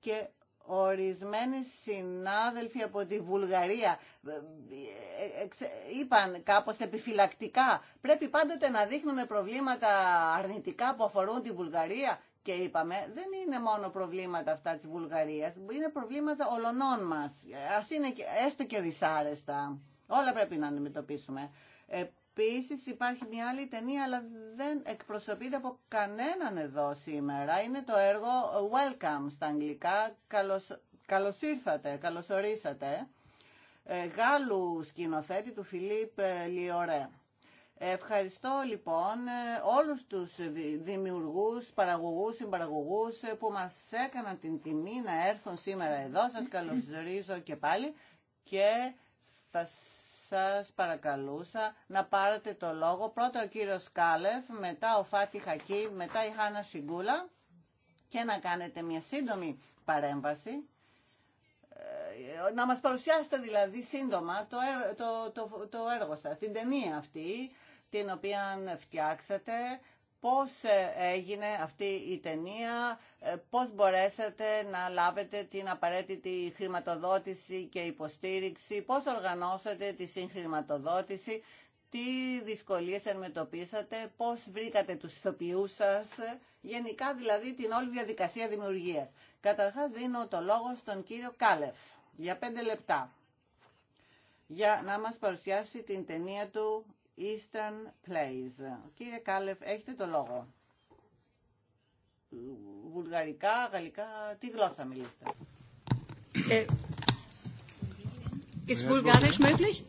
[SPEAKER 1] και Ορισμένοι συνάδελφοι από τη Βουλγαρία ε, ε, είπαν κάπως επιφυλακτικά πρέπει πάντοτε να δείχνουμε προβλήματα αρνητικά που αφορούν τη Βουλγαρία και είπαμε δεν είναι μόνο προβλήματα αυτά της Βουλγαρίας, είναι προβλήματα ολονών μας, ας είναι έστω και δυσάρεστα. Όλα πρέπει να αντιμετωπίσουμε. Ε, Επίση, υπάρχει μια άλλη ταινία αλλά δεν εκπροσωπείται από κανέναν εδώ σήμερα. Είναι το έργο Welcome στα αγγλικά, καλώς, ήρθατε, καλώς ορίσατε, ε, Γάλλου σκηνοθέτη του Φιλίπ ε, Λιωρέ. Ευχαριστώ λοιπόν ε, όλους τους δημιουργούς, παραγωγούς, συμπαραγωγούς που μας έκαναν την τιμή να έρθουν σήμερα εδώ. Σας καλωσορίζω και πάλι και σας σας παρακαλούσα να πάρετε το λόγο. Πρώτα ο κύριος Κάλεφ, μετά ο Φάτι Χακί, μετά η Χάνα Σιγκούλα και να κάνετε μια σύντομη παρέμβαση. Ε, να μας παρουσιάσετε δηλαδή σύντομα το, το, το, το έργο σας, την ταινία αυτή την οποία φτιάξατε πώς ε, έγινε αυτή η ταινία, ε, πώς μπορέσατε να λάβετε την απαραίτητη χρηματοδότηση και υποστήριξη, πώς οργανώσατε τη συγχρηματοδότηση, τι δυσκολίες αντιμετωπίσατε, πώς βρήκατε τους ηθοποιούς σας, γενικά δηλαδή την όλη διαδικασία δημιουργίας. Καταρχάς δίνω το λόγο στον κύριο Κάλεφ για πέντε λεπτά για να μας παρουσιάσει την ταινία του Eastern Plays. Κύριε Κάλεφ, έχετε το λόγο. Βουλγαρικά, γαλλικά, τι γλώσσα μιλήσετε. Είναι möglich?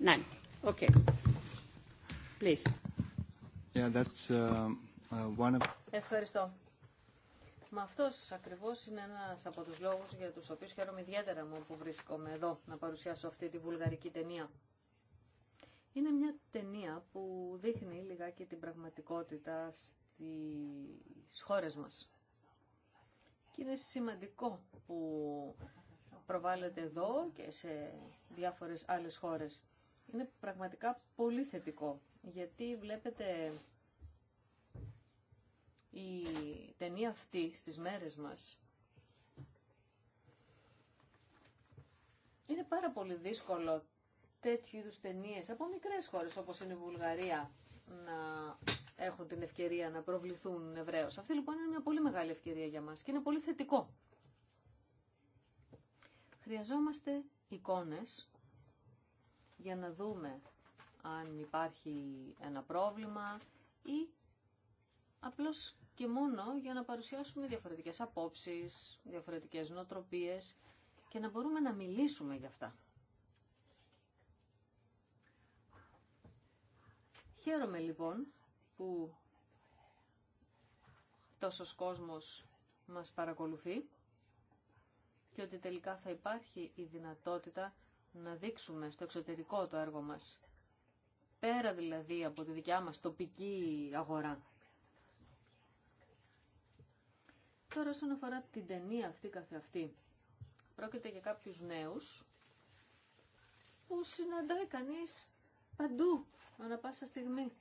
[SPEAKER 1] ναι. Οκ. Uh, uh,
[SPEAKER 2] Ευχαριστώ. Μα αυτό ακριβώ είναι ένα από του λόγου για του οποίου χαίρομαι ιδιαίτερα μου που βρίσκομαι εδώ να παρουσιάσω αυτή τη βουλγαρική ταινία. Είναι μια ταινία που δείχνει λιγάκι την πραγματικότητα στις χώρες μας. Και είναι σημαντικό που προβάλλεται εδώ και σε διάφορες άλλες χώρες. Είναι πραγματικά πολύ θετικό, γιατί βλέπετε η ταινία αυτή στις μέρες μας είναι πάρα πολύ δύσκολο τέτοιου είδου ταινίε από μικρές χώρες όπως είναι η Βουλγαρία να έχουν την ευκαιρία να προβληθούν ευρέω. Αυτή λοιπόν είναι μια πολύ μεγάλη ευκαιρία για μας και είναι πολύ θετικό. Χρειαζόμαστε εικόνες για να δούμε αν υπάρχει ένα πρόβλημα ή απλώς και μόνο για να παρουσιάσουμε διαφορετικές απόψεις, διαφορετικές νοοτροπίες και να μπορούμε να μιλήσουμε για αυτά. Χαίρομαι λοιπόν που τόσος κόσμος μας παρακολουθεί και ότι τελικά θα υπάρχει η δυνατότητα να δείξουμε στο εξωτερικό το έργο μας. Πέρα δηλαδή από τη δικιά μας τοπική αγορά. Τώρα όσον αφορά την ταινία αυτή καθεαυτή, πρόκειται για κάποιους νέους που συναντάει κανείς παντού, ανά πάσα στιγμή,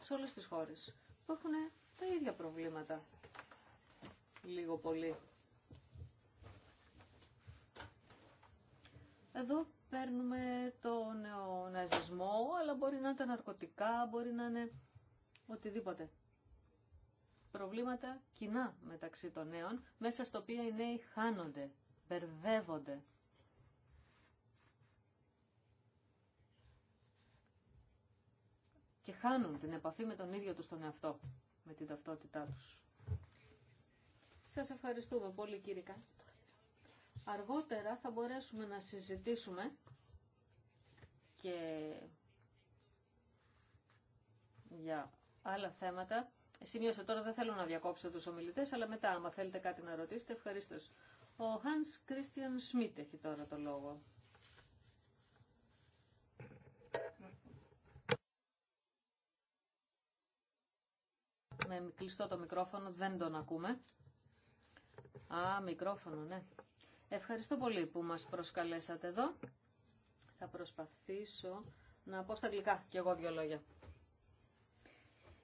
[SPEAKER 2] σε όλες τις χώρες, που έχουν τα ίδια προβλήματα, λίγο πολύ. Εδώ παίρνουμε το νεοναζισμό, αλλά μπορεί να είναι τα ναρκωτικά, μπορεί να είναι οτιδήποτε. Προβλήματα κοινά μεταξύ των νέων, μέσα στο οποία οι νέοι χάνονται, μπερδεύονται. και χάνουν την επαφή με τον ίδιο τους τον εαυτό, με την ταυτότητά τους. Σας ευχαριστούμε πολύ κυρικά. Αργότερα θα μπορέσουμε να συζητήσουμε και για άλλα θέματα. Σημείωσα τώρα, δεν θέλω να διακόψω τους ομιλητές, αλλά μετά, άμα θέλετε κάτι να ρωτήσετε, ευχαριστώ. Ο Hans Christian Schmidt έχει τώρα το λόγο. με κλειστό το μικρόφωνο, δεν τον ακούμε. Α, μικρόφωνο, ναι. Ευχαριστώ πολύ που μας προσκαλέσατε εδώ. Θα προσπαθήσω να πω στα αγγλικά και εγώ δύο λόγια.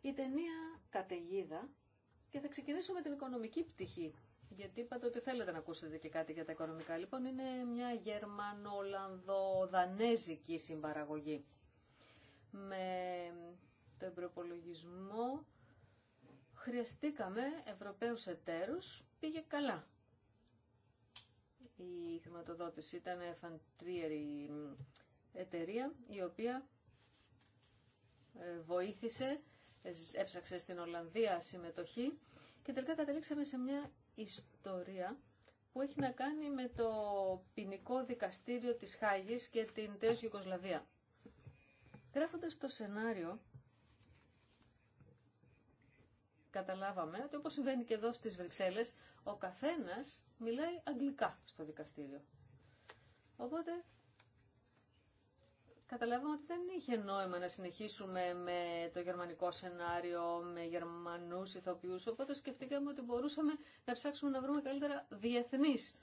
[SPEAKER 2] Η ταινία καταιγίδα και θα ξεκινήσω με την οικονομική πτυχή. Γιατί είπατε ότι θέλετε να ακούσετε και κάτι για τα οικονομικά. Λοιπόν, είναι μια γερμανο-ολλανδο-δανέζικη συμπαραγωγή. Με τον προπολογισμό χρειαστήκαμε Ευρωπαίους εταίρους, πήγε καλά. Η χρηματοδότηση ήταν φαντρίερη εταιρεία, η οποία ε, βοήθησε, ε, έψαξε στην Ολλανδία συμμετοχή και τελικά καταλήξαμε σε μια ιστορία που έχει να κάνει με το ποινικό δικαστήριο της Χάγης και την τέος Γιουγκοσλαβία. Γράφοντας το σενάριο καταλάβαμε ότι όπως συμβαίνει και εδώ στις Βρυξέλλες, ο καθένας μιλάει αγγλικά στο δικαστήριο. Οπότε καταλάβαμε ότι δεν είχε νόημα να συνεχίσουμε με το γερμανικό σενάριο, με γερμανούς ηθοποιούς, οπότε σκεφτήκαμε ότι μπορούσαμε να ψάξουμε να βρούμε καλύτερα διεθνείς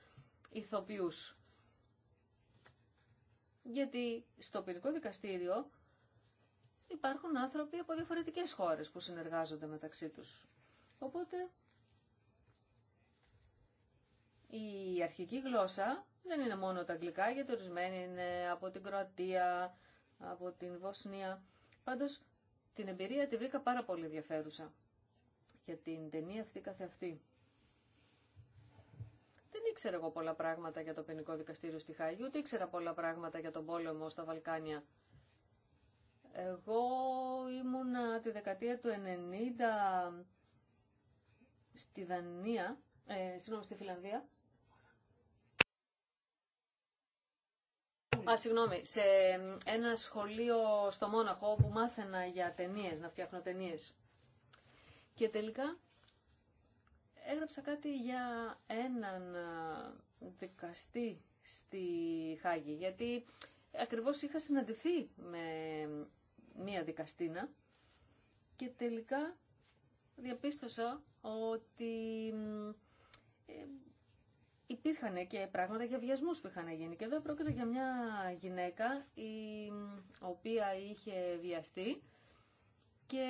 [SPEAKER 2] ηθοποιούς. Γιατί στο ποινικό δικαστήριο υπάρχουν άνθρωποι από διαφορετικές χώρες που συνεργάζονται μεταξύ τους. Οπότε η αρχική γλώσσα δεν είναι μόνο τα αγγλικά, γιατί ορισμένοι είναι από την Κροατία, από την Βοσνία. Πάντως την εμπειρία τη βρήκα πάρα πολύ ενδιαφέρουσα για την ταινία αυτή καθεαυτή. Δεν ήξερα εγώ πολλά πράγματα για το ποινικό δικαστήριο στη Χάγη, ούτε ήξερα πολλά πράγματα για τον πόλεμο στα Βαλκάνια. Εγώ ήμουνα τη δεκαετία του 90 στη Δανία, ε, στη Φιλανδία. Α, συγγνώμη, σε ένα σχολείο στο Μόναχο που μάθαινα για ταινίες, να φτιάχνω ταινίες. Και τελικά έγραψα κάτι για έναν δικαστή στη Χάγη, γιατί ακριβώς είχα συναντηθεί με μία δικαστήνα και τελικά διαπίστωσα ότι ε, υπήρχαν και πράγματα για βιασμούς που είχαν γίνει. Και εδώ πρόκειται για μια γυναίκα η οποία είχε βιαστεί και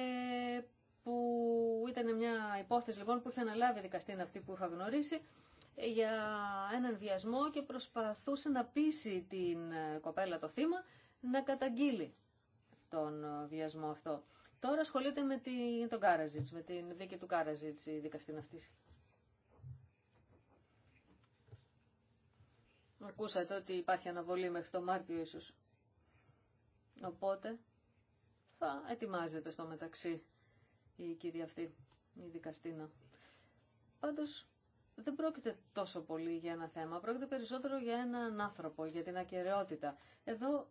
[SPEAKER 2] που ήταν μια υπόθεση λοιπόν που είχε αναλάβει δικαστήνα αυτή που είχα γνωρίσει ε, για έναν βιασμό και προσπαθούσε να πείσει την ε, κοπέλα το θύμα να καταγγείλει τον βιασμό αυτό. Τώρα ασχολείται με την, τον Κάραζιτς, με την δίκη του Κάραζιτς η δικαστή αυτή. Ακούσατε ότι υπάρχει αναβολή μέχρι το Μάρτιο ίσως. Οπότε θα ετοιμάζεται στο μεταξύ η κυρία αυτή, η δικαστήνα. Πάντως δεν πρόκειται τόσο πολύ για ένα θέμα, πρόκειται περισσότερο για έναν άνθρωπο, για την ακαιρεότητα. Εδώ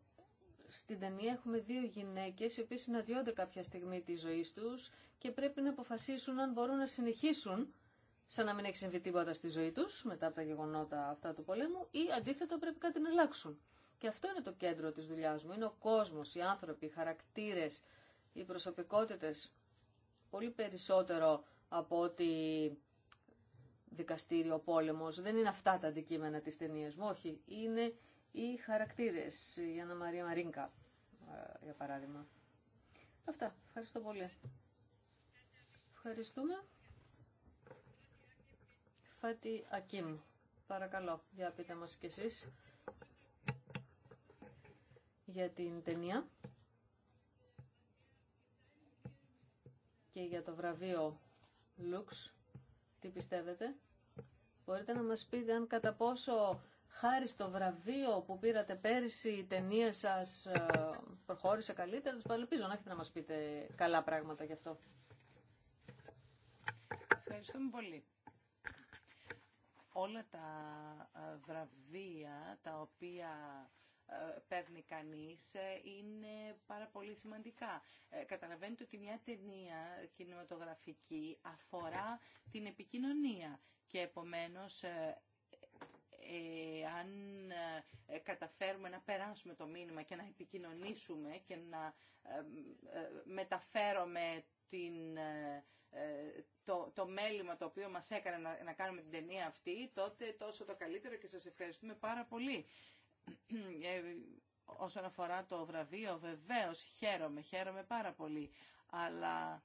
[SPEAKER 2] στην ταινία έχουμε δύο γυναίκες οι οποίες συναντιόνται κάποια στιγμή τη ζωής τους και πρέπει να αποφασίσουν αν μπορούν να συνεχίσουν σαν να μην έχει συμβεί τίποτα στη ζωή τους μετά από τα γεγονότα αυτά του πολέμου ή αντίθετα πρέπει κάτι να αλλάξουν. Και αυτό είναι το κέντρο της δουλειά μου. Είναι ο κόσμος, οι άνθρωποι, οι χαρακτήρες, οι προσωπικότητες πολύ περισσότερο από ότι δικαστήριο, πόλεμος. Δεν είναι αυτά τα αντικείμενα της ταινία μου, όχι. Είναι ή χαρακτήρες, για να Μαρία Μαρίνκα, ε, για παράδειγμα. Αυτά. Ευχαριστώ πολύ. Ευχαριστούμε. Φάτι Ακίμ, παρακαλώ, για πείτε μας κι εσείς για την ταινία και για το βραβείο Λουξ. Τι πιστεύετε. Μπορείτε να μας πείτε αν κατά πόσο χάρη στο βραβείο που πήρατε πέρυσι η ταινία σας ε, προχώρησε καλύτερα. Τους ελπίζω να έχετε να μας πείτε καλά πράγματα γι' αυτό.
[SPEAKER 3] Ευχαριστούμε πολύ. Όλα τα ε, βραβεία τα οποία ε, παίρνει κανείς είναι πάρα πολύ σημαντικά. Καταλαβαίνετε ότι μια ταινία κινηματογραφική αφορά την επικοινωνία και επομένως αν ε, καταφέρουμε να περάσουμε το μήνυμα και να επικοινωνήσουμε και να ε, ε, μεταφέρομαι την, το, το μέλημα το οποίο μας έκανε να, κάνουμε την ταινία αυτή, τότε τόσο το καλύτερο και σας ευχαριστούμε πάρα πολύ. Όσον αφορά το βραβείο, βεβαίως χαίρομαι, χαίρομαι πάρα πολύ. Αλλά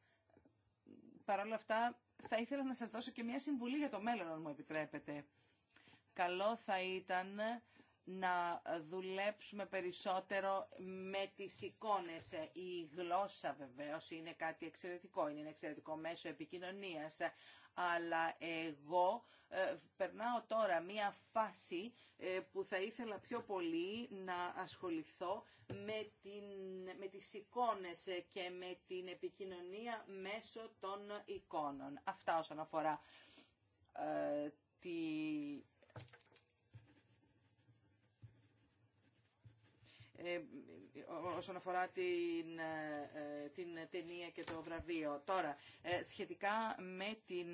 [SPEAKER 3] παρόλα αυτά θα ήθελα να σας δώσω και μια συμβουλή για το μέλλον, αν μου επιτρέπετε καλό θα ήταν να δουλέψουμε περισσότερο με τις εικόνες. Η γλώσσα βεβαίως είναι κάτι εξαιρετικό, είναι ένα εξαιρετικό μέσο επικοινωνίας, αλλά εγώ ε, περνάω τώρα μία φάση ε, που θα ήθελα πιο πολύ να ασχοληθώ με, την, με τις εικόνες και με την επικοινωνία μέσω των εικόνων. Αυτά όσον αφορά ε, τη Ε, όσον αφορά ε, την, ταινία και το βραβείο. Τώρα, ε, σχετικά με την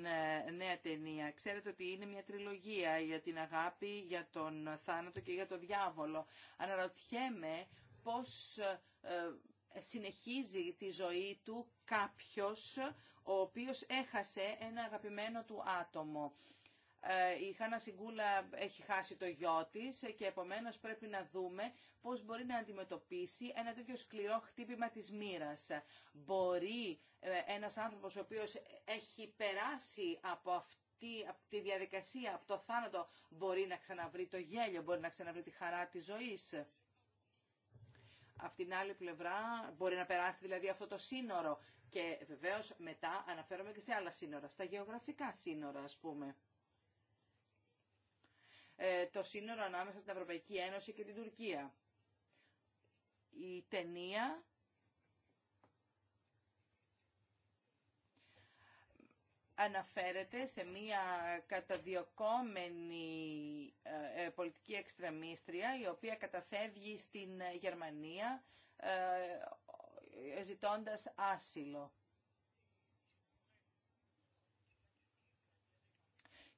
[SPEAKER 3] νέα ταινία, ξέρετε ότι είναι μια τριλογία για την αγάπη, για τον θάνατο και για το διάβολο. Αναρωτιέμαι πώς συνεχίζει τη ζωή του κάποιος ο οποίος έχασε ένα αγαπημένο του άτομο. Ε, η Χάνα Σιγκούλα έχει χάσει το γιο τη και επομένω πρέπει να δούμε πώς μπορεί να αντιμετωπίσει ένα τέτοιο σκληρό χτύπημα τη μοίρα. Μπορεί ε, ένα άνθρωπο ο οποίος έχει περάσει από αυτή τη διαδικασία, από το θάνατο, μπορεί να ξαναβρει το γέλιο, μπορεί να ξαναβρει τη χαρά της ζωής. Απ' την άλλη πλευρά μπορεί να περάσει δηλαδή αυτό το σύνορο και βεβαίως μετά αναφέρομαι και σε άλλα σύνορα, στα γεωγραφικά σύνορα ας πούμε. Ε, το σύνορο ανάμεσα στην Ευρωπαϊκή Ένωση και την Τουρκία. Η ταινία αναφέρεται σε μια καταδιοκόμενη ε, ε, πολιτική εξτρεμίστρια η οποία καταφεύγει στην Γερμανία ζητώντας άσυλο.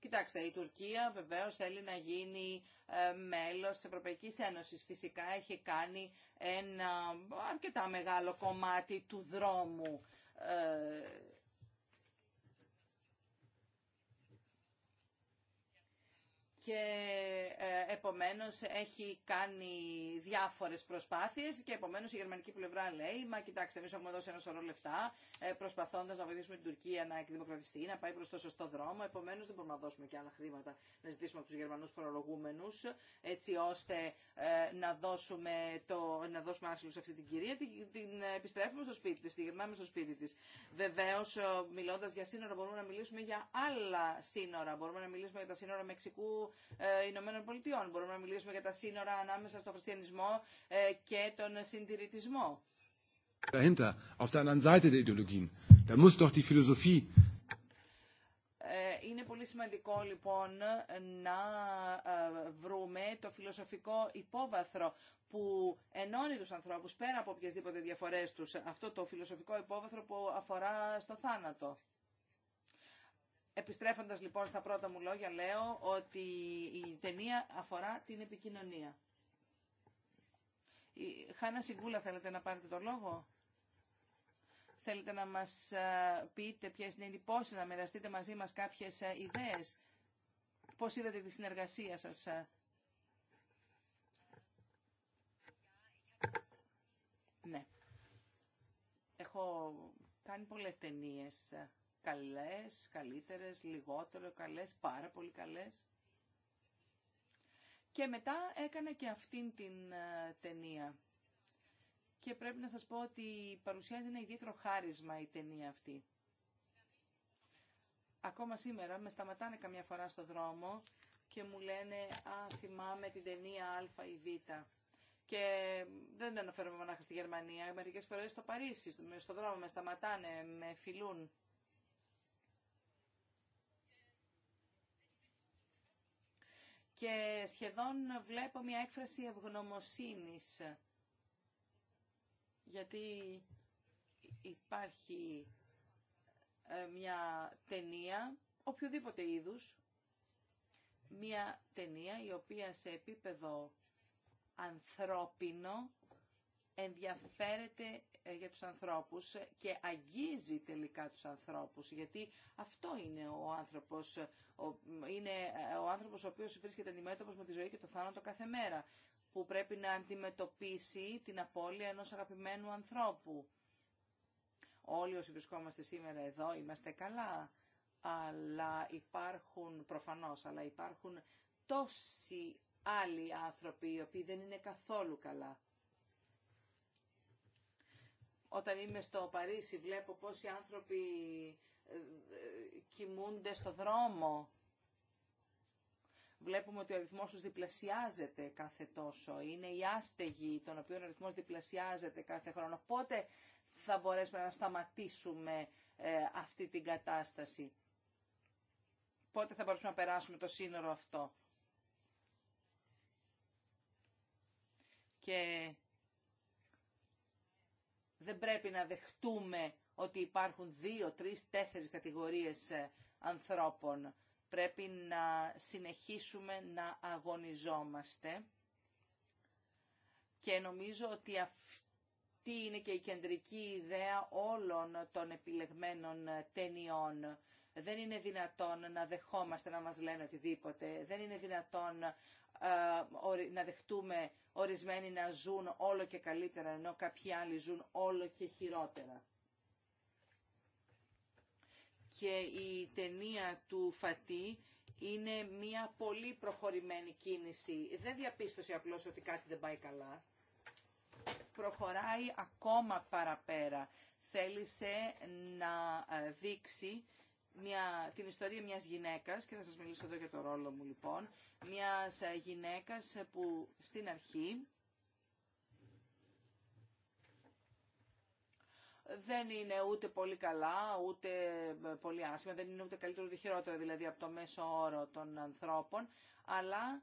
[SPEAKER 3] Κοιτάξτε, η Τουρκία βεβαίω θέλει να γίνει ε, μέλος της Ευρωπαϊκής Ένωση. Φυσικά έχει κάνει ένα αρκετά μεγάλο κομμάτι του δρόμου. Ε, και ε, επομένως έχει κάνει διάφορες προσπάθειες και επομένως η γερμανική πλευρά λέει «Μα κοιτάξτε, εμείς έχουμε δώσει ένα σωρό λεφτά ε, προσπαθώντας να βοηθήσουμε την Τουρκία να εκδημοκρατιστεί, να πάει προς το σωστό δρόμο, επομένως δεν μπορούμε να δώσουμε και άλλα χρήματα να ζητήσουμε από τους Γερμανούς φορολογούμενους έτσι ώστε ε, να, δώσουμε το, δώσουμε άσυλο σε αυτή την κυρία, την, επιστρέφουμε στο σπίτι της, τη γυρνάμε στο σπίτι της. Βεβαίως, μιλώντας για σύνορα μπορούμε να μιλήσουμε για άλλα σύνορα, μπορούμε να μιλήσουμε για τα σύνορα Μεξικού ε, Ηνωμένων Πολιτειών. Μπορούμε να μιλήσουμε για τα σύνορα ανάμεσα στον χριστιανισμό ε, και τον συντηρητισμό.
[SPEAKER 1] Dahinter, auf der anderen Seite der Ideologien, da muss doch die Philosophie
[SPEAKER 3] ε, είναι πολύ σημαντικό λοιπόν να βρούμε το φιλοσοφικό υπόβαθρο που ενώνει τους ανθρώπους πέρα από οποιασδήποτε διαφορές τους. Αυτό το φιλοσοφικό υπόβαθρο που αφορά στο θάνατο. Επιστρέφοντας λοιπόν στα πρώτα μου λόγια, λέω ότι η ταινία αφορά την επικοινωνία. Χάνα Σιγκούλα, θέλετε να πάρετε το λόγο. Θέλετε να μας ε, πείτε ποιες είναι οι εντυπώσεις, να μοιραστείτε μαζί μας κάποιες ε, ιδέες. Πώς είδατε τη συνεργασία σας. Ε? Ναι. Έχω κάνει πολλές ταινίες καλές, καλύτερες, λιγότερο καλές, πάρα πολύ καλές. Και μετά έκανε και αυτήν την ε, ταινία. Και πρέπει να σας πω ότι παρουσιάζει ένα ιδιαίτερο χάρισμα η ταινία αυτή. Ακόμα σήμερα με σταματάνε καμιά φορά στο δρόμο και μου λένε «Α, θυμάμαι την ταινία Α ή Β». Και δεν αναφέρομαι μονάχα στη Γερμανία, μερικές φορές στο Παρίσι, στο δρόμο με σταματάνε, με φιλούν. και σχεδόν βλέπω μια έκφραση ευγνωμοσύνης γιατί υπάρχει ε, μια ταινία οποιοδήποτε είδους μια ταινία η οποία σε επίπεδο ανθρώπινο ενδιαφέρεται ε, για τους ανθρώπους και αγγίζει τελικά τους ανθρώπους, γιατί αυτό είναι ο άνθρωπος, ο, είναι ε, ο άνθρωπος ο οποίος βρίσκεται αντιμέτωπος με τη ζωή και το θάνατο κάθε μέρα, που πρέπει να αντιμετωπίσει την απώλεια ενός αγαπημένου ανθρώπου. Όλοι όσοι βρισκόμαστε σήμερα εδώ είμαστε καλά, αλλά υπάρχουν προφανώς, αλλά υπάρχουν τόσοι άλλοι άνθρωποι οι οποίοι δεν είναι καθόλου καλά. Όταν είμαι στο Παρίσι βλέπω πόσοι άνθρωποι ε, ε, κοιμούνται στο δρόμο. Βλέπουμε ότι ο αριθμός τους διπλασιάζεται κάθε τόσο. Είναι οι άστεγοι, τον οποίων ο αριθμός διπλασιάζεται κάθε χρόνο. Πότε θα μπορέσουμε να σταματήσουμε ε, αυτή την κατάσταση. Πότε θα μπορέσουμε να περάσουμε το σύνορο αυτό. Και δεν πρέπει να δεχτούμε ότι υπάρχουν δύο, τρεις, τέσσερις κατηγορίες ε, ανθρώπων. Πρέπει να συνεχίσουμε να αγωνιζόμαστε και νομίζω ότι αυτή είναι και η κεντρική ιδέα όλων των επιλεγμένων ε, ταινιών. Δεν είναι δυνατόν να δεχόμαστε να μας λένε οτιδήποτε. Δεν είναι δυνατόν ε, να δεχτούμε ορισμένοι να ζουν όλο και καλύτερα, ενώ κάποιοι άλλοι ζουν όλο και χειρότερα. Και η ταινία του Φατή είναι μια πολύ προχωρημένη κίνηση. Δεν διαπίστωσε απλώς ότι κάτι δεν πάει καλά. Προχωράει ακόμα παραπέρα. Θέλησε να ε, δείξει μια, την ιστορία μιας γυναίκας και θα σας μιλήσω εδώ για το ρόλο μου λοιπόν μιας ε, γυναίκας ε, που στην αρχή δεν είναι ούτε πολύ καλά, ούτε ε, πολύ άσχημα, δεν είναι ούτε καλύτερο ούτε χειρότερο δηλαδή από το μέσο όρο των ανθρώπων, αλλά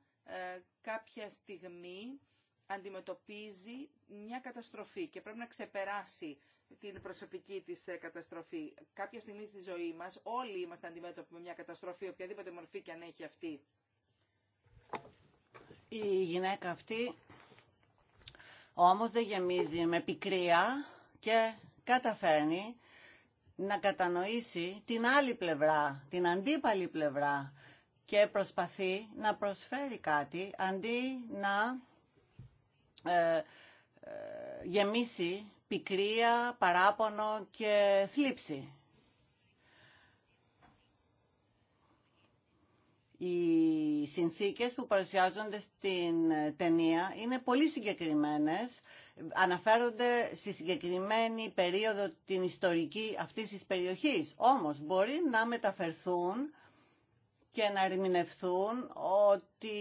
[SPEAKER 3] κάποια στιγμή αντιμετωπίζει μια καταστροφή και πρέπει να ξεπεράσει την προσωπική της ε, καταστροφή. Κάποια στιγμή στη ζωή μα όλοι είμαστε αντιμέτωποι με μια καταστροφή, οποιαδήποτε μορφή και αν έχει αυτή.
[SPEAKER 1] Η γυναίκα αυτή όμως δεν γεμίζει με πικρία και καταφέρνει να κατανοήσει την άλλη πλευρά, την αντίπαλη πλευρά και προσπαθεί να προσφέρει κάτι αντί να ε, ε, γεμίσει πικρία, παράπονο και θλίψη. Οι συνθήκες που παρουσιάζονται στην ταινία είναι πολύ συγκεκριμένες. Αναφέρονται στη συγκεκριμένη περίοδο την ιστορική αυτής της περιοχής. Όμως μπορεί να μεταφερθούν και να ερμηνευθούν ότι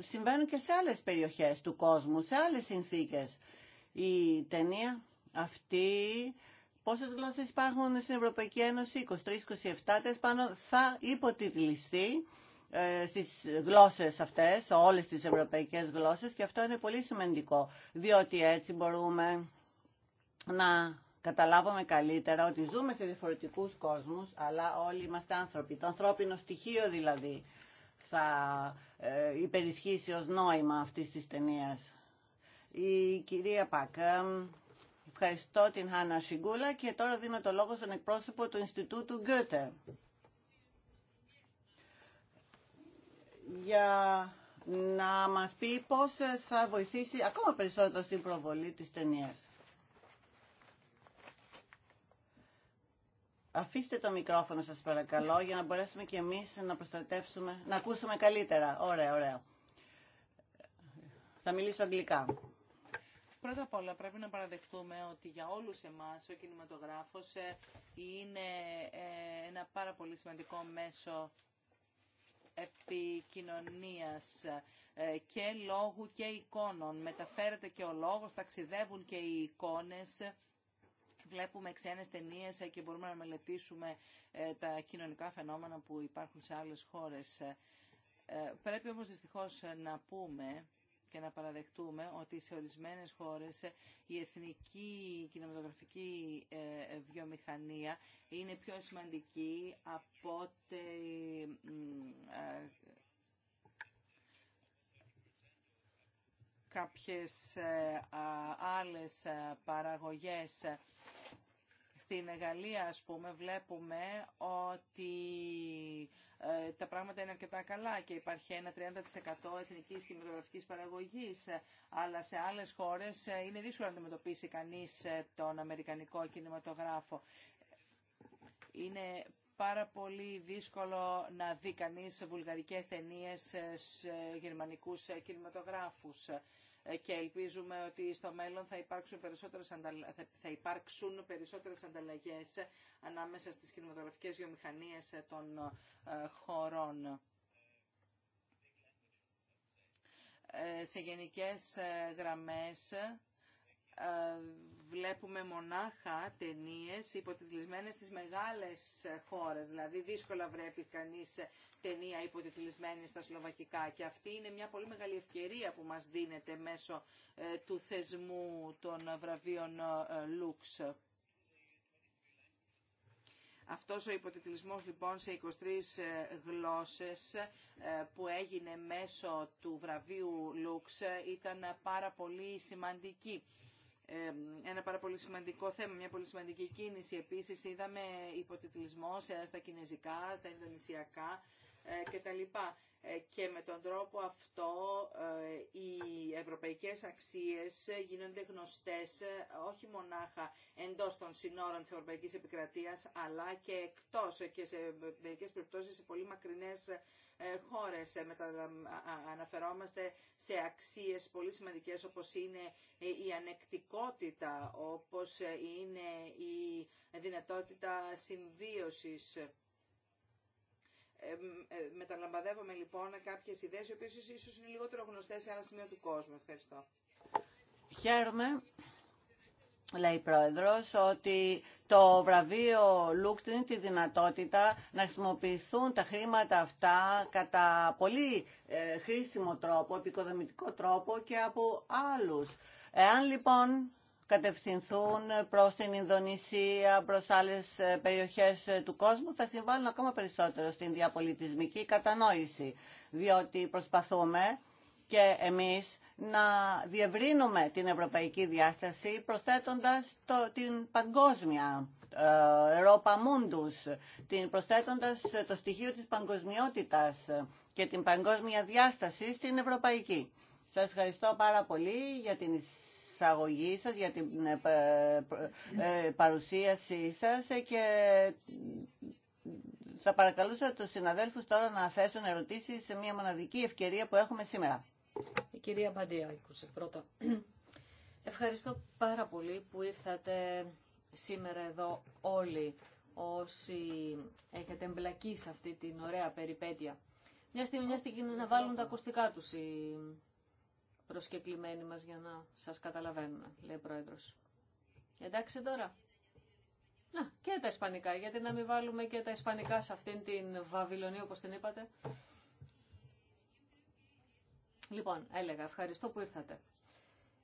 [SPEAKER 1] συμβαίνουν και σε άλλες περιοχές του κόσμου, σε άλλες συνθήκες. Η ταινία αυτή, πόσες γλώσσες υπάρχουν στην Ευρωπαϊκή Ένωση, 23-27 πάνω, θα υποτιτλιστεί ε, στις γλώσσες αυτές, όλες τις ευρωπαϊκές γλώσσες και αυτό είναι πολύ σημαντικό, διότι έτσι μπορούμε να καταλάβουμε καλύτερα ότι ζούμε σε διαφορετικούς κόσμους, αλλά όλοι είμαστε άνθρωποι. Το ανθρώπινο στοιχείο δηλαδή θα ε, υπερισχύσει ως νόημα αυτής της ταινίας. Η κυρία Πάκα ε, Ευχαριστώ την Χάνα Σιγκούλα και τώρα δίνω το λόγο στον εκπρόσωπο του Ινστιτούτου Γκέτε. Για να μας πει πώς θα βοηθήσει ακόμα περισσότερο στην προβολή της ταινία. Αφήστε το μικρόφωνο σας παρακαλώ για να μπορέσουμε και εμείς να προστατεύσουμε, να ακούσουμε καλύτερα. Ωραία, ωραία. Θα μιλήσω αγγλικά.
[SPEAKER 3] Πρώτα απ' όλα πρέπει να παραδεχτούμε ότι για όλους εμάς ο κινηματογράφος ε, είναι ε, ένα πάρα πολύ σημαντικό μέσο επικοινωνίας ε, και λόγου και εικόνων. Μεταφέρεται και ο λόγος, ταξιδεύουν και οι εικόνες. Βλέπουμε ξένες ταινίες και μπορούμε να μελετήσουμε τα κοινωνικά φαινόμενα που υπάρχουν σε άλλες χώρες. Πρέπει όμως δυστυχώς να πούμε και να παραδεχτούμε ότι σε ορισμένες χώρες η εθνική κινηματογραφική ε, βιομηχανία είναι πιο σημαντική από ότι ε, κάποιες ε, άλλες παραγωγές. Στην Γαλλία, ας πούμε, βλέπουμε ότι ε, τα πράγματα είναι αρκετά καλά και υπάρχει ένα 30% εθνικής κινηματογραφικής παραγωγής, ε, αλλά σε άλλες χώρες ε, είναι δύσκολο να αντιμετωπίσει κανείς τον αμερικανικό κινηματογράφο. Είναι πάρα πολύ δύσκολο να δει κανείς βουλγαρικές ταινίες σε γερμανικούς κινηματογράφους και ελπίζουμε ότι στο μέλλον θα υπάρξουν περισσότερες, ανταλλα... θα περισσότερες ανταλλαγές ανάμεσα στις κινηματογραφικές βιομηχανίες των ε, χωρών. Ε, σε γενικές ε, γραμμές βλέπουμε μονάχα ταινίε υποτιτλισμένε στις μεγάλες χώρες. Δηλαδή δύσκολα βρέπει κανεί ταινία υποτιτλισμένη στα σλοβακικά και αυτή είναι μια πολύ μεγάλη ευκαιρία που μας δίνεται μέσω ε, του θεσμού των ε, βραβείων ε, Λουξ. Αυτός ο υποτιτλισμός λοιπόν σε 23 γλώσσες που έγινε μέσω του βραβείου Λουξ ήταν πάρα πολύ σημαντική ένα πάρα πολύ σημαντικό θέμα, μια πολύ σημαντική κίνηση. Επίσης είδαμε υποτιτλισμό στα κινέζικα, στα ινδονησιακά ε, κτλ. Ε, και με τον τρόπο αυτό ε, οι ευρωπαϊκές αξίες γίνονται γνωστές όχι μονάχα εντός των συνόρων της Ευρωπαϊκής Επικρατείας αλλά και εκτός και σε μερικές περιπτώσεις σε πολύ μακρινές ε, χώρες. Ε, αναφερόμαστε σε αξίες πολύ σημαντικές όπως είναι ε, η ανεκτικότητα, όπως είναι η δυνατότητα συμβίωσης. Μεταλαμπαδεύομαι λοιπόν κάποιες ιδέες οι οποίες ίσως είναι λιγότερο γνωστές σε ένα σημείο του κόσμου. Ευχαριστώ.
[SPEAKER 1] Χαίρομαι λέει πρόεδρος, ότι το βραβείο Λουκ δίνει τη δυνατότητα να χρησιμοποιηθούν τα χρήματα αυτά κατά πολύ ε, χρήσιμο τρόπο, επικοδομητικό τρόπο και από άλλους. Εάν λοιπόν κατευθυνθούν προς την Ινδονησία, προς άλλες ε, περιοχές ε, του κόσμου, θα συμβάλλουν ακόμα περισσότερο στην διαπολιτισμική κατανόηση, διότι προσπαθούμε και εμείς να διευρύνουμε την ευρωπαϊκή διάσταση προσθέτοντας το, την παγκόσμια Europa ε, Mundus, την, προσθέτοντας το στοιχείο της παγκοσμιότητας και την παγκόσμια διάσταση στην ευρωπαϊκή. Σας ευχαριστώ πάρα πολύ για την εισαγωγή σας, για την ε, ε, παρουσίασή σας και θα παρακαλούσα τους συναδέλφους τώρα να θέσουν ερωτήσεις σε μια μοναδική ευκαιρία που έχουμε σήμερα. Η κυρία Μπαντία, ακούσε πρώτα.
[SPEAKER 2] Ευχαριστώ πάρα πολύ που ήρθατε σήμερα εδώ όλοι όσοι έχετε εμπλακεί σε αυτή την ωραία περιπέτεια. Μια στιγμή, μια στιγμή να βάλουν τα ακουστικά τους οι προσκεκλημένοι μας για να σας καταλαβαίνουμε, λέει ο Πρόεδρος. Εντάξει τώρα. Να, και τα ισπανικά, γιατί να μην βάλουμε και τα ισπανικά σε αυτήν την Βαβυλωνία, όπως την είπατε. Λοιπόν, έλεγα, ευχαριστώ που ήρθατε.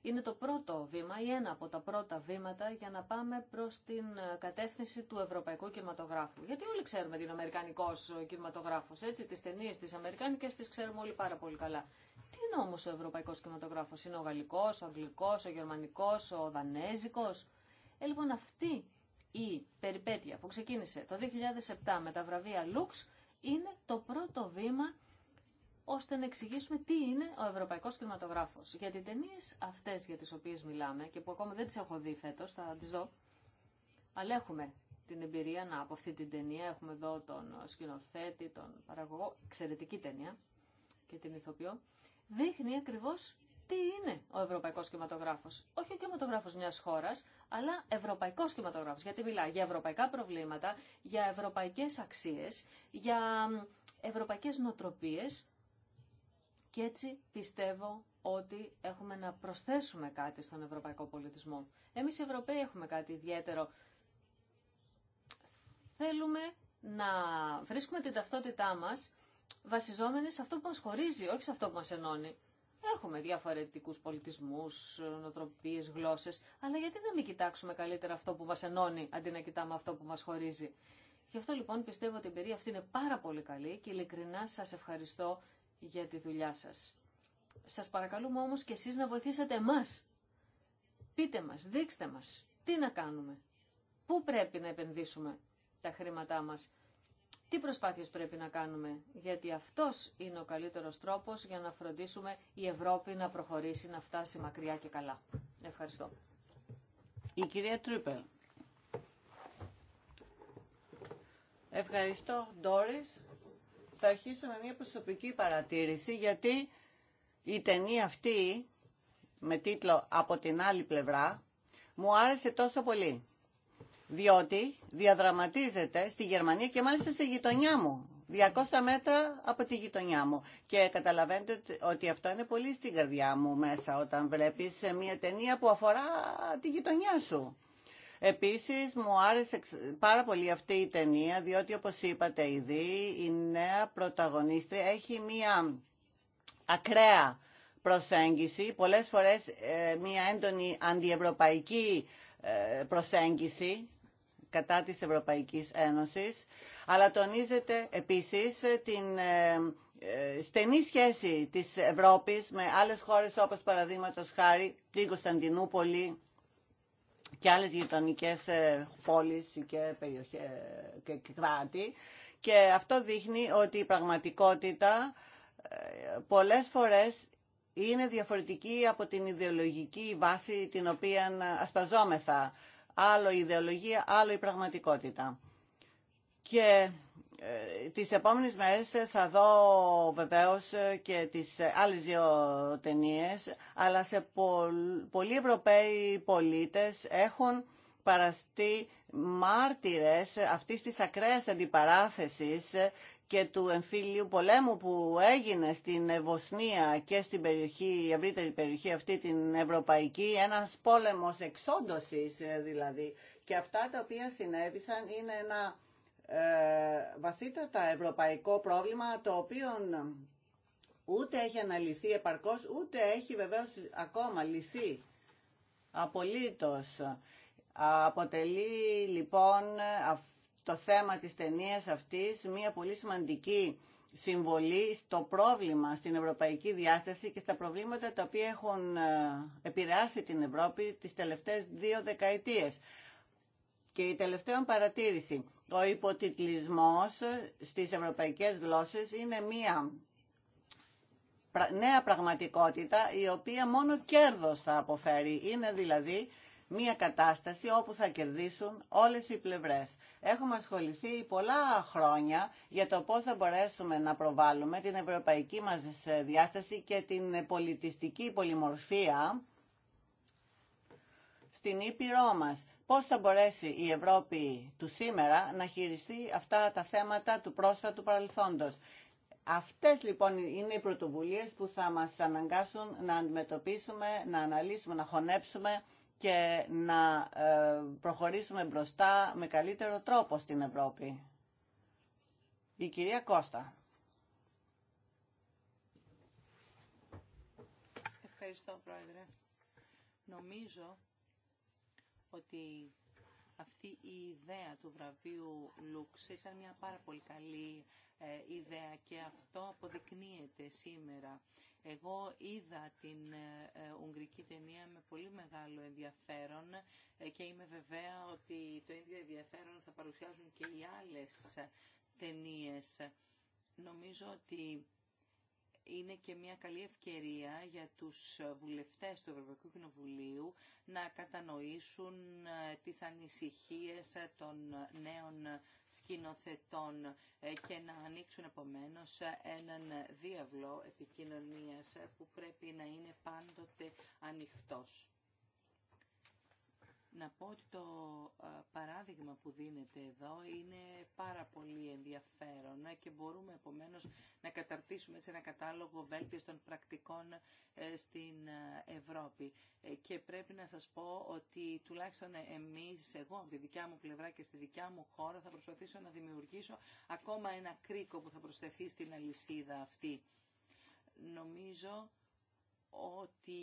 [SPEAKER 2] Είναι το πρώτο βήμα ή ένα από τα πρώτα βήματα για να πάμε προς την ε, κατεύθυνση του ευρωπαϊκού κινηματογράφου. Γιατί όλοι ξέρουμε την αμερικανικός ε, κινηματογράφος, έτσι, τις ταινίες τη αμερικάνικες τις ξέρουμε όλοι πάρα πολύ καλά. Τι είναι όμως ο ευρωπαϊκός κινηματογράφος, είναι ο γαλλικός, ο αγγλικός, ο γερμανικός, ο δανέζικος. Ε, λοιπόν, αυτή η περιπέτεια που ξεκίνησε το 2007 με τα βραβεία Lux είναι το πρώτο βήμα ώστε να εξηγήσουμε τι είναι ο Ευρωπαϊκό κινηματογράφο. Γιατί οι ταινίε αυτέ για τι οποίε μιλάμε και που ακόμα δεν τι έχω δει φέτο, θα τι δω, αλλά έχουμε την εμπειρία να από αυτή την ταινία έχουμε εδώ τον σκηνοθέτη, τον παραγωγό, εξαιρετική ταινία και την ηθοποιώ. δείχνει ακριβώ τι είναι ο ευρωπαϊκό κινηματογράφο. Όχι ο κινηματογράφο μια χώρα, αλλά ευρωπαϊκό κινηματογράφο. Γιατί μιλά για ευρωπαϊκά προβλήματα, για ευρωπαϊκέ αξίε, για ευρωπαϊκέ νοοτροπίε και έτσι πιστεύω ότι έχουμε να προσθέσουμε κάτι στον ευρωπαϊκό πολιτισμό. Εμείς οι Ευρωπαίοι έχουμε κάτι ιδιαίτερο. Θέλουμε να βρίσκουμε την ταυτότητά μας βασιζόμενη σε αυτό που μας χωρίζει, όχι σε αυτό που μας ενώνει. Έχουμε διαφορετικούς πολιτισμούς, νοοτροπίες, γλώσσες, αλλά γιατί να μην κοιτάξουμε καλύτερα αυτό που μας ενώνει, αντί να κοιτάμε αυτό που μας χωρίζει. Γι' αυτό λοιπόν πιστεύω ότι η εμπειρία αυτή είναι πάρα πολύ καλή και ειλικρινά σας ευχαριστώ για τη δουλειά σας. Σας παρακαλούμε όμως και εσείς να βοηθήσετε εμάς. Πείτε μας, δείξτε μας, τι να κάνουμε, πού πρέπει να επενδύσουμε τα χρήματά μας, τι προσπάθειες πρέπει να κάνουμε, γιατί αυτός είναι ο καλύτερος τρόπος για να φροντίσουμε η Ευρώπη να προχωρήσει, να φτάσει μακριά και
[SPEAKER 1] καλά. Ευχαριστώ. Η κυρία Ευχαριστώ, Ντόρις θα αρχίσω με μια προσωπική παρατήρηση γιατί η ταινία αυτή με τίτλο «Από την άλλη πλευρά» μου άρεσε τόσο πολύ διότι διαδραματίζεται στη Γερμανία και μάλιστα στη γειτονιά μου 200 μέτρα από τη γειτονιά μου. Και καταλαβαίνετε ότι αυτό είναι πολύ στην καρδιά μου μέσα όταν βλέπεις μια ταινία που αφορά τη γειτονιά σου. Επίσης μου άρεσε πάρα πολύ αυτή η ταινία διότι όπως είπατε ήδη η νέα πρωταγωνίστρια έχει μία ακραία προσέγγιση, πολλές φορές ε, μία έντονη αντιευρωπαϊκή ε, προσέγγιση κατά της Ευρωπαϊκής Ένωσης, αλλά τονίζεται επίσης την ε, στενή σχέση της Ευρώπης με άλλες χώρες όπως παραδείγματος χάρη την Κωνσταντινούπολη, και άλλες γειτονικές ε, πόλεις και, περιοχές, και κράτη και αυτό δείχνει ότι η πραγματικότητα ε, πολλές φορές είναι διαφορετική από την ιδεολογική βάση την οποία ασπαζόμεθα. Άλλο η ιδεολογία, άλλο η πραγματικότητα. Και ε, τις επόμενες μέρες θα δω βεβαίως ε, και τις ε, άλλες δύο ταινίες, αλλά σε πολλοί Ευρωπαίοι πολίτες έχουν παραστεί μάρτυρες αυτής της ακραίας αντιπαράθεσης και του εμφύλιου πολέμου που έγινε στην Βοσνία και στην περιοχή, η ευρύτερη περιοχή αυτή την Ευρωπαϊκή, ένας πόλεμος εξόντωσης δηλαδή. Και αυτά τα οποία συνέβησαν είναι ένα ε, βασίτατα ευρωπαϊκό πρόβλημα το οποίο ούτε έχει αναλυθεί επαρκώς, ούτε έχει βεβαίως ακόμα λυθεί απολύτως. Αποτελεί λοιπόν το θέμα της ταινία αυτής μια πολύ σημαντική συμβολή στο πρόβλημα στην ευρωπαϊκή διάσταση και στα προβλήματα τα οποία έχουν ε, επηρεάσει την Ευρώπη τις τελευταίες δύο δεκαετίες. Και η τελευταία παρατήρηση. Ο υποτιτλισμός στις ευρωπαϊκές γλώσσες είναι μία νέα πραγματικότητα η οποία μόνο κέρδος θα αποφέρει. Είναι δηλαδή μια κατάσταση όπου θα κερδίσουν όλες οι πλευρές. Έχουμε ασχοληθεί πολλά χρόνια για το πώς θα μπορέσουμε να προβάλλουμε την ευρωπαϊκή μας διάσταση και την πολιτιστική πολυμορφία στην Ήπειρό μας πώς θα μπορέσει η Ευρώπη του σήμερα να χειριστεί αυτά τα θέματα του πρόσφατου παρελθόντος. Αυτές λοιπόν είναι οι πρωτοβουλίες που θα μας αναγκάσουν να αντιμετωπίσουμε, να αναλύσουμε, να χωνέψουμε και να ε, προχωρήσουμε μπροστά με καλύτερο τρόπο στην Ευρώπη. Η κυρία Κώστα.
[SPEAKER 3] Ευχαριστώ, Πρόεδρε. Νομίζω ότι αυτή η ιδέα του βραβείου Λουξ ήταν μια πάρα πολύ καλή ε, ιδέα και αυτό αποδεικνύεται σήμερα. Εγώ είδα την ε, ε, Ουγγρική ταινία με πολύ μεγάλο ενδιαφέρον και είμαι βεβαία ότι το ίδιο ενδιαφέρον θα παρουσιάζουν και οι άλλες ταινίες. Νομίζω ότι είναι και μια καλή ευκαιρία για τους βουλευτές του Ευρωπαϊκού Κοινοβουλίου να κατανοήσουν ε, τις ανησυχίες ε, των νέων σκηνοθετών ε, και να ανοίξουν επομένως έναν διαβλό επικοινωνίας που πρέπει να είναι πάντοτε ανοιχτός. Να πω ότι το ε, παράδειγμα που δίνεται εδώ είναι πάρα πολύ ενδιαφέρον ε, και μπορούμε επομένως να καταρτήσουμε έτσι ένα κατάλογο βέλτιστων πρακτικών ε, στην Ευρώπη. Και πρέπει να σας πω ότι τουλάχιστον εμείς, εγώ από τη δικιά μου πλευρά και στη δικιά μου χώρα θα προσπαθήσω να δημιουργήσω ακόμα ένα κρίκο που θα προσθεθεί στην αλυσίδα αυτή. Νομίζω ότι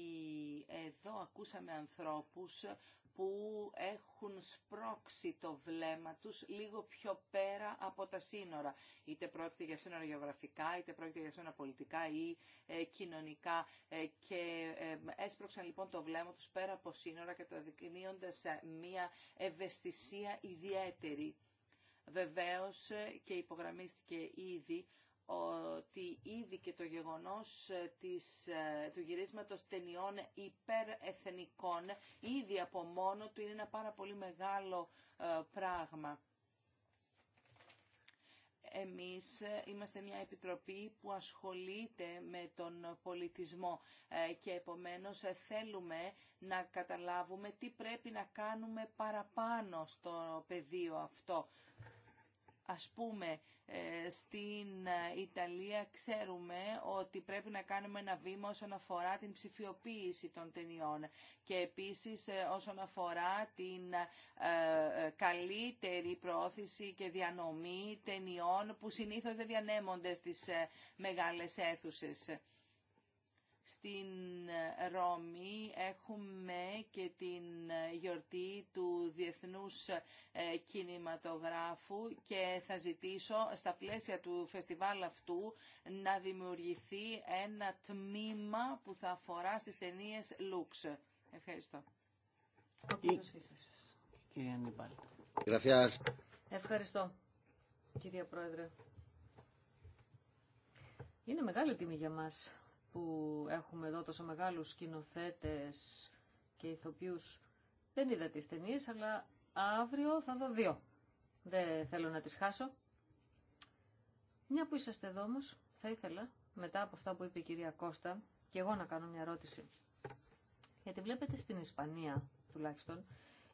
[SPEAKER 3] εδώ ακούσαμε ανθρώπους που έχουν σπρώξει το βλέμμα τους λίγο πιο πέρα από τα σύνορα. Είτε πρόκειται για σύνορα γεωγραφικά, είτε πρόκειται για σύνορα πολιτικά ή ε, κοινωνικά. Ε, και ε, έσπρωξαν λοιπόν το βλέμμα τους πέρα από σύνορα καταδεικνύοντας μια ευαισθησία ιδιαίτερη. Βεβαίως και υπογραμμίστηκε ήδη ότι ήδη και το γεγονός ε, της, ε, του γυρίσματος ταινιών υπερεθνικών ήδη από μόνο του είναι ένα πάρα πολύ μεγάλο ε, πράγμα. Εμείς είμαστε μια επιτροπή που ασχολείται με τον πολιτισμό και επομένως θέλουμε να καταλάβουμε τι πρέπει να κάνουμε παραπάνω στο πεδίο αυτό. Ας πούμε, ε, στην ε, Ιταλία ξέρουμε ότι πρέπει να κάνουμε ένα βήμα όσον αφορά την ψηφιοποίηση των ταινιών και επίσης ε, όσον αφορά την καλύτερη προώθηση και διανομή ταινιών που συνήθως δεν διανέμονται στις μεγάλες αίθουσες. Στην ε, Ρώμη έχουμε και την ε, γιορτή του Διεθνούς ε, Κινηματογράφου και θα ζητήσω στα πλαίσια του φεστιβάλ αυτού να δημιουργηθεί ένα τμήμα που θα αφορά στις ταινίες Λουξ. Ευχαριστώ.
[SPEAKER 2] Ευχαριστώ, κυρία Πρόεδρε. Είναι μεγάλη τιμή για μας που έχουμε εδώ τόσο μεγάλους σκηνοθέτε και ηθοποιούς. Δεν είδα τις ταινίε, αλλά αύριο θα δω δύο. Δεν θέλω να τις χάσω. Μια που είσαστε εδώ όμως, θα ήθελα, μετά από αυτά που είπε η κυρία Κώστα, και εγώ να κάνω μια ερώτηση. Γιατί βλέπετε στην Ισπανία, τουλάχιστον,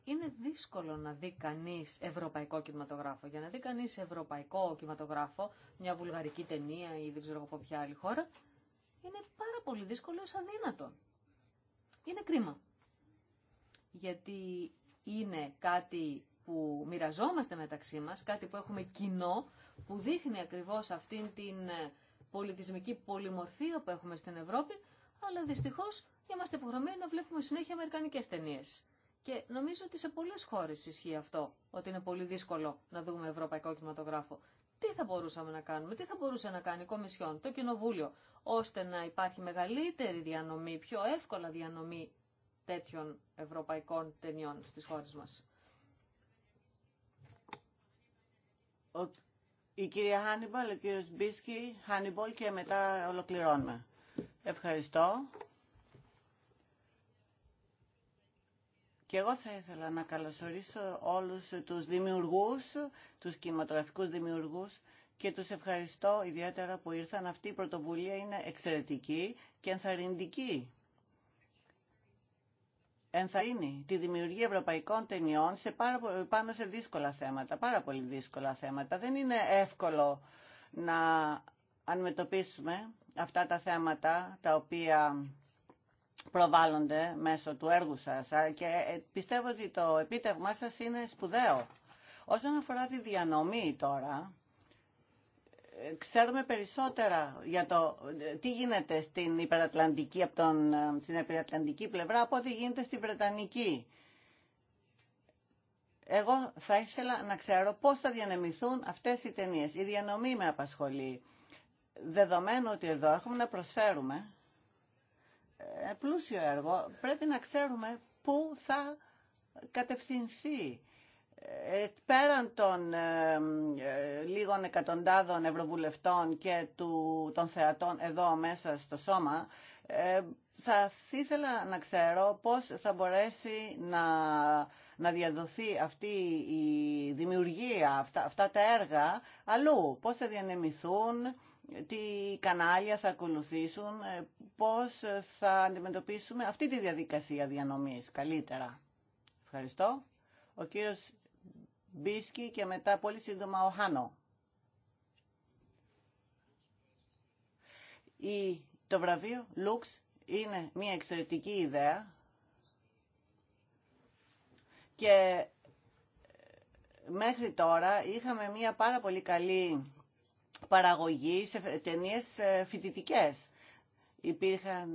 [SPEAKER 2] είναι δύσκολο να δει κανεί ευρωπαϊκό κινηματογράφο. Για να δει κανεί ευρωπαϊκό κινηματογράφο, μια βουλγαρική ταινία ή δεν ξέρω από ποια άλλη χώρα, είναι πάρα πολύ δύσκολο ως αδύνατο. Είναι κρίμα. Γιατί είναι κάτι που μοιραζόμαστε μεταξύ μας, κάτι που έχουμε κοινό, που δείχνει ακριβώς αυτήν την ε, πολιτισμική πολυμορφία που έχουμε στην Ευρώπη, αλλά δυστυχώς είμαστε υποχρεωμένοι να βλέπουμε συνέχεια αμερικανικές ταινίε. Και νομίζω ότι σε πολλές χώρες ισχύει αυτό, ότι είναι πολύ δύσκολο να δούμε ευρωπαϊκό κινηματογράφο τι θα μπορούσαμε να κάνουμε, τι θα μπορούσε να κάνει η Κομισιόν, το Κοινοβούλιο, ώστε να υπάρχει μεγαλύτερη διανομή, πιο εύκολα διανομή τέτοιων ευρωπαϊκών ταινιών στις χώρες μας.
[SPEAKER 1] Ο... Η κυρία Χάνιμπολ, ο κύριος Μπίσκι, Χάνιμπολ και μετά ολοκληρώνουμε. Ευχαριστώ. Και εγώ θα ήθελα να καλωσορίσω όλους τους δημιουργούς, τους κινηματογραφικούς δημιουργούς και τους ευχαριστώ ιδιαίτερα που ήρθαν. Αυτή η πρωτοβουλία είναι εξαιρετική και ενθαρρυντική. Ενθαρρύνει τη δημιουργία ευρωπαϊκών ταινιών σε πάνω σε δύσκολα θέματα, πάρα πολύ δύσκολα θέματα. Δεν είναι εύκολο να αντιμετωπίσουμε αυτά τα θέματα τα οποία προβάλλονται μέσω του έργου σας και ε, πιστεύω ότι το επίτευγμά σας είναι σπουδαίο. Όσον αφορά τη διανομή τώρα, ε, ξέρουμε περισσότερα για το ε, τι γίνεται στην υπερατλαντική, από τον, στην υπερατλαντική πλευρά από ό,τι γίνεται στην Βρετανική. Εγώ θα ήθελα να ξέρω πώς θα διανεμηθούν αυτές οι ταινίες. Η διανομή με απασχολεί. Δεδομένου ότι εδώ έχουμε να προσφέρουμε ε, πλούσιο έργο, πρέπει να ξέρουμε πού θα κατευθυνθεί. Ε, πέραν των ε, λίγων εκατοντάδων ευρωβουλευτών και του, των θεατών εδώ μέσα στο σώμα, θα ήθελα να ξέρω πώς θα μπορέσει να, να διαδοθεί αυτή η δημιουργία, αυτά, αυτά τα έργα αλλού, πώς θα διανεμηθούν, τι κανάλια θα ακολουθήσουν, πώς θα αντιμετωπίσουμε αυτή τη διαδικασία διανομής καλύτερα. Ευχαριστώ. Ο κύριος Μπίσκι και μετά πολύ σύντομα ο Χάνο. Η, το βραβείο Λουξ είναι μια εξαιρετική ιδέα και μέχρι τώρα είχαμε μια πάρα πολύ καλή παραγωγή σε ταινίες ε, φοιτητικές υπήρχαν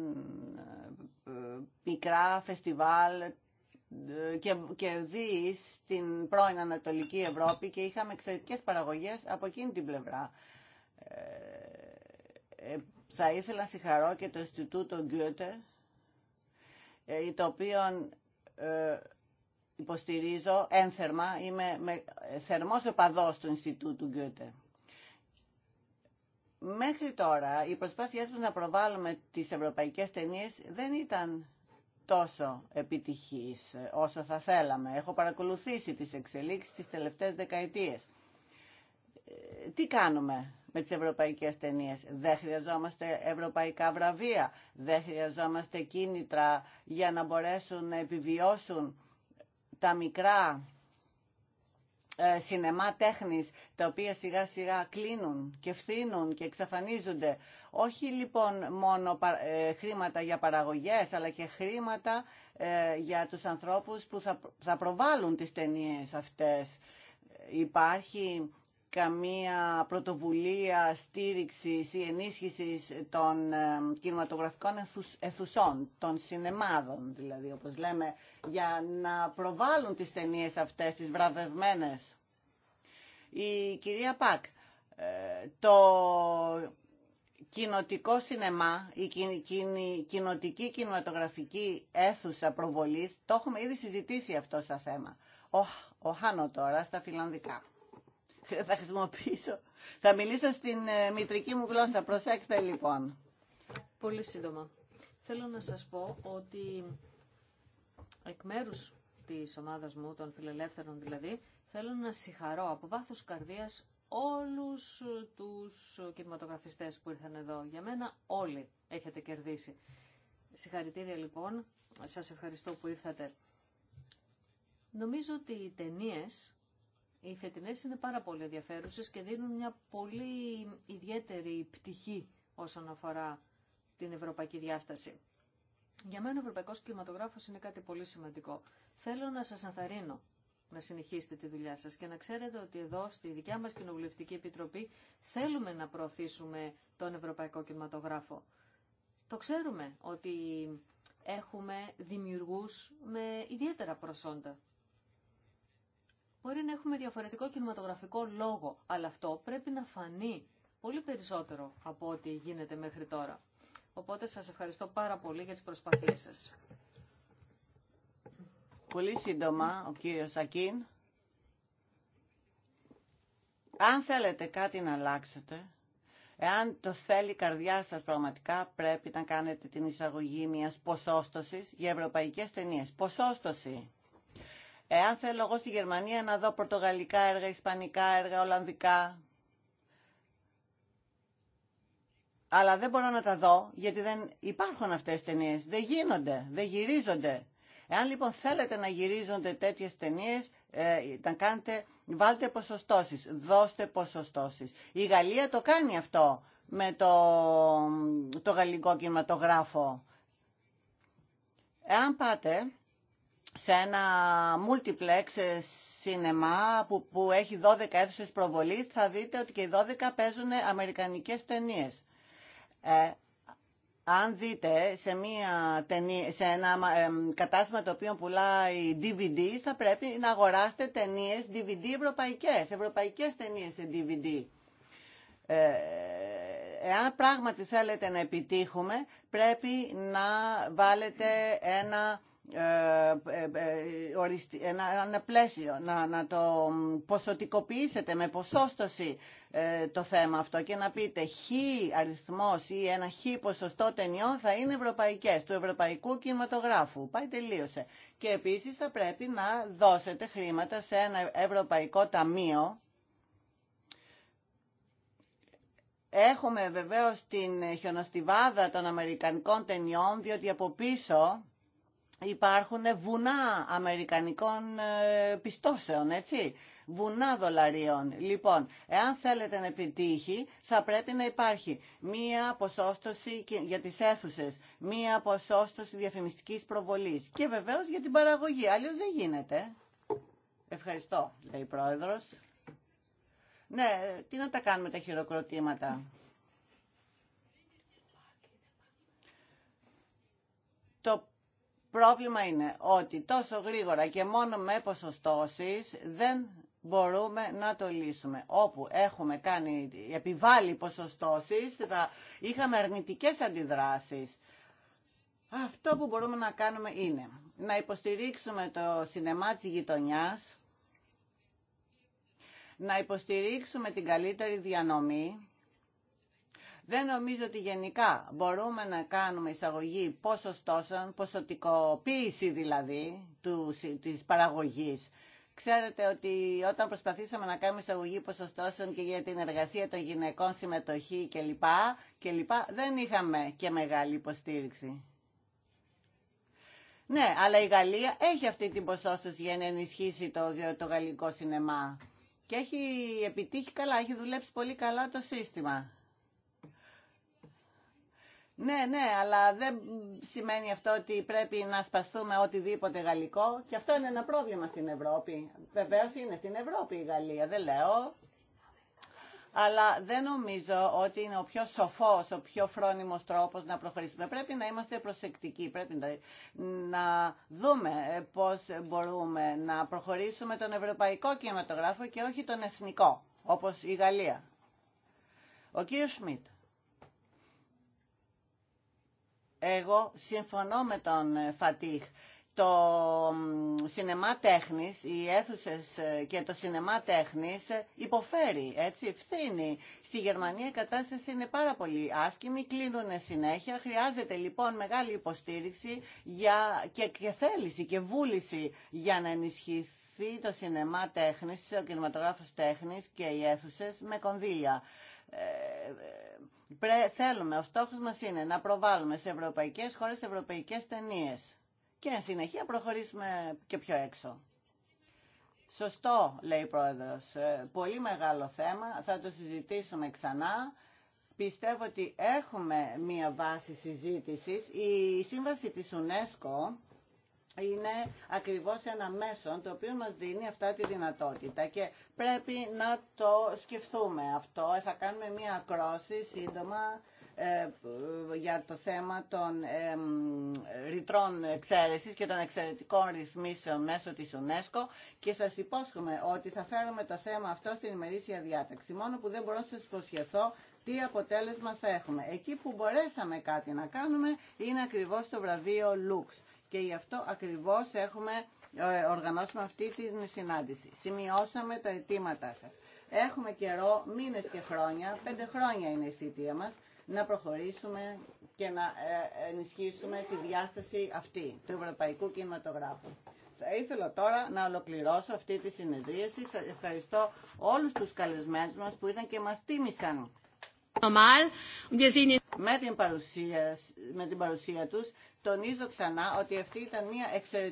[SPEAKER 1] πικρά ε, φεστιβάλ ε, και, και ζει στην πρώην Ανατολική Ευρώπη και είχαμε εξαιρετικές παραγωγές από εκείνη την πλευρά. Ε, ε θα ήθελα συγχαρώ και το Ινστιτούτο Γκιούτε, το οποίο υποστηρίζω ένθερμα, είμαι με, θερμός οπαδός του Ινστιτούτου Γκιούτε. Μέχρι τώρα οι προσπάθειές μας να προβάλλουμε τις ευρωπαϊκές ταινίες δεν ήταν τόσο επιτυχής ε, όσο θα θέλαμε. Έχω παρακολουθήσει τις εξελίξεις τις τελευταίες δεκαετίες. Ε, τι κάνουμε με τις ευρωπαϊκές ταινίες. Δεν χρειαζόμαστε ευρωπαϊκά βραβεία. Δεν χρειαζόμαστε κίνητρα για να μπορέσουν να επιβιώσουν τα μικρά ε, σινεμά τέχνης, τα οποία σιγά σιγά κλείνουν και φθήνουν και εξαφανίζονται. Όχι λοιπόν μόνο ε, χρήματα για παραγωγές, αλλά και χρήματα ε, για τους ανθρώπους που θα προβάλλουν τις ταινίες αυτές. Υπάρχει καμία πρωτοβουλία στήριξης ή ενίσχυσης των κινηματογραφικών αιθουσών, των σινεμάδων δηλαδή όπως λέμε, για να προβάλλουν τις ταινίες αυτές, τις βραβευμένες. Η κυρία Πακ, ε, το κοινοτικό σινεμά, η κοινοτική κινηματογραφική αίθουσα προβολής, το έχουμε ήδη συζητήσει αυτό σαν θέμα. Ο, ο Χάνο τώρα στα φιλανδικά. θα χρησιμοποιήσω. Θα μιλήσω στην ε, μητρική μου γλώσσα. Προσέξτε λοιπόν. Πολύ σύντομα.
[SPEAKER 2] Θέλω να σας πω ότι εκ μέρους της ομάδας μου, των φιλελεύθερων δηλαδή, θέλω να συγχαρώ από βάθος καρδίας όλους τους κινηματογραφιστές που ήρθαν εδώ. Για μένα όλοι έχετε κερδίσει. Συγχαρητήρια λοιπόν. Σας ευχαριστώ που ήρθατε. Νομίζω ότι οι ταινίες οι φετινές είναι πάρα πολύ ενδιαφέρουσες και δίνουν μια πολύ ιδιαίτερη πτυχή όσον αφορά την ευρωπαϊκή διάσταση. Για μένα ο ευρωπαϊκός κινηματογράφος είναι κάτι πολύ σημαντικό. Θέλω να σας ανθαρρύνω να συνεχίσετε τη δουλειά σας και να ξέρετε ότι εδώ στη δικιά μας Κοινοβουλευτική Επιτροπή θέλουμε να προωθήσουμε τον ευρωπαϊκό κινηματογράφο. Το ξέρουμε ότι έχουμε δημιουργούς με ιδιαίτερα προσόντα Μπορεί να έχουμε διαφορετικό κινηματογραφικό λόγο, αλλά αυτό πρέπει να φανεί πολύ περισσότερο από ό,τι γίνεται μέχρι τώρα. Οπότε σας ευχαριστώ πάρα πολύ για τις προσπαθίες σας.
[SPEAKER 1] Πολύ σύντομα, ο κύριος Ακίν. Αν θέλετε κάτι να αλλάξετε, εάν το θέλει η καρδιά σας πραγματικά, πρέπει να κάνετε την εισαγωγή μιας ποσόστοσης για ευρωπαϊκές ταινίες. Ποσόστοση Εάν θέλω εγώ στη Γερμανία να δω πορτογαλικά έργα, ισπανικά έργα, ολλανδικά, αλλά δεν μπορώ να τα δω γιατί δεν υπάρχουν αυτές τις ταινίες. Δεν γίνονται, δεν γυρίζονται. Εάν λοιπόν θέλετε να γυρίζονται τέτοιες ταινίες, ε, κάνετε, βάλτε ποσοστώσεις, δώστε ποσοστώσεις. Η Γαλλία το κάνει αυτό με το, το γαλλικό κινηματογράφο. Εάν πάτε σε ένα multiplex σινεμά που, που έχει 12 αίθουσες προβολής θα δείτε ότι και οι 12 παίζουν αμερικανικές ταινίες. Ε, αν δείτε σε, μια ταινία, σε ένα κατάστημα το οποίο πουλάει DVD θα πρέπει να αγοράσετε ταινίες DVD ευρωπαϊκές, ευρωπαϊκές ταινίες σε DVD. Ε, εάν πράγματι θέλετε να επιτύχουμε πρέπει να βάλετε ένα ε, ε, ε, ένα πλαίσιο, να, το ποσοτικοποιήσετε με ποσόστοση το θέμα αυτό και να πείτε χ αριθμός ή ένα χ ποσοστό ταινιών θα είναι ευρωπαϊκές, του ευρωπαϊκού κινηματογράφου. Πάει τελείωσε. Και επίσης θα πρέπει να δώσετε χρήματα σε ένα ευρωπαϊκό ταμείο Έχουμε βεβαίως την χιονοστιβάδα των Αμερικανικών ταινιών, διότι από πίσω υπάρχουν βουνά αμερικανικών ε, πιστώσεων, έτσι, βουνά δολαρίων. Λοιπόν, εάν θέλετε να επιτύχει, θα πρέπει να υπάρχει μία ποσόστοση για τις αίθουσε, μία ποσόστοση διαφημιστικής προβολής και βεβαίως για την παραγωγή, αλλιώς δεν γίνεται. Ευχαριστώ, λέει η Πρόεδρος. Ναι, τι να τα κάνουμε τα χειροκροτήματα. Το Πρόβλημα είναι ότι τόσο γρήγορα και μόνο με ποσοστώσεις δεν μπορούμε να το λύσουμε. Όπου έχουμε κάνει επιβάλλει ποσοστώσεις θα είχαμε αρνητικές αντιδράσεις. Αυτό που μπορούμε να κάνουμε είναι να υποστηρίξουμε το σινεμά της γειτονιάς, να υποστηρίξουμε την καλύτερη διανομή, δεν νομίζω ότι γενικά μπορούμε να κάνουμε εισαγωγή ποσοστώσεων, ποσοτικοποίηση δηλαδή του, της παραγωγής. Ξέρετε ότι όταν προσπαθήσαμε να κάνουμε εισαγωγή ποσοστώσεων και για την εργασία των γυναικών συμμετοχή κλπ, δεν είχαμε και μεγάλη υποστήριξη. Ναι, αλλά η Γαλλία έχει αυτή την ποσόστοση για να ενισχύσει το, το γαλλικό σινεμά. Και έχει επιτύχει καλά, έχει δουλέψει πολύ καλά το σύστημα. Ναι, ναι, αλλά δεν σημαίνει αυτό ότι πρέπει να σπαστούμε οτιδήποτε γαλλικό και αυτό είναι ένα πρόβλημα στην Ευρώπη. Βεβαίω είναι στην Ευρώπη η Γαλλία, δεν λέω. Αλλά δεν νομίζω ότι είναι ο πιο σοφός, ο πιο φρόνιμος τρόπος να προχωρήσουμε. Πρέπει να είμαστε προσεκτικοί, πρέπει να, δούμε πώς μπορούμε να προχωρήσουμε τον ευρωπαϊκό κινηματογράφο και όχι τον εθνικό, όπως η Γαλλία. Ο κύριος Σμιτ. Εγώ συμφωνώ με τον ε, Φατίχ. Το σινεμά τέχνης, οι αίθουσε ε, και το σινεμά τέχνης ε, υποφέρει, έτσι, φθήνει. Στη Γερμανία η κατάσταση είναι πάρα πολύ άσκημη, κλείνουν συνέχεια. Χρειάζεται λοιπόν μεγάλη υποστήριξη για... και, και θέληση και βούληση για να ενισχυθεί το σινεμά τέχνης, ο κινηματογράφος τέχνης και οι αίθουσε με κονδύλια. Ε, ε, θέλουμε, ο στόχος μας είναι να προβάλλουμε σε ευρωπαϊκές χώρες ευρωπαϊκές ταινίες και εν συνεχεία προχωρήσουμε και πιο έξω. Σωστό, λέει η Πρόεδρος. Ε, πολύ μεγάλο θέμα. Θα το συζητήσουμε ξανά. Πιστεύω ότι έχουμε μία βάση συζήτησης. Η σύμβαση της UNESCO είναι ακριβώς ένα μέσο το οποίο μας δίνει αυτά τη δυνατότητα και πρέπει να το σκεφτούμε αυτό. Ε, θα κάνουμε μία ακρόση σύντομα ε, για το θέμα των ε, ρητρών εξαίρεσης και των εξαιρετικών ρυθμίσεων μέσω της UNESCO και σας υπόσχομαι ότι θα φέρουμε το θέμα αυτό στην ημερήσια διάταξη. Μόνο που δεν μπορώ να σας υποσχεθώ τι αποτέλεσμα θα έχουμε. Εκεί που μπορέσαμε κάτι να κάνουμε είναι ακριβώς το βραβείο Lux και γι' αυτό ακριβώς έχουμε ε, οργανώσουμε αυτή τη συνάντηση. Σημειώσαμε τα αιτήματά σας. Έχουμε καιρό, μήνες και χρόνια, πέντε χρόνια είναι η σύντια μας, να προχωρήσουμε και να ε, ενισχύσουμε τη διάσταση αυτή του Ευρωπαϊκού Κινηματογράφου. Θα ήθελα τώρα να ολοκληρώσω αυτή τη συνεδρίαση. Σας ευχαριστώ όλους τους καλεσμένους μας που ήταν και μας τίμησαν. Με την, παρουσία, με την παρουσία τους Τονίζω ξανά ότι αυτή ήταν μια εξαιρετική